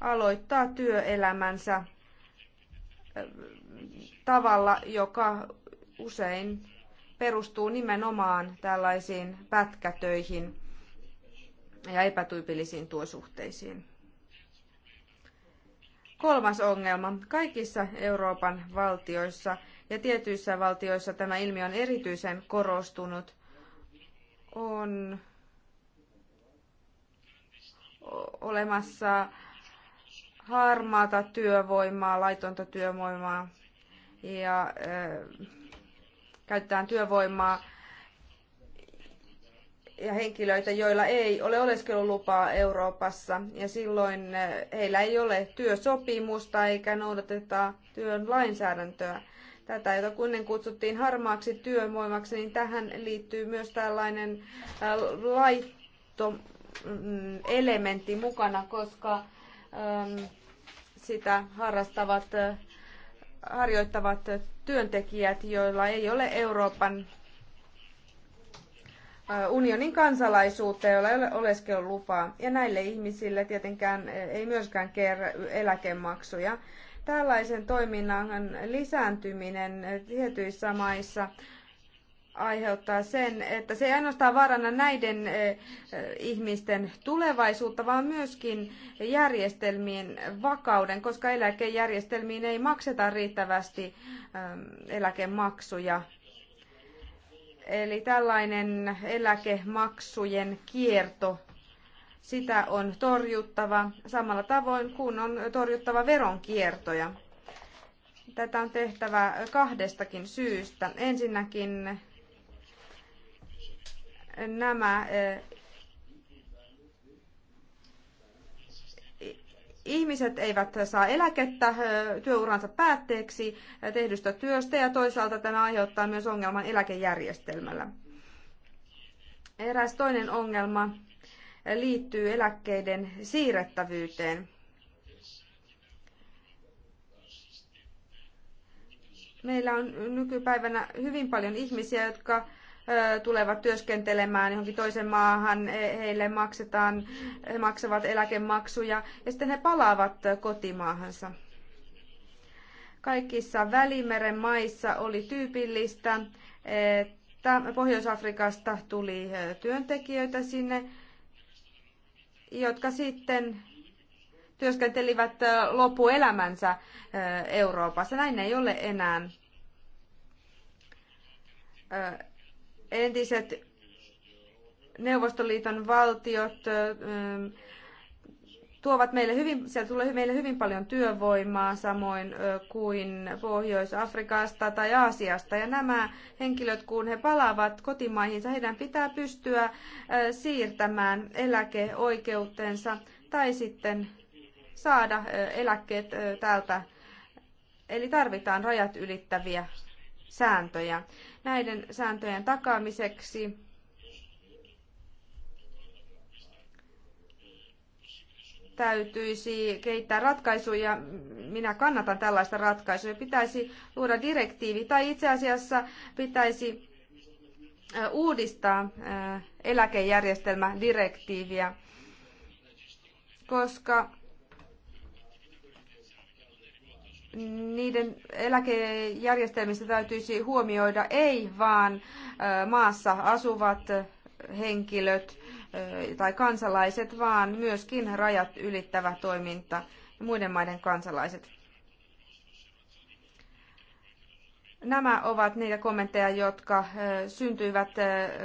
aloittaa työelämänsä tavalla, joka usein perustuu nimenomaan tällaisiin pätkätöihin ja epätyypillisiin työsuhteisiin. Kolmas ongelma. Kaikissa Euroopan valtioissa ja tietyissä valtioissa tämä ilmiö on erityisen korostunut, on olemassa harmaata työvoimaa, laitonta työvoimaa ja äh, käytetään työvoimaa ja henkilöitä, joilla ei ole oleskelulupaa Euroopassa ja silloin äh, heillä ei ole työsopimusta eikä noudateta työn lainsäädäntöä tätä, jota kunnen kutsuttiin harmaaksi työvoimaksi, niin tähän liittyy myös tällainen laitto mm, elementti mukana, koska sitä harrastavat, harjoittavat työntekijät, joilla ei ole Euroopan unionin kansalaisuutta, joilla ei ole oleskelulupaa. Ja näille ihmisille tietenkään ei myöskään kerry eläkemaksuja. Tällaisen toiminnan lisääntyminen tietyissä maissa aiheuttaa sen, että se ei ainoastaan vaaranna näiden eh, eh, ihmisten tulevaisuutta, vaan myöskin järjestelmien vakauden, koska eläkejärjestelmiin ei makseta riittävästi ehm, eläkemaksuja. Eli tällainen eläkemaksujen kierto sitä on torjuttava samalla tavoin kuin on torjuttava veronkiertoja. Tätä on tehtävä kahdestakin syystä. Ensinnäkin nämä eh, ihmiset eivät saa eläkettä eh, työuransa päätteeksi tehdystä työstä ja toisaalta tämä aiheuttaa myös ongelman eläkejärjestelmällä. Eräs toinen ongelma liittyy eläkkeiden siirrettävyyteen. Meillä on nykypäivänä hyvin paljon ihmisiä, jotka tulevat työskentelemään johonkin toisen maahan, heille maksetaan, he maksavat eläkemaksuja ja sitten he palaavat kotimaahansa. Kaikissa Välimeren maissa oli tyypillistä, että Pohjois-Afrikasta tuli työntekijöitä sinne jotka sitten työskentelivät loppuelämänsä Euroopassa. Näin ei ole enää. Entiset Neuvostoliiton valtiot tuovat meille hyvin, sieltä tulee meille hyvin paljon työvoimaa samoin kuin Pohjois-Afrikasta tai Aasiasta. Ja nämä henkilöt, kun he palaavat kotimaihinsa, heidän pitää pystyä siirtämään eläkeoikeutensa tai sitten saada eläkkeet täältä. Eli tarvitaan rajat ylittäviä sääntöjä. Näiden sääntöjen takaamiseksi täytyisi kehittää ratkaisuja. Minä kannatan tällaista ratkaisua. Pitäisi luoda direktiivi tai itse asiassa pitäisi uudistaa eläkejärjestelmädirektiiviä, koska niiden eläkejärjestelmistä täytyisi huomioida ei vaan maassa asuvat henkilöt, tai kansalaiset, vaan myöskin rajat ylittävä toiminta ja muiden maiden kansalaiset. Nämä ovat niitä kommentteja, jotka syntyivät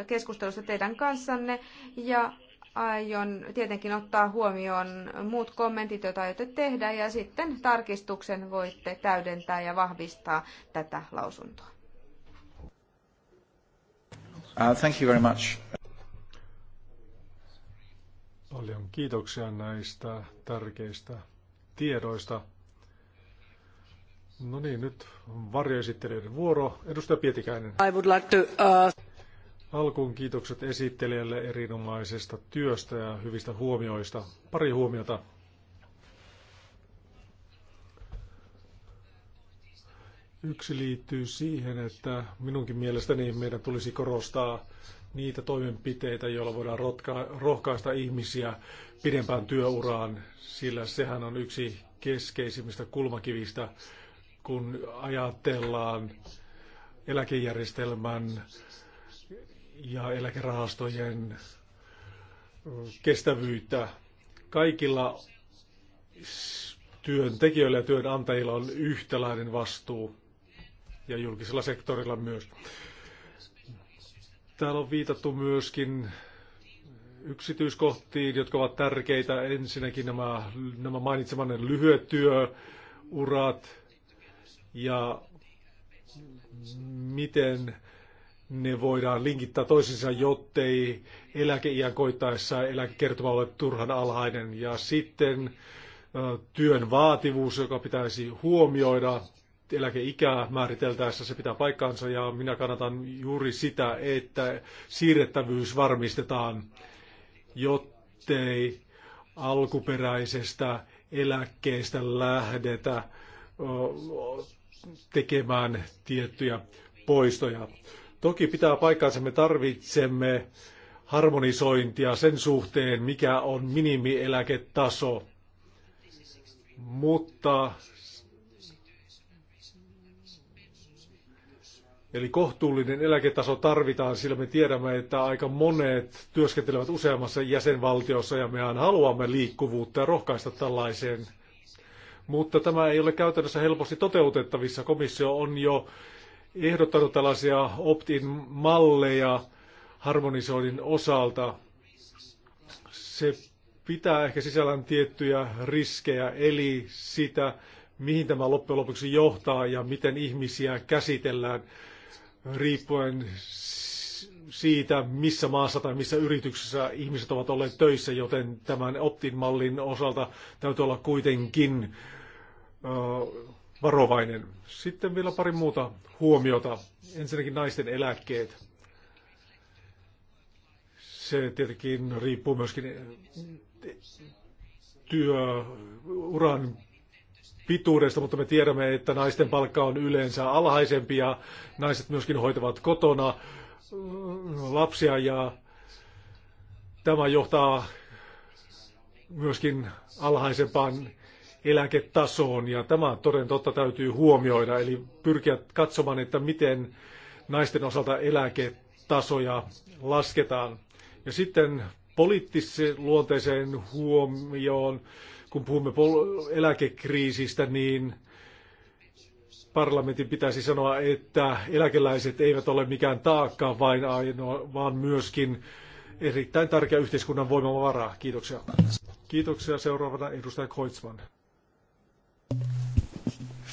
keskustelussa teidän kanssanne ja aion tietenkin ottaa huomioon muut kommentit, joita aiotte tehdä ja sitten tarkistuksen voitte täydentää ja vahvistaa tätä lausuntoa. Uh, thank you very much. Paljon kiitoksia näistä tärkeistä tiedoista. No niin, nyt varjoesittelijöiden vuoro. Edustaja Pietikäinen. I would like to, uh... Alkuun kiitokset esittelijälle erinomaisesta työstä ja hyvistä huomioista. Pari huomiota. Yksi liittyy siihen, että minunkin mielestäni meidän tulisi korostaa niitä toimenpiteitä, joilla voidaan rotka, rohkaista ihmisiä pidempään työuraan, sillä sehän on yksi keskeisimmistä kulmakivistä, kun ajatellaan eläkejärjestelmän ja eläkerahastojen kestävyyttä. Kaikilla työntekijöillä ja työnantajilla on yhtäläinen vastuu ja julkisella sektorilla myös. Täällä on viitattu myöskin yksityiskohtiin, jotka ovat tärkeitä. Ensinnäkin nämä, nämä mainitsemanne lyhyet työurat ja miten ne voidaan linkittää toisiinsa, jottei eläkeiän koittaessa eläkekertoma ole turhan alhainen. Ja sitten työn vaativuus, joka pitäisi huomioida eläkeikää määriteltäessä se pitää paikkaansa ja minä kannatan juuri sitä, että siirrettävyys varmistetaan, jottei alkuperäisestä eläkkeestä lähdetä tekemään tiettyjä poistoja. Toki pitää paikkaansa, me tarvitsemme harmonisointia sen suhteen, mikä on minimieläketaso, mutta Eli kohtuullinen eläketaso tarvitaan, sillä me tiedämme, että aika monet työskentelevät useammassa jäsenvaltiossa ja mehän haluamme liikkuvuutta ja rohkaista tällaiseen. Mutta tämä ei ole käytännössä helposti toteutettavissa. Komissio on jo ehdottanut tällaisia opt-in malleja harmonisoinnin osalta. Se pitää ehkä sisällään tiettyjä riskejä, eli sitä, mihin tämä loppujen lopuksi johtaa ja miten ihmisiä käsitellään riippuen siitä, missä maassa tai missä yrityksessä ihmiset ovat olleet töissä, joten tämän optin-mallin osalta täytyy olla kuitenkin varovainen. Sitten vielä pari muuta huomiota. Ensinnäkin naisten eläkkeet. Se tietenkin riippuu myöskin työuran pituudesta, mutta me tiedämme, että naisten palkka on yleensä alhaisempi ja naiset myöskin hoitavat kotona mm, lapsia ja tämä johtaa myöskin alhaisempaan eläketasoon ja tämä toden totta täytyy huomioida, eli pyrkiä katsomaan, että miten naisten osalta eläketasoja lasketaan. Ja sitten poliittisen luonteiseen huomioon kun puhumme eläkekriisistä, niin parlamentin pitäisi sanoa, että eläkeläiset eivät ole mikään taakka, vain ainoa, vaan myöskin erittäin tärkeä yhteiskunnan voimavara. Kiitoksia. Kiitoksia. Seuraavana edustaja Koitsman.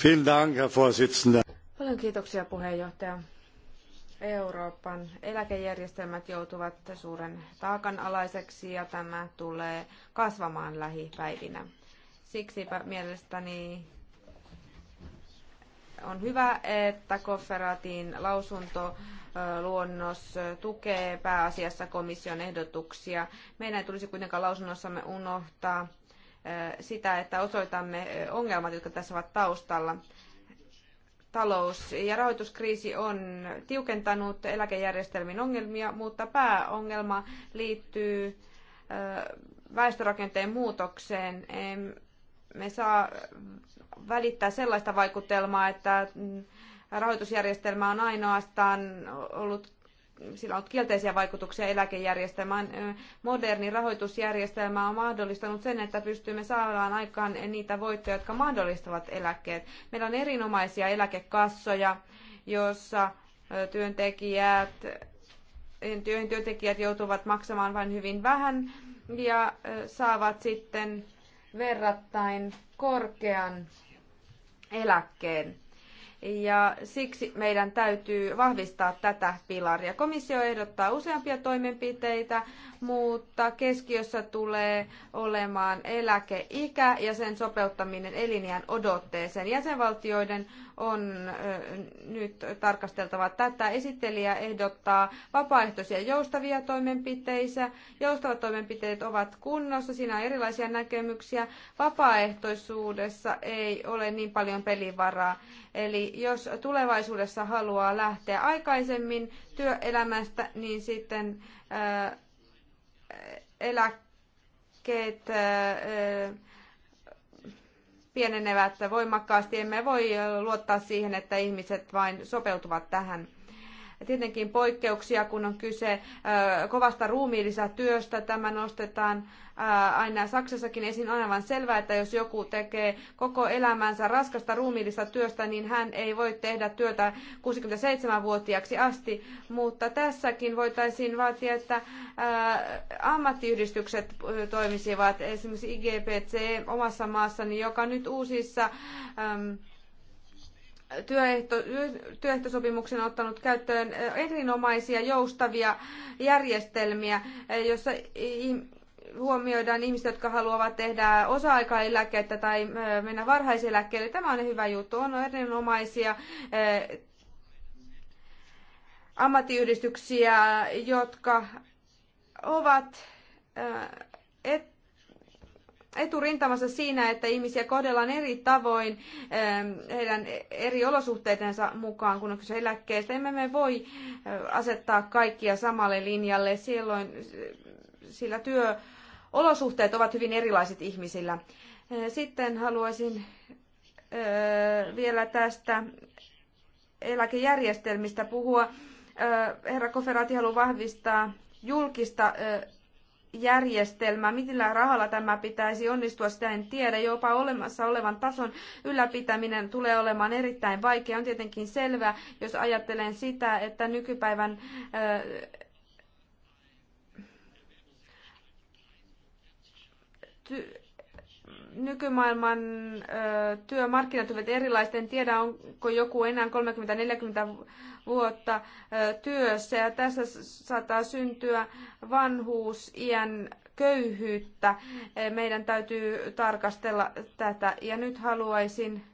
Vielen Dank, Herr Vorsitzender. Paljon kiitoksia puheenjohtaja. Euroopan eläkejärjestelmät joutuvat suuren taakan alaiseksi ja tämä tulee kasvamaan lähipäivinä. Siksi mielestäni on hyvä, että Kofferatin luonnos tukee pääasiassa komission ehdotuksia. Meidän ei tulisi kuitenkaan lausunnossamme unohtaa sitä, että osoitamme ongelmat, jotka tässä ovat taustalla talous- ja rahoituskriisi on tiukentanut eläkejärjestelmien ongelmia, mutta pääongelma liittyy väestörakenteen muutokseen. Me saa välittää sellaista vaikutelmaa, että mm, rahoitusjärjestelmä on ainoastaan ollut sillä on ollut kielteisiä vaikutuksia eläkejärjestelmään. Moderni rahoitusjärjestelmä on mahdollistanut sen, että pystymme saamaan aikaan niitä voittoja, jotka mahdollistavat eläkkeet. Meillä on erinomaisia eläkekassoja, joissa työntekijät, työntekijät joutuvat maksamaan vain hyvin vähän ja saavat sitten verrattain korkean eläkkeen ja siksi meidän täytyy vahvistaa tätä pilaria. Komissio ehdottaa useampia toimenpiteitä, mutta keskiössä tulee olemaan eläkeikä ja sen sopeuttaminen eliniän odotteeseen. Jäsenvaltioiden on nyt tarkasteltava tätä. Esittelijä ehdottaa vapaaehtoisia joustavia toimenpiteitä. Joustavat toimenpiteet ovat kunnossa, siinä on erilaisia näkemyksiä. Vapaaehtoisuudessa ei ole niin paljon pelivaraa. Eli jos tulevaisuudessa haluaa lähteä aikaisemmin työelämästä, niin sitten eläkkeet pienenevät voimakkaasti. Emme voi luottaa siihen, että ihmiset vain sopeutuvat tähän tietenkin poikkeuksia, kun on kyse kovasta työstä. Tämä nostetaan aina Saksassakin esiin on aivan selvää, että jos joku tekee koko elämänsä raskasta ruumiillista työstä, niin hän ei voi tehdä työtä 67-vuotiaaksi asti. Mutta tässäkin voitaisiin vaatia, että ammattiyhdistykset toimisivat, esimerkiksi IGPC omassa maassani, joka nyt uusissa työehto, työehtosopimuksen ottanut käyttöön erinomaisia joustavia järjestelmiä, jossa huomioidaan ihmiset, jotka haluavat tehdä osa-aikaeläkettä tai mennä varhaiseläkkeelle. Tämä on hyvä juttu. On erinomaisia ammattiyhdistyksiä, jotka ovat eturintamassa siinä, että ihmisiä kohdellaan eri tavoin ähm, heidän eri olosuhteidensa mukaan, kun on kyse eläkkeestä. Emme me voi äh, asettaa kaikkia samalle linjalle, silloin, sillä työolosuhteet ovat hyvin erilaiset ihmisillä. Äh, sitten haluaisin äh, vielä tästä eläkejärjestelmistä puhua. Herra Koferati haluaa vahvistaa julkista järjestelmä. Millä rahalla tämä pitäisi onnistua, sitä en tiedä. Jopa olemassa olevan tason ylläpitäminen tulee olemaan erittäin vaikea. On tietenkin selvä, jos ajattelen sitä, että nykypäivän ty- nykymaailman työmarkkinat ovat erilaiset. En tiedä, onko joku enää 30-40 vuotta työssä. Ja tässä saattaa syntyä iän köyhyyttä. E, meidän täytyy tarkastella tätä. Ja nyt haluaisin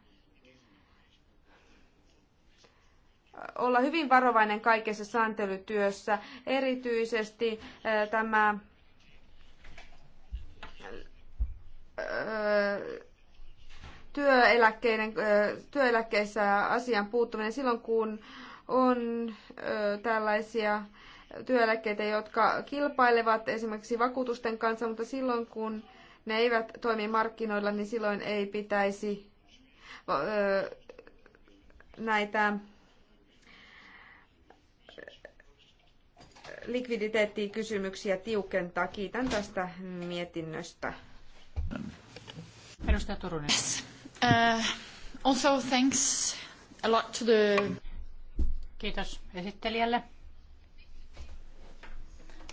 olla hyvin varovainen kaikessa sääntelytyössä. Erityisesti tämä työeläkkeiden, työeläkkeissä asian puuttuminen silloin, kun on tällaisia työeläkkeitä, jotka kilpailevat esimerkiksi vakuutusten kanssa, mutta silloin kun ne eivät toimi markkinoilla, niin silloin ei pitäisi näitä likviditeettikysymyksiä tiukentaa. Kiitän tästä mietinnöstä. Edustaja Turunen. Uh, also thanks a lot to the... Kiitos esittelijälle.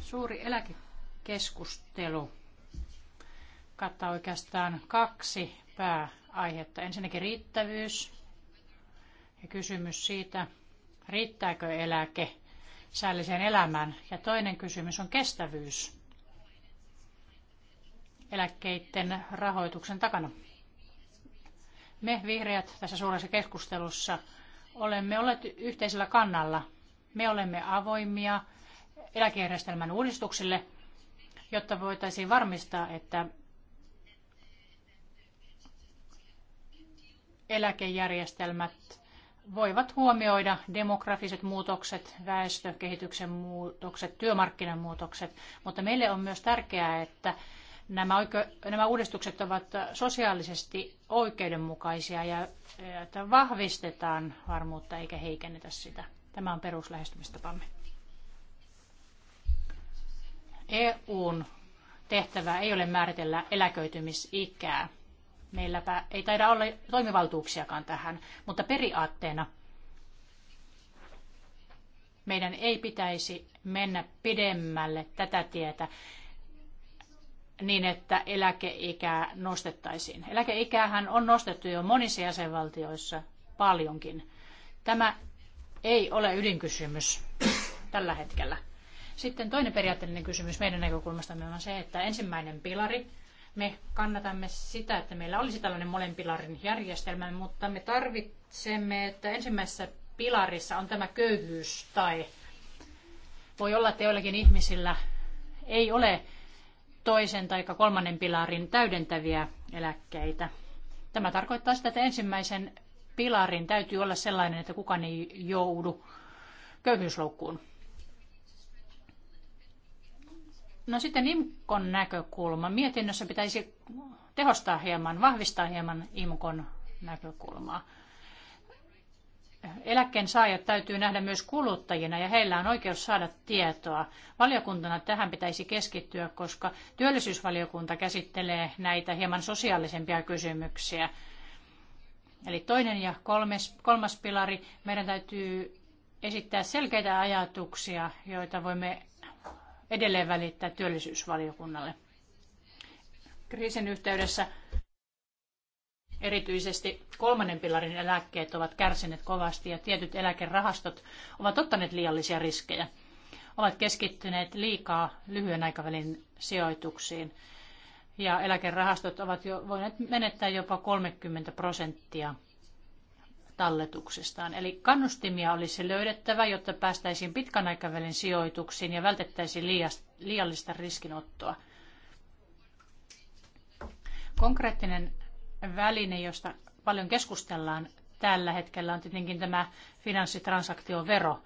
Suuri eläkekeskustelu kattaa oikeastaan kaksi pääaihetta. Ensinnäkin riittävyys ja kysymys siitä, riittääkö eläke säälliseen elämään. Ja toinen kysymys on kestävyys eläkkeiden rahoituksen takana. Me vihreät tässä suuressa keskustelussa olemme olleet yhteisellä kannalla. Me olemme avoimia eläkejärjestelmän uudistuksille, jotta voitaisiin varmistaa, että eläkejärjestelmät voivat huomioida demografiset muutokset, väestökehityksen muutokset, työmarkkinamuutokset, mutta meille on myös tärkeää, että nämä, oikeu, nämä uudistukset ovat sosiaalisesti oikeudenmukaisia ja että vahvistetaan varmuutta eikä heikennetä sitä. Tämä on peruslähestymistapamme. EUn tehtävä ei ole määritellä eläköitymisikää. Meilläpä ei taida olla toimivaltuuksiakaan tähän, mutta periaatteena meidän ei pitäisi mennä pidemmälle tätä tietä niin, että eläkeikää nostettaisiin. Eläkeikäähän on nostettu jo monissa jäsenvaltioissa paljonkin. Tämä ei ole ydinkysymys tällä hetkellä. Sitten toinen periaatteellinen kysymys meidän näkökulmastamme on se, että ensimmäinen pilari, me kannatamme sitä, että meillä olisi tällainen molen pilarin järjestelmä, mutta me tarvitsemme, että ensimmäisessä pilarissa on tämä köyhyys tai voi olla, että joillakin ihmisillä ei ole toisen tai kolmannen pilarin täydentäviä eläkkeitä. Tämä tarkoittaa sitä, että ensimmäisen pilarin täytyy olla sellainen, että kukaan ei joudu köyhyysloukkuun. No sitten IMKon näkökulma. Mietinnössä pitäisi tehostaa hieman, vahvistaa hieman IMKon näkökulmaa eläkkeen saajat täytyy nähdä myös kuluttajina ja heillä on oikeus saada tietoa. Valiokuntana tähän pitäisi keskittyä, koska työllisyysvaliokunta käsittelee näitä hieman sosiaalisempia kysymyksiä. Eli toinen ja kolmes, kolmas pilari, meidän täytyy esittää selkeitä ajatuksia, joita voimme edelleen välittää työllisyysvaliokunnalle. Kriisin yhteydessä Erityisesti kolmannen pilarin eläkkeet ovat kärsineet kovasti ja tietyt eläkerahastot ovat ottaneet liiallisia riskejä. Ovat keskittyneet liikaa lyhyen aikavälin sijoituksiin ja eläkerahastot ovat jo voineet menettää jopa 30 prosenttia talletuksestaan. Eli kannustimia olisi löydettävä, jotta päästäisiin pitkän aikavälin sijoituksiin ja vältettäisiin liiallista riskinottoa. Konkreettinen väline, josta paljon keskustellaan tällä hetkellä, on tietenkin tämä finanssitransaktiovero.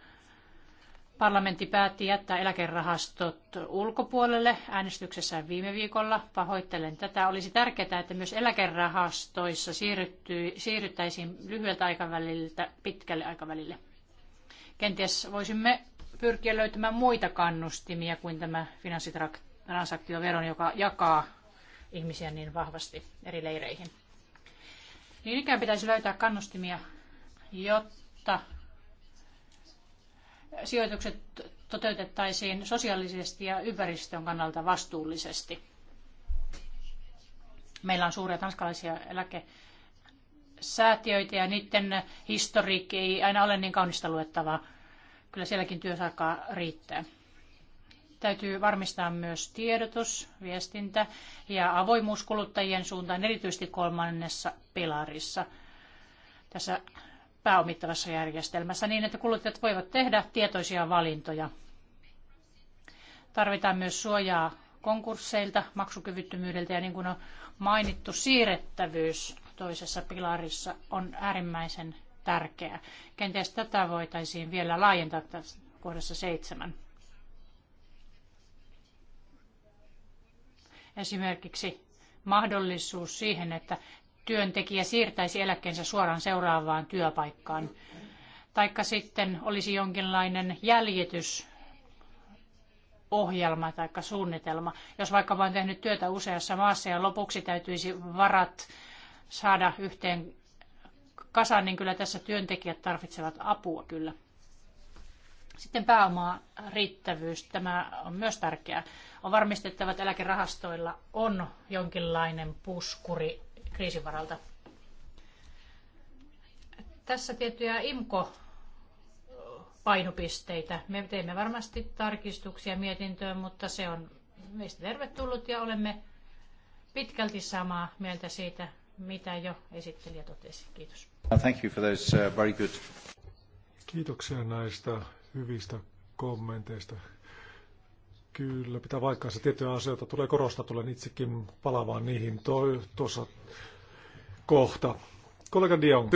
Parlamentti päätti jättää eläkerahastot ulkopuolelle äänestyksessään viime viikolla. Pahoittelen tätä. Olisi tärkeää, että myös eläkerahastoissa siirryttäisiin lyhyeltä aikaväliltä pitkälle aikavälille. Kenties voisimme pyrkiä löytämään muita kannustimia kuin tämä finanssitransaktioveron, joka jakaa ihmisiä niin vahvasti eri leireihin. Niin ikään pitäisi löytää kannustimia, jotta sijoitukset toteutettaisiin sosiaalisesti ja ympäristön kannalta vastuullisesti. Meillä on suuria tanskalaisia eläkesäätiöitä ja niiden historiikki ei aina ole niin kaunista luettavaa. Kyllä sielläkin työsaikaa riittää. Täytyy varmistaa myös tiedotus, viestintä ja avoimuus kuluttajien suuntaan, erityisesti kolmannessa pilarissa tässä pääomittavassa järjestelmässä, niin että kuluttajat voivat tehdä tietoisia valintoja. Tarvitaan myös suojaa konkursseilta, maksukyvyttömyydeltä ja niin kuin on mainittu, siirrettävyys toisessa pilarissa on äärimmäisen tärkeää. Kenties tätä voitaisiin vielä laajentaa tässä kohdassa seitsemän. Esimerkiksi mahdollisuus siihen, että työntekijä siirtäisi eläkkeensä suoraan seuraavaan työpaikkaan. Taikka sitten olisi jonkinlainen jäljitysohjelma tai suunnitelma. Jos vaikka on tehnyt työtä useassa maassa ja lopuksi täytyisi varat saada yhteen kasaan, niin kyllä tässä työntekijät tarvitsevat apua kyllä. Sitten pääomaa riittävyys, tämä on myös tärkeää. On varmistettava, että eläkerahastoilla on jonkinlainen puskuri kriisivaralta. Tässä tiettyjä IMKO painopisteitä. Me teemme varmasti tarkistuksia mietintöön, mutta se on meistä tervetullut ja olemme pitkälti samaa mieltä siitä, mitä jo esittelijä totesi. Kiitos. Thank you for those uh, very good... Kiitoksia näistä hyvistä kommenteista. Kyllä, pitää vaikka se tiettyjä asioita tulee korostaa, tulen itsekin palaamaan niihin tuossa kohta. Kollega Dion,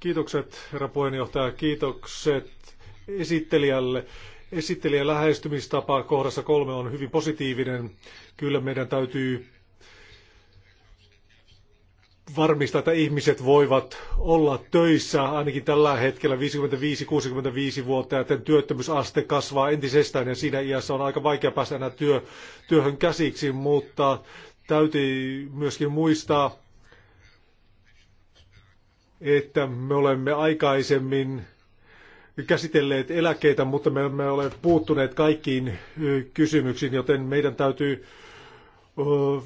kiitokset herra puheenjohtaja, kiitokset esittelijälle. Esittelijän lähestymistapa kohdassa kolme on hyvin positiivinen. Kyllä meidän täytyy varmistaa, että ihmiset voivat olla töissä ainakin tällä hetkellä 55-65-vuotiaiden työttömyysaste kasvaa entisestään ja siinä iässä on aika vaikea päästä enää työ, työhön käsiksi, mutta täytyy myöskin muistaa, että me olemme aikaisemmin käsitelleet eläkkeitä, mutta me emme ole puuttuneet kaikkiin kysymyksiin, joten meidän täytyy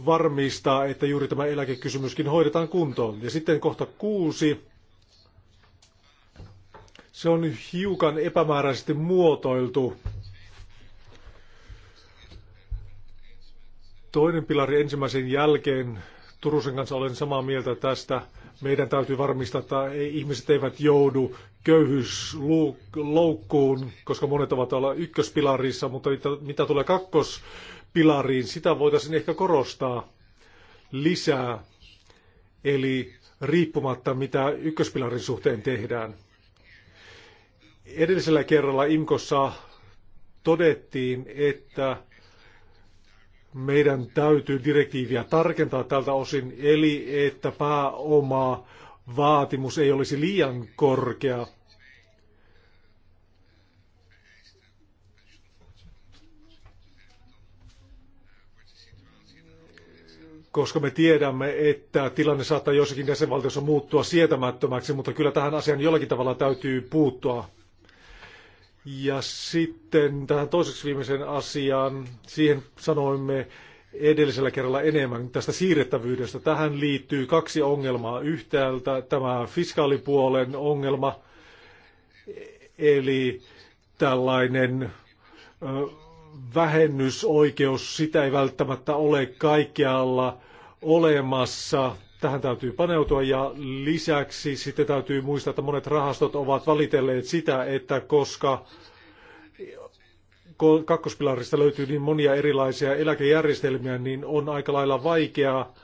varmistaa, että juuri tämä eläkekysymyskin hoidetaan kuntoon. Ja sitten kohta kuusi. Se on hiukan epämääräisesti muotoiltu. Toinen pilari ensimmäisen jälkeen. Turusen kanssa olen samaa mieltä tästä. Meidän täytyy varmistaa, että ihmiset eivät joudu köyhyysloukkuun, koska monet ovat olla ykköspilarissa, mutta mitä tulee kakkos pilariin. Sitä voitaisiin ehkä korostaa lisää, eli riippumatta mitä ykköspilarin suhteen tehdään. Edellisellä kerralla IMKossa todettiin, että meidän täytyy direktiiviä tarkentaa tältä osin, eli että pääoma vaatimus ei olisi liian korkea – koska me tiedämme, että tilanne saattaa joissakin jäsenvaltiossa muuttua sietämättömäksi, mutta kyllä tähän asiaan jollakin tavalla täytyy puuttua. Ja sitten tähän toiseksi viimeiseen asiaan, siihen sanoimme edellisellä kerralla enemmän tästä siirrettävyydestä. Tähän liittyy kaksi ongelmaa. Yhtäältä tämä fiskaalipuolen ongelma, eli tällainen ö, vähennysoikeus, sitä ei välttämättä ole kaikkialla olemassa. Tähän täytyy paneutua ja lisäksi sitten täytyy muistaa, että monet rahastot ovat valitelleet sitä, että koska kakkospilarista löytyy niin monia erilaisia eläkejärjestelmiä, niin on aika lailla vaikeaa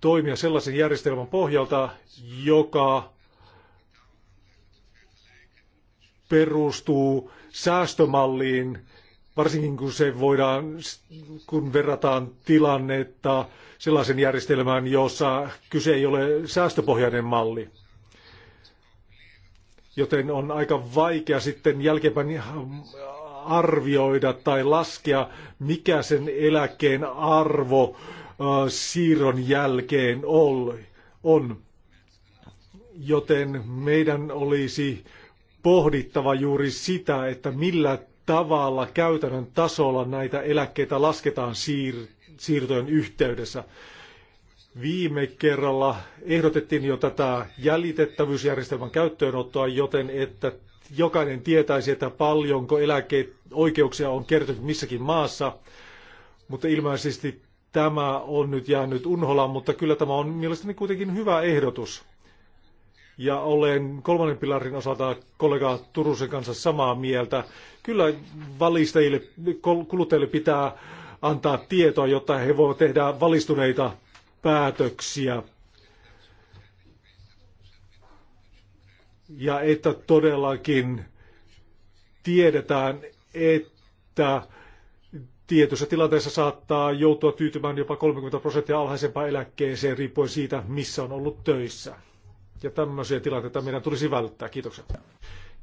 toimia sellaisen järjestelmän pohjalta, joka perustuu säästömalliin, varsinkin kun se voidaan, kun verrataan tilannetta sellaisen järjestelmään, jossa kyse ei ole säästöpohjainen malli. Joten on aika vaikea sitten jälkeenpäin arvioida tai laskea, mikä sen eläkkeen arvo siirron jälkeen oli, on. Joten meidän olisi pohdittava juuri sitä, että millä tavalla käytännön tasolla näitä eläkkeitä lasketaan siir- siirtojen yhteydessä. Viime kerralla ehdotettiin jo tätä jäljitettävyysjärjestelmän käyttöönottoa, joten että jokainen tietäisi, että paljonko eläkeoikeuksia on kertynyt missäkin maassa, mutta ilmeisesti tämä on nyt jäänyt unholaan, mutta kyllä tämä on mielestäni kuitenkin hyvä ehdotus ja olen kolmannen pilarin osalta kollega Turusen kanssa samaa mieltä. Kyllä valistajille, kuluttajille pitää antaa tietoa, jotta he voivat tehdä valistuneita päätöksiä. Ja että todellakin tiedetään, että tietyssä tilanteessa saattaa joutua tyytymään jopa 30 prosenttia alhaisempaan eläkkeeseen riippuen siitä, missä on ollut töissä. Ja tämmöisiä tilanteita meidän tulisi välttää. Kiitoksia.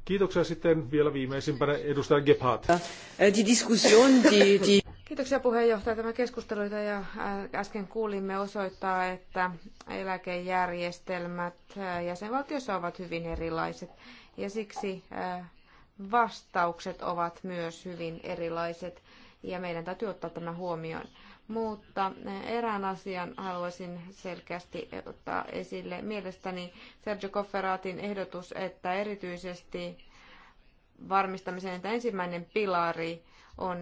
Kiitoksia sitten vielä viimeisimpänä edustaja Gebhardt. Äh, Kiitoksia puheenjohtaja. Tämä keskustelu, jota jo äh, äsken kuulimme, osoittaa, että eläkejärjestelmät äh, jäsenvaltiossa ovat hyvin erilaiset ja siksi vastaukset ovat myös hyvin erilaiset ja meidän täytyy ottaa tämä huomioon mutta eh, erään asian haluaisin selkeästi ottaa esille. Mielestäni Sergio Kofferaatin ehdotus, että erityisesti varmistamiseen, että ensimmäinen pilari on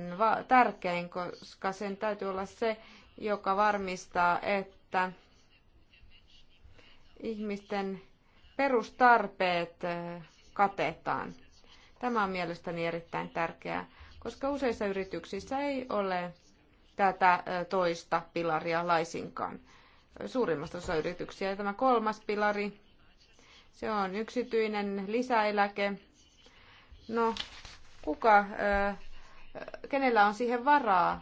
tärkein, koska sen täytyy olla se, joka varmistaa, että ihmisten perustarpeet eh, katetaan. Tämä on mielestäni erittäin tärkeää, koska useissa yrityksissä ei ole tätä toista pilaria laisinkaan. Suurimmassa osa yrityksiä. Ja tämä kolmas pilari, se on yksityinen lisäeläke. No, kuka, kenellä on siihen varaa?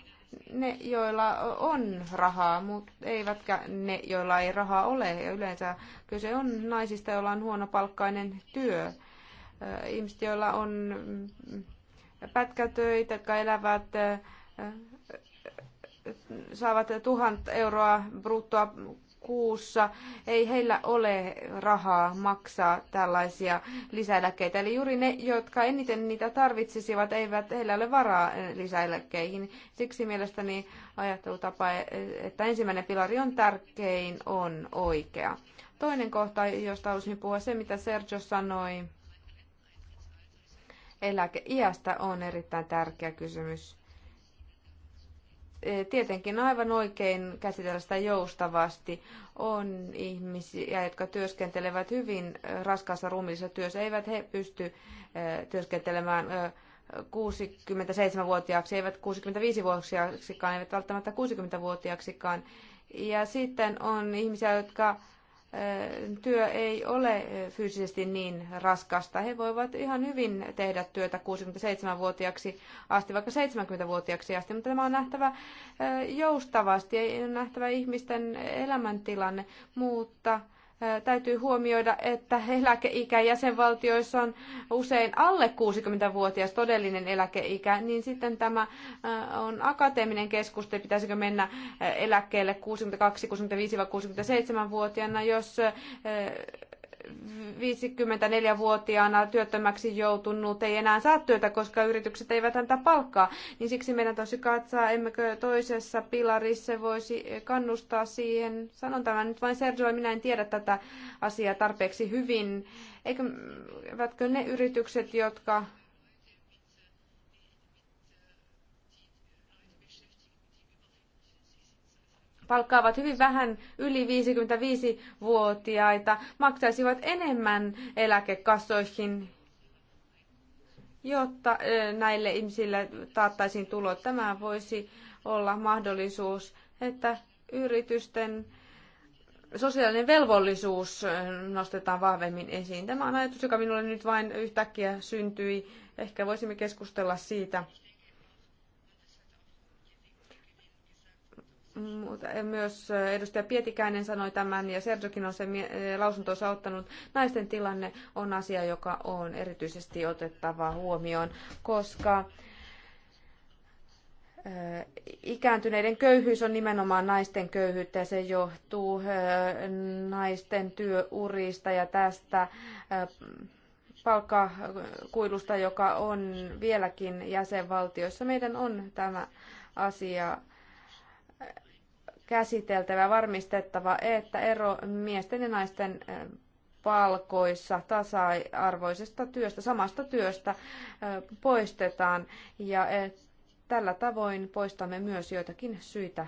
Ne, joilla on rahaa, mutta eivätkä ne, joilla ei rahaa ole. Ja yleensä kyse on naisista, joilla on huonopalkkainen työ. Ihmiset, joilla on mm, pätkätöitä, jotka elävät saavat tuhat euroa bruttoa kuussa, ei heillä ole rahaa maksaa tällaisia lisäeläkkeitä. Eli juuri ne, jotka eniten niitä tarvitsisivat, eivät heillä ole varaa lisäeläkkeihin. Siksi mielestäni ajattelutapa, että ensimmäinen pilari on tärkein, on oikea. Toinen kohta, josta halusin puhua, se mitä Sergio sanoi eläkeiästä, on erittäin tärkeä kysymys tietenkin aivan oikein käsitellä sitä joustavasti. On ihmisiä, jotka työskentelevät hyvin raskaassa ruumiillisessa työssä, eivät he pysty työskentelemään 67-vuotiaaksi, eivät 65-vuotiaaksikaan, eivät välttämättä 60-vuotiaaksikaan. Ja sitten on ihmisiä, jotka työ ei ole fyysisesti niin raskasta. He voivat ihan hyvin tehdä työtä 67-vuotiaaksi asti, vaikka 70-vuotiaaksi asti, mutta tämä on nähtävä joustavasti, ei nähtävä ihmisten elämäntilanne, mutta täytyy huomioida, että eläkeikä jäsenvaltioissa on usein alle 60-vuotias todellinen eläkeikä, niin sitten tämä on akateeminen keskustelu, pitäisikö mennä eläkkeelle 62, 65 vai 67-vuotiaana, jos 54-vuotiaana työttömäksi joutunut ei enää saa työtä, koska yritykset eivät häntä palkkaa, niin siksi meidän tosi katsoa, emmekö toisessa pilarissa voisi kannustaa siihen. Sanon tämän nyt vain Sergiolle, minä en tiedä tätä asiaa tarpeeksi hyvin. Eivätkö ne yritykset, jotka palkkaavat hyvin vähän yli 55-vuotiaita, maksaisivat enemmän eläkekassoihin, jotta näille ihmisille taattaisiin tulot. Tämä voisi olla mahdollisuus, että yritysten sosiaalinen velvollisuus nostetaan vahvemmin esiin. Tämä on ajatus, joka minulle nyt vain yhtäkkiä syntyi. Ehkä voisimme keskustella siitä mutta eh, myös eh, edustaja Pietikäinen sanoi tämän ja Sergiokin on sen eh, lausuntonsa ottanut. Naisten tilanne on asia, joka on erityisesti otettava huomioon, koska ikääntyneiden köyhyys on nimenomaan naisten köyhyyttä ja se johtuu naisten työurista ja tästä palkkakuilusta, joka on vieläkin jäsenvaltioissa. Meidän on tämä asia käsiteltävä varmistettava, että ero miesten ja naisten palkoissa tasa-arvoisesta työstä, samasta työstä poistetaan ja tällä tavoin poistamme myös joitakin syitä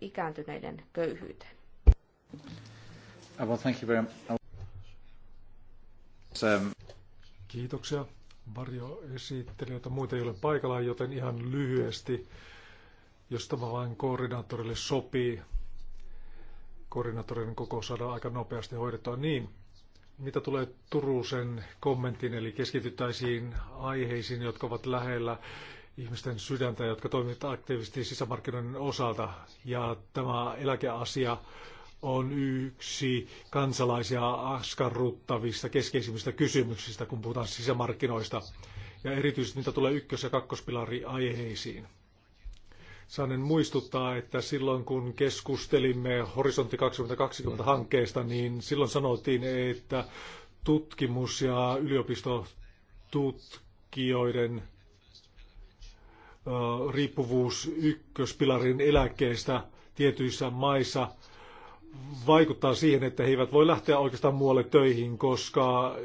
ikääntyneiden köyhyyteen. Uh, uh, um, Kiitoksia esittelijöitä. Muita ei ole paikalla, joten ihan lyhyesti jos tavallaan koordinaattorille sopii, koordinaattorin koko saadaan aika nopeasti hoidettua. Niin, mitä tulee Turusen kommenttiin, eli keskityttäisiin aiheisiin, jotka ovat lähellä ihmisten sydäntä, jotka toimivat aktiivisesti sisämarkkinoiden osalta. Ja tämä eläkeasia on yksi kansalaisia askarruttavista keskeisimmistä kysymyksistä, kun puhutaan sisämarkkinoista. Ja erityisesti mitä tulee ykkös- ja kakkospilari aiheisiin. Saanen muistuttaa, että silloin kun keskustelimme Horisontti 2020 hankkeesta, niin silloin sanottiin, että tutkimus ja yliopistotutkijoiden riippuvuus ykköspilarin eläkkeestä tietyissä maissa vaikuttaa siihen, että he eivät voi lähteä oikeastaan muualle töihin, koska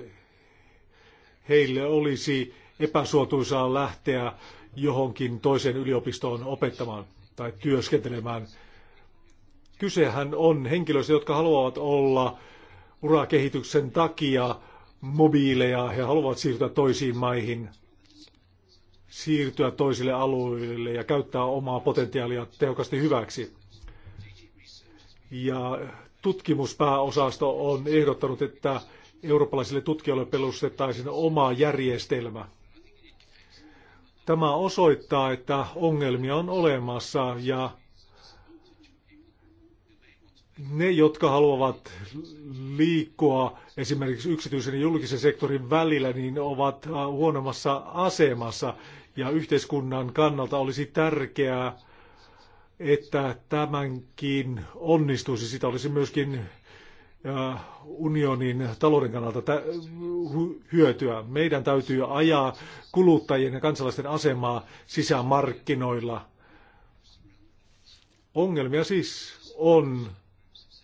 heille olisi epäsuotuisaa lähteä johonkin toiseen yliopistoon opettamaan tai työskentelemään. Kysehän on henkilöistä, jotka haluavat olla urakehityksen takia mobiileja, he haluavat siirtyä toisiin maihin, siirtyä toisille alueille ja käyttää omaa potentiaalia tehokkaasti hyväksi. Ja tutkimuspääosasto on ehdottanut, että eurooppalaisille tutkijoille perustettaisiin oma järjestelmä. Tämä osoittaa, että ongelmia on olemassa ja ne, jotka haluavat liikkua esimerkiksi yksityisen ja julkisen sektorin välillä, niin ovat äh, huonommassa asemassa. Ja yhteiskunnan kannalta olisi tärkeää, että tämänkin onnistuisi. Sitä olisi myöskin unionin talouden kannalta hyötyä. Meidän täytyy ajaa kuluttajien ja kansalaisten asemaa sisämarkkinoilla. Ongelmia siis on,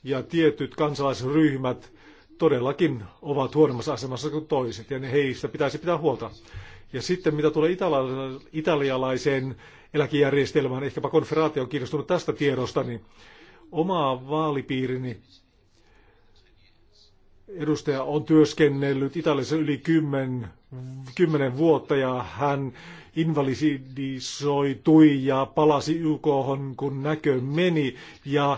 ja tietyt kansalaisryhmät todellakin ovat huonommassa asemassa kuin toiset, ja heistä pitäisi pitää huolta. Ja sitten mitä tulee italialaiseen eläkejärjestelmään, ehkäpä konferaatio on kiinnostunut tästä tiedosta, niin oma vaalipiirini edustaja on työskennellyt Italiassa yli 10, 10 vuotta ja hän invalidisoitui ja palasi YK, kun näkö meni. Ja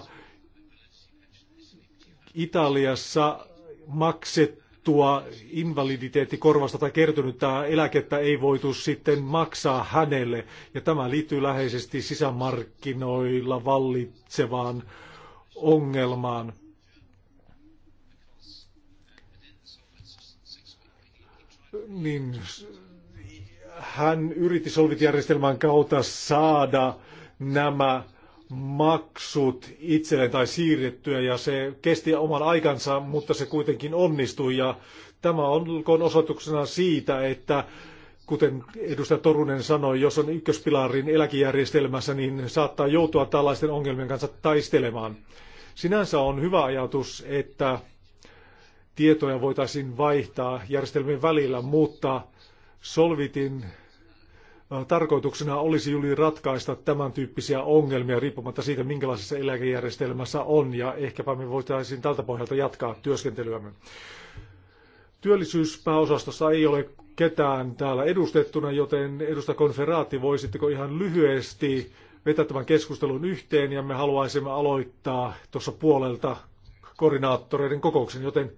Italiassa maksettua invaliditeettikorvasta tai kertynyttä eläkettä ei voitu sitten maksaa hänelle. Ja tämä liittyy läheisesti sisämarkkinoilla vallitsevaan ongelmaan. niin hän yritti Solvit-järjestelmän kautta saada nämä maksut itselleen tai siirrettyä ja se kesti oman aikansa, mutta se kuitenkin onnistui ja tämä on osoituksena siitä, että kuten edustaja Torunen sanoi, jos on ykköspilarin eläkejärjestelmässä, niin saattaa joutua tällaisten ongelmien kanssa taistelemaan. Sinänsä on hyvä ajatus, että tietoja voitaisiin vaihtaa järjestelmien välillä, mutta Solvitin äh, tarkoituksena olisi juuri ratkaista tämän tyyppisiä ongelmia riippumatta siitä, minkälaisessa eläkejärjestelmässä on, ja ehkäpä me voitaisiin tältä pohjalta jatkaa työskentelyämme. Työllisyyspääosastossa ei ole ketään täällä edustettuna, joten edustaja Konferaatti, voisitteko ihan lyhyesti vetää tämän keskustelun yhteen, ja me haluaisimme aloittaa tuossa puolelta koordinaattoreiden kokouksen, joten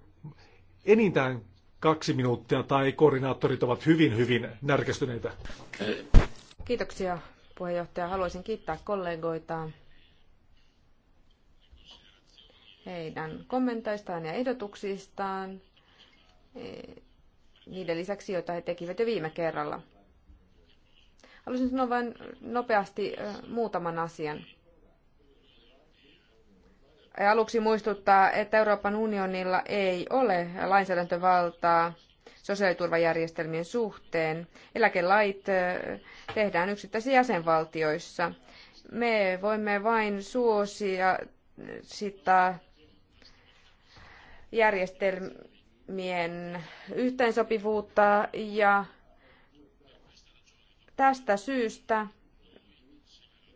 enintään kaksi minuuttia tai koordinaattorit ovat hyvin, hyvin närkästyneitä. Kiitoksia puheenjohtaja. Haluaisin kiittää kollegoita heidän kommentaistaan ja ehdotuksistaan e, niiden lisäksi, joita he tekivät jo viime kerralla. Haluaisin sanoa vain nopeasti e, muutaman asian aluksi muistuttaa, että Euroopan unionilla ei ole lainsäädäntövaltaa sosiaaliturvajärjestelmien suhteen. Eläkelait tehdään yksittäisissä jäsenvaltioissa. Me voimme vain suosia sitä järjestelmien yhteensopivuutta ja tästä syystä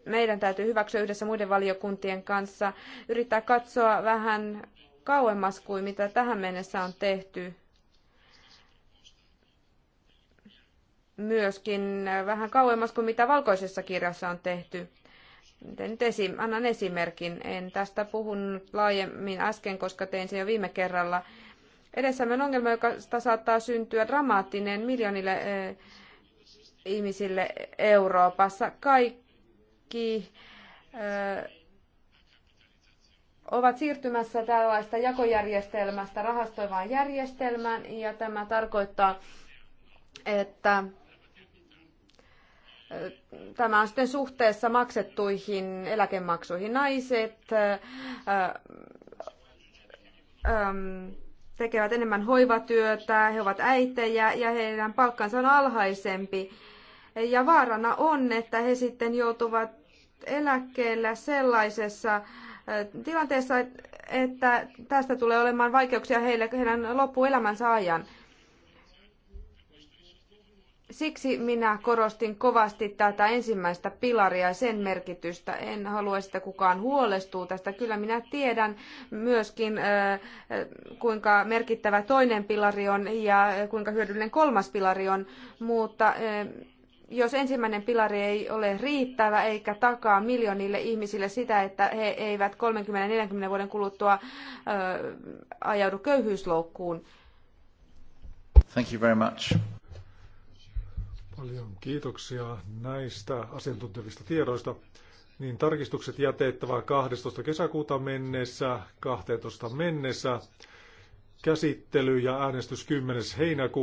meidän täytyy hyväksyä yhdessä muiden valiokuntien kanssa, yrittää katsoa vähän kauemmas kuin mitä tähän mennessä on tehty. Myöskin vähän kauemmas kuin mitä valkoisessa kirjassa on tehty. Nyt esim, annan esimerkin. En tästä puhunut laajemmin äsken, koska tein sen jo viime kerralla. Edessämme on ongelma, joka saattaa syntyä dramaattinen miljoonille eh, ihmisille Euroopassa. Kaikki kaikki ovat siirtymässä tällaista jakojärjestelmästä rahastoivaan järjestelmään ja tämä tarkoittaa, että Tämä on sitten suhteessa maksettuihin eläkemaksuihin. Naiset tekevät enemmän hoivatyötä, he ovat äitejä ja heidän palkkansa on alhaisempi. Ja vaarana on, että he sitten joutuvat eläkkeellä sellaisessa äh, tilanteessa, että tästä tulee olemaan vaikeuksia heille heidän loppuelämänsä ajan. Siksi minä korostin kovasti tätä ensimmäistä pilaria ja sen merkitystä. En halua, että kukaan huolestuu tästä. Kyllä minä tiedän myöskin, äh, äh, kuinka merkittävä toinen pilari on ja kuinka hyödyllinen kolmas pilari on, mutta jos ensimmäinen pilari ei ole riittävä eikä takaa miljoonille ihmisille sitä, että he eivät 30-40 vuoden kuluttua ajaudu köyhyysloukkuun. Thank you very much. Paljon kiitoksia näistä asiantuntevista tiedoista. Niin tarkistukset jätettävä 12. kesäkuuta mennessä, 12. mennessä, käsittely ja äänestys 10. heinäkuuta.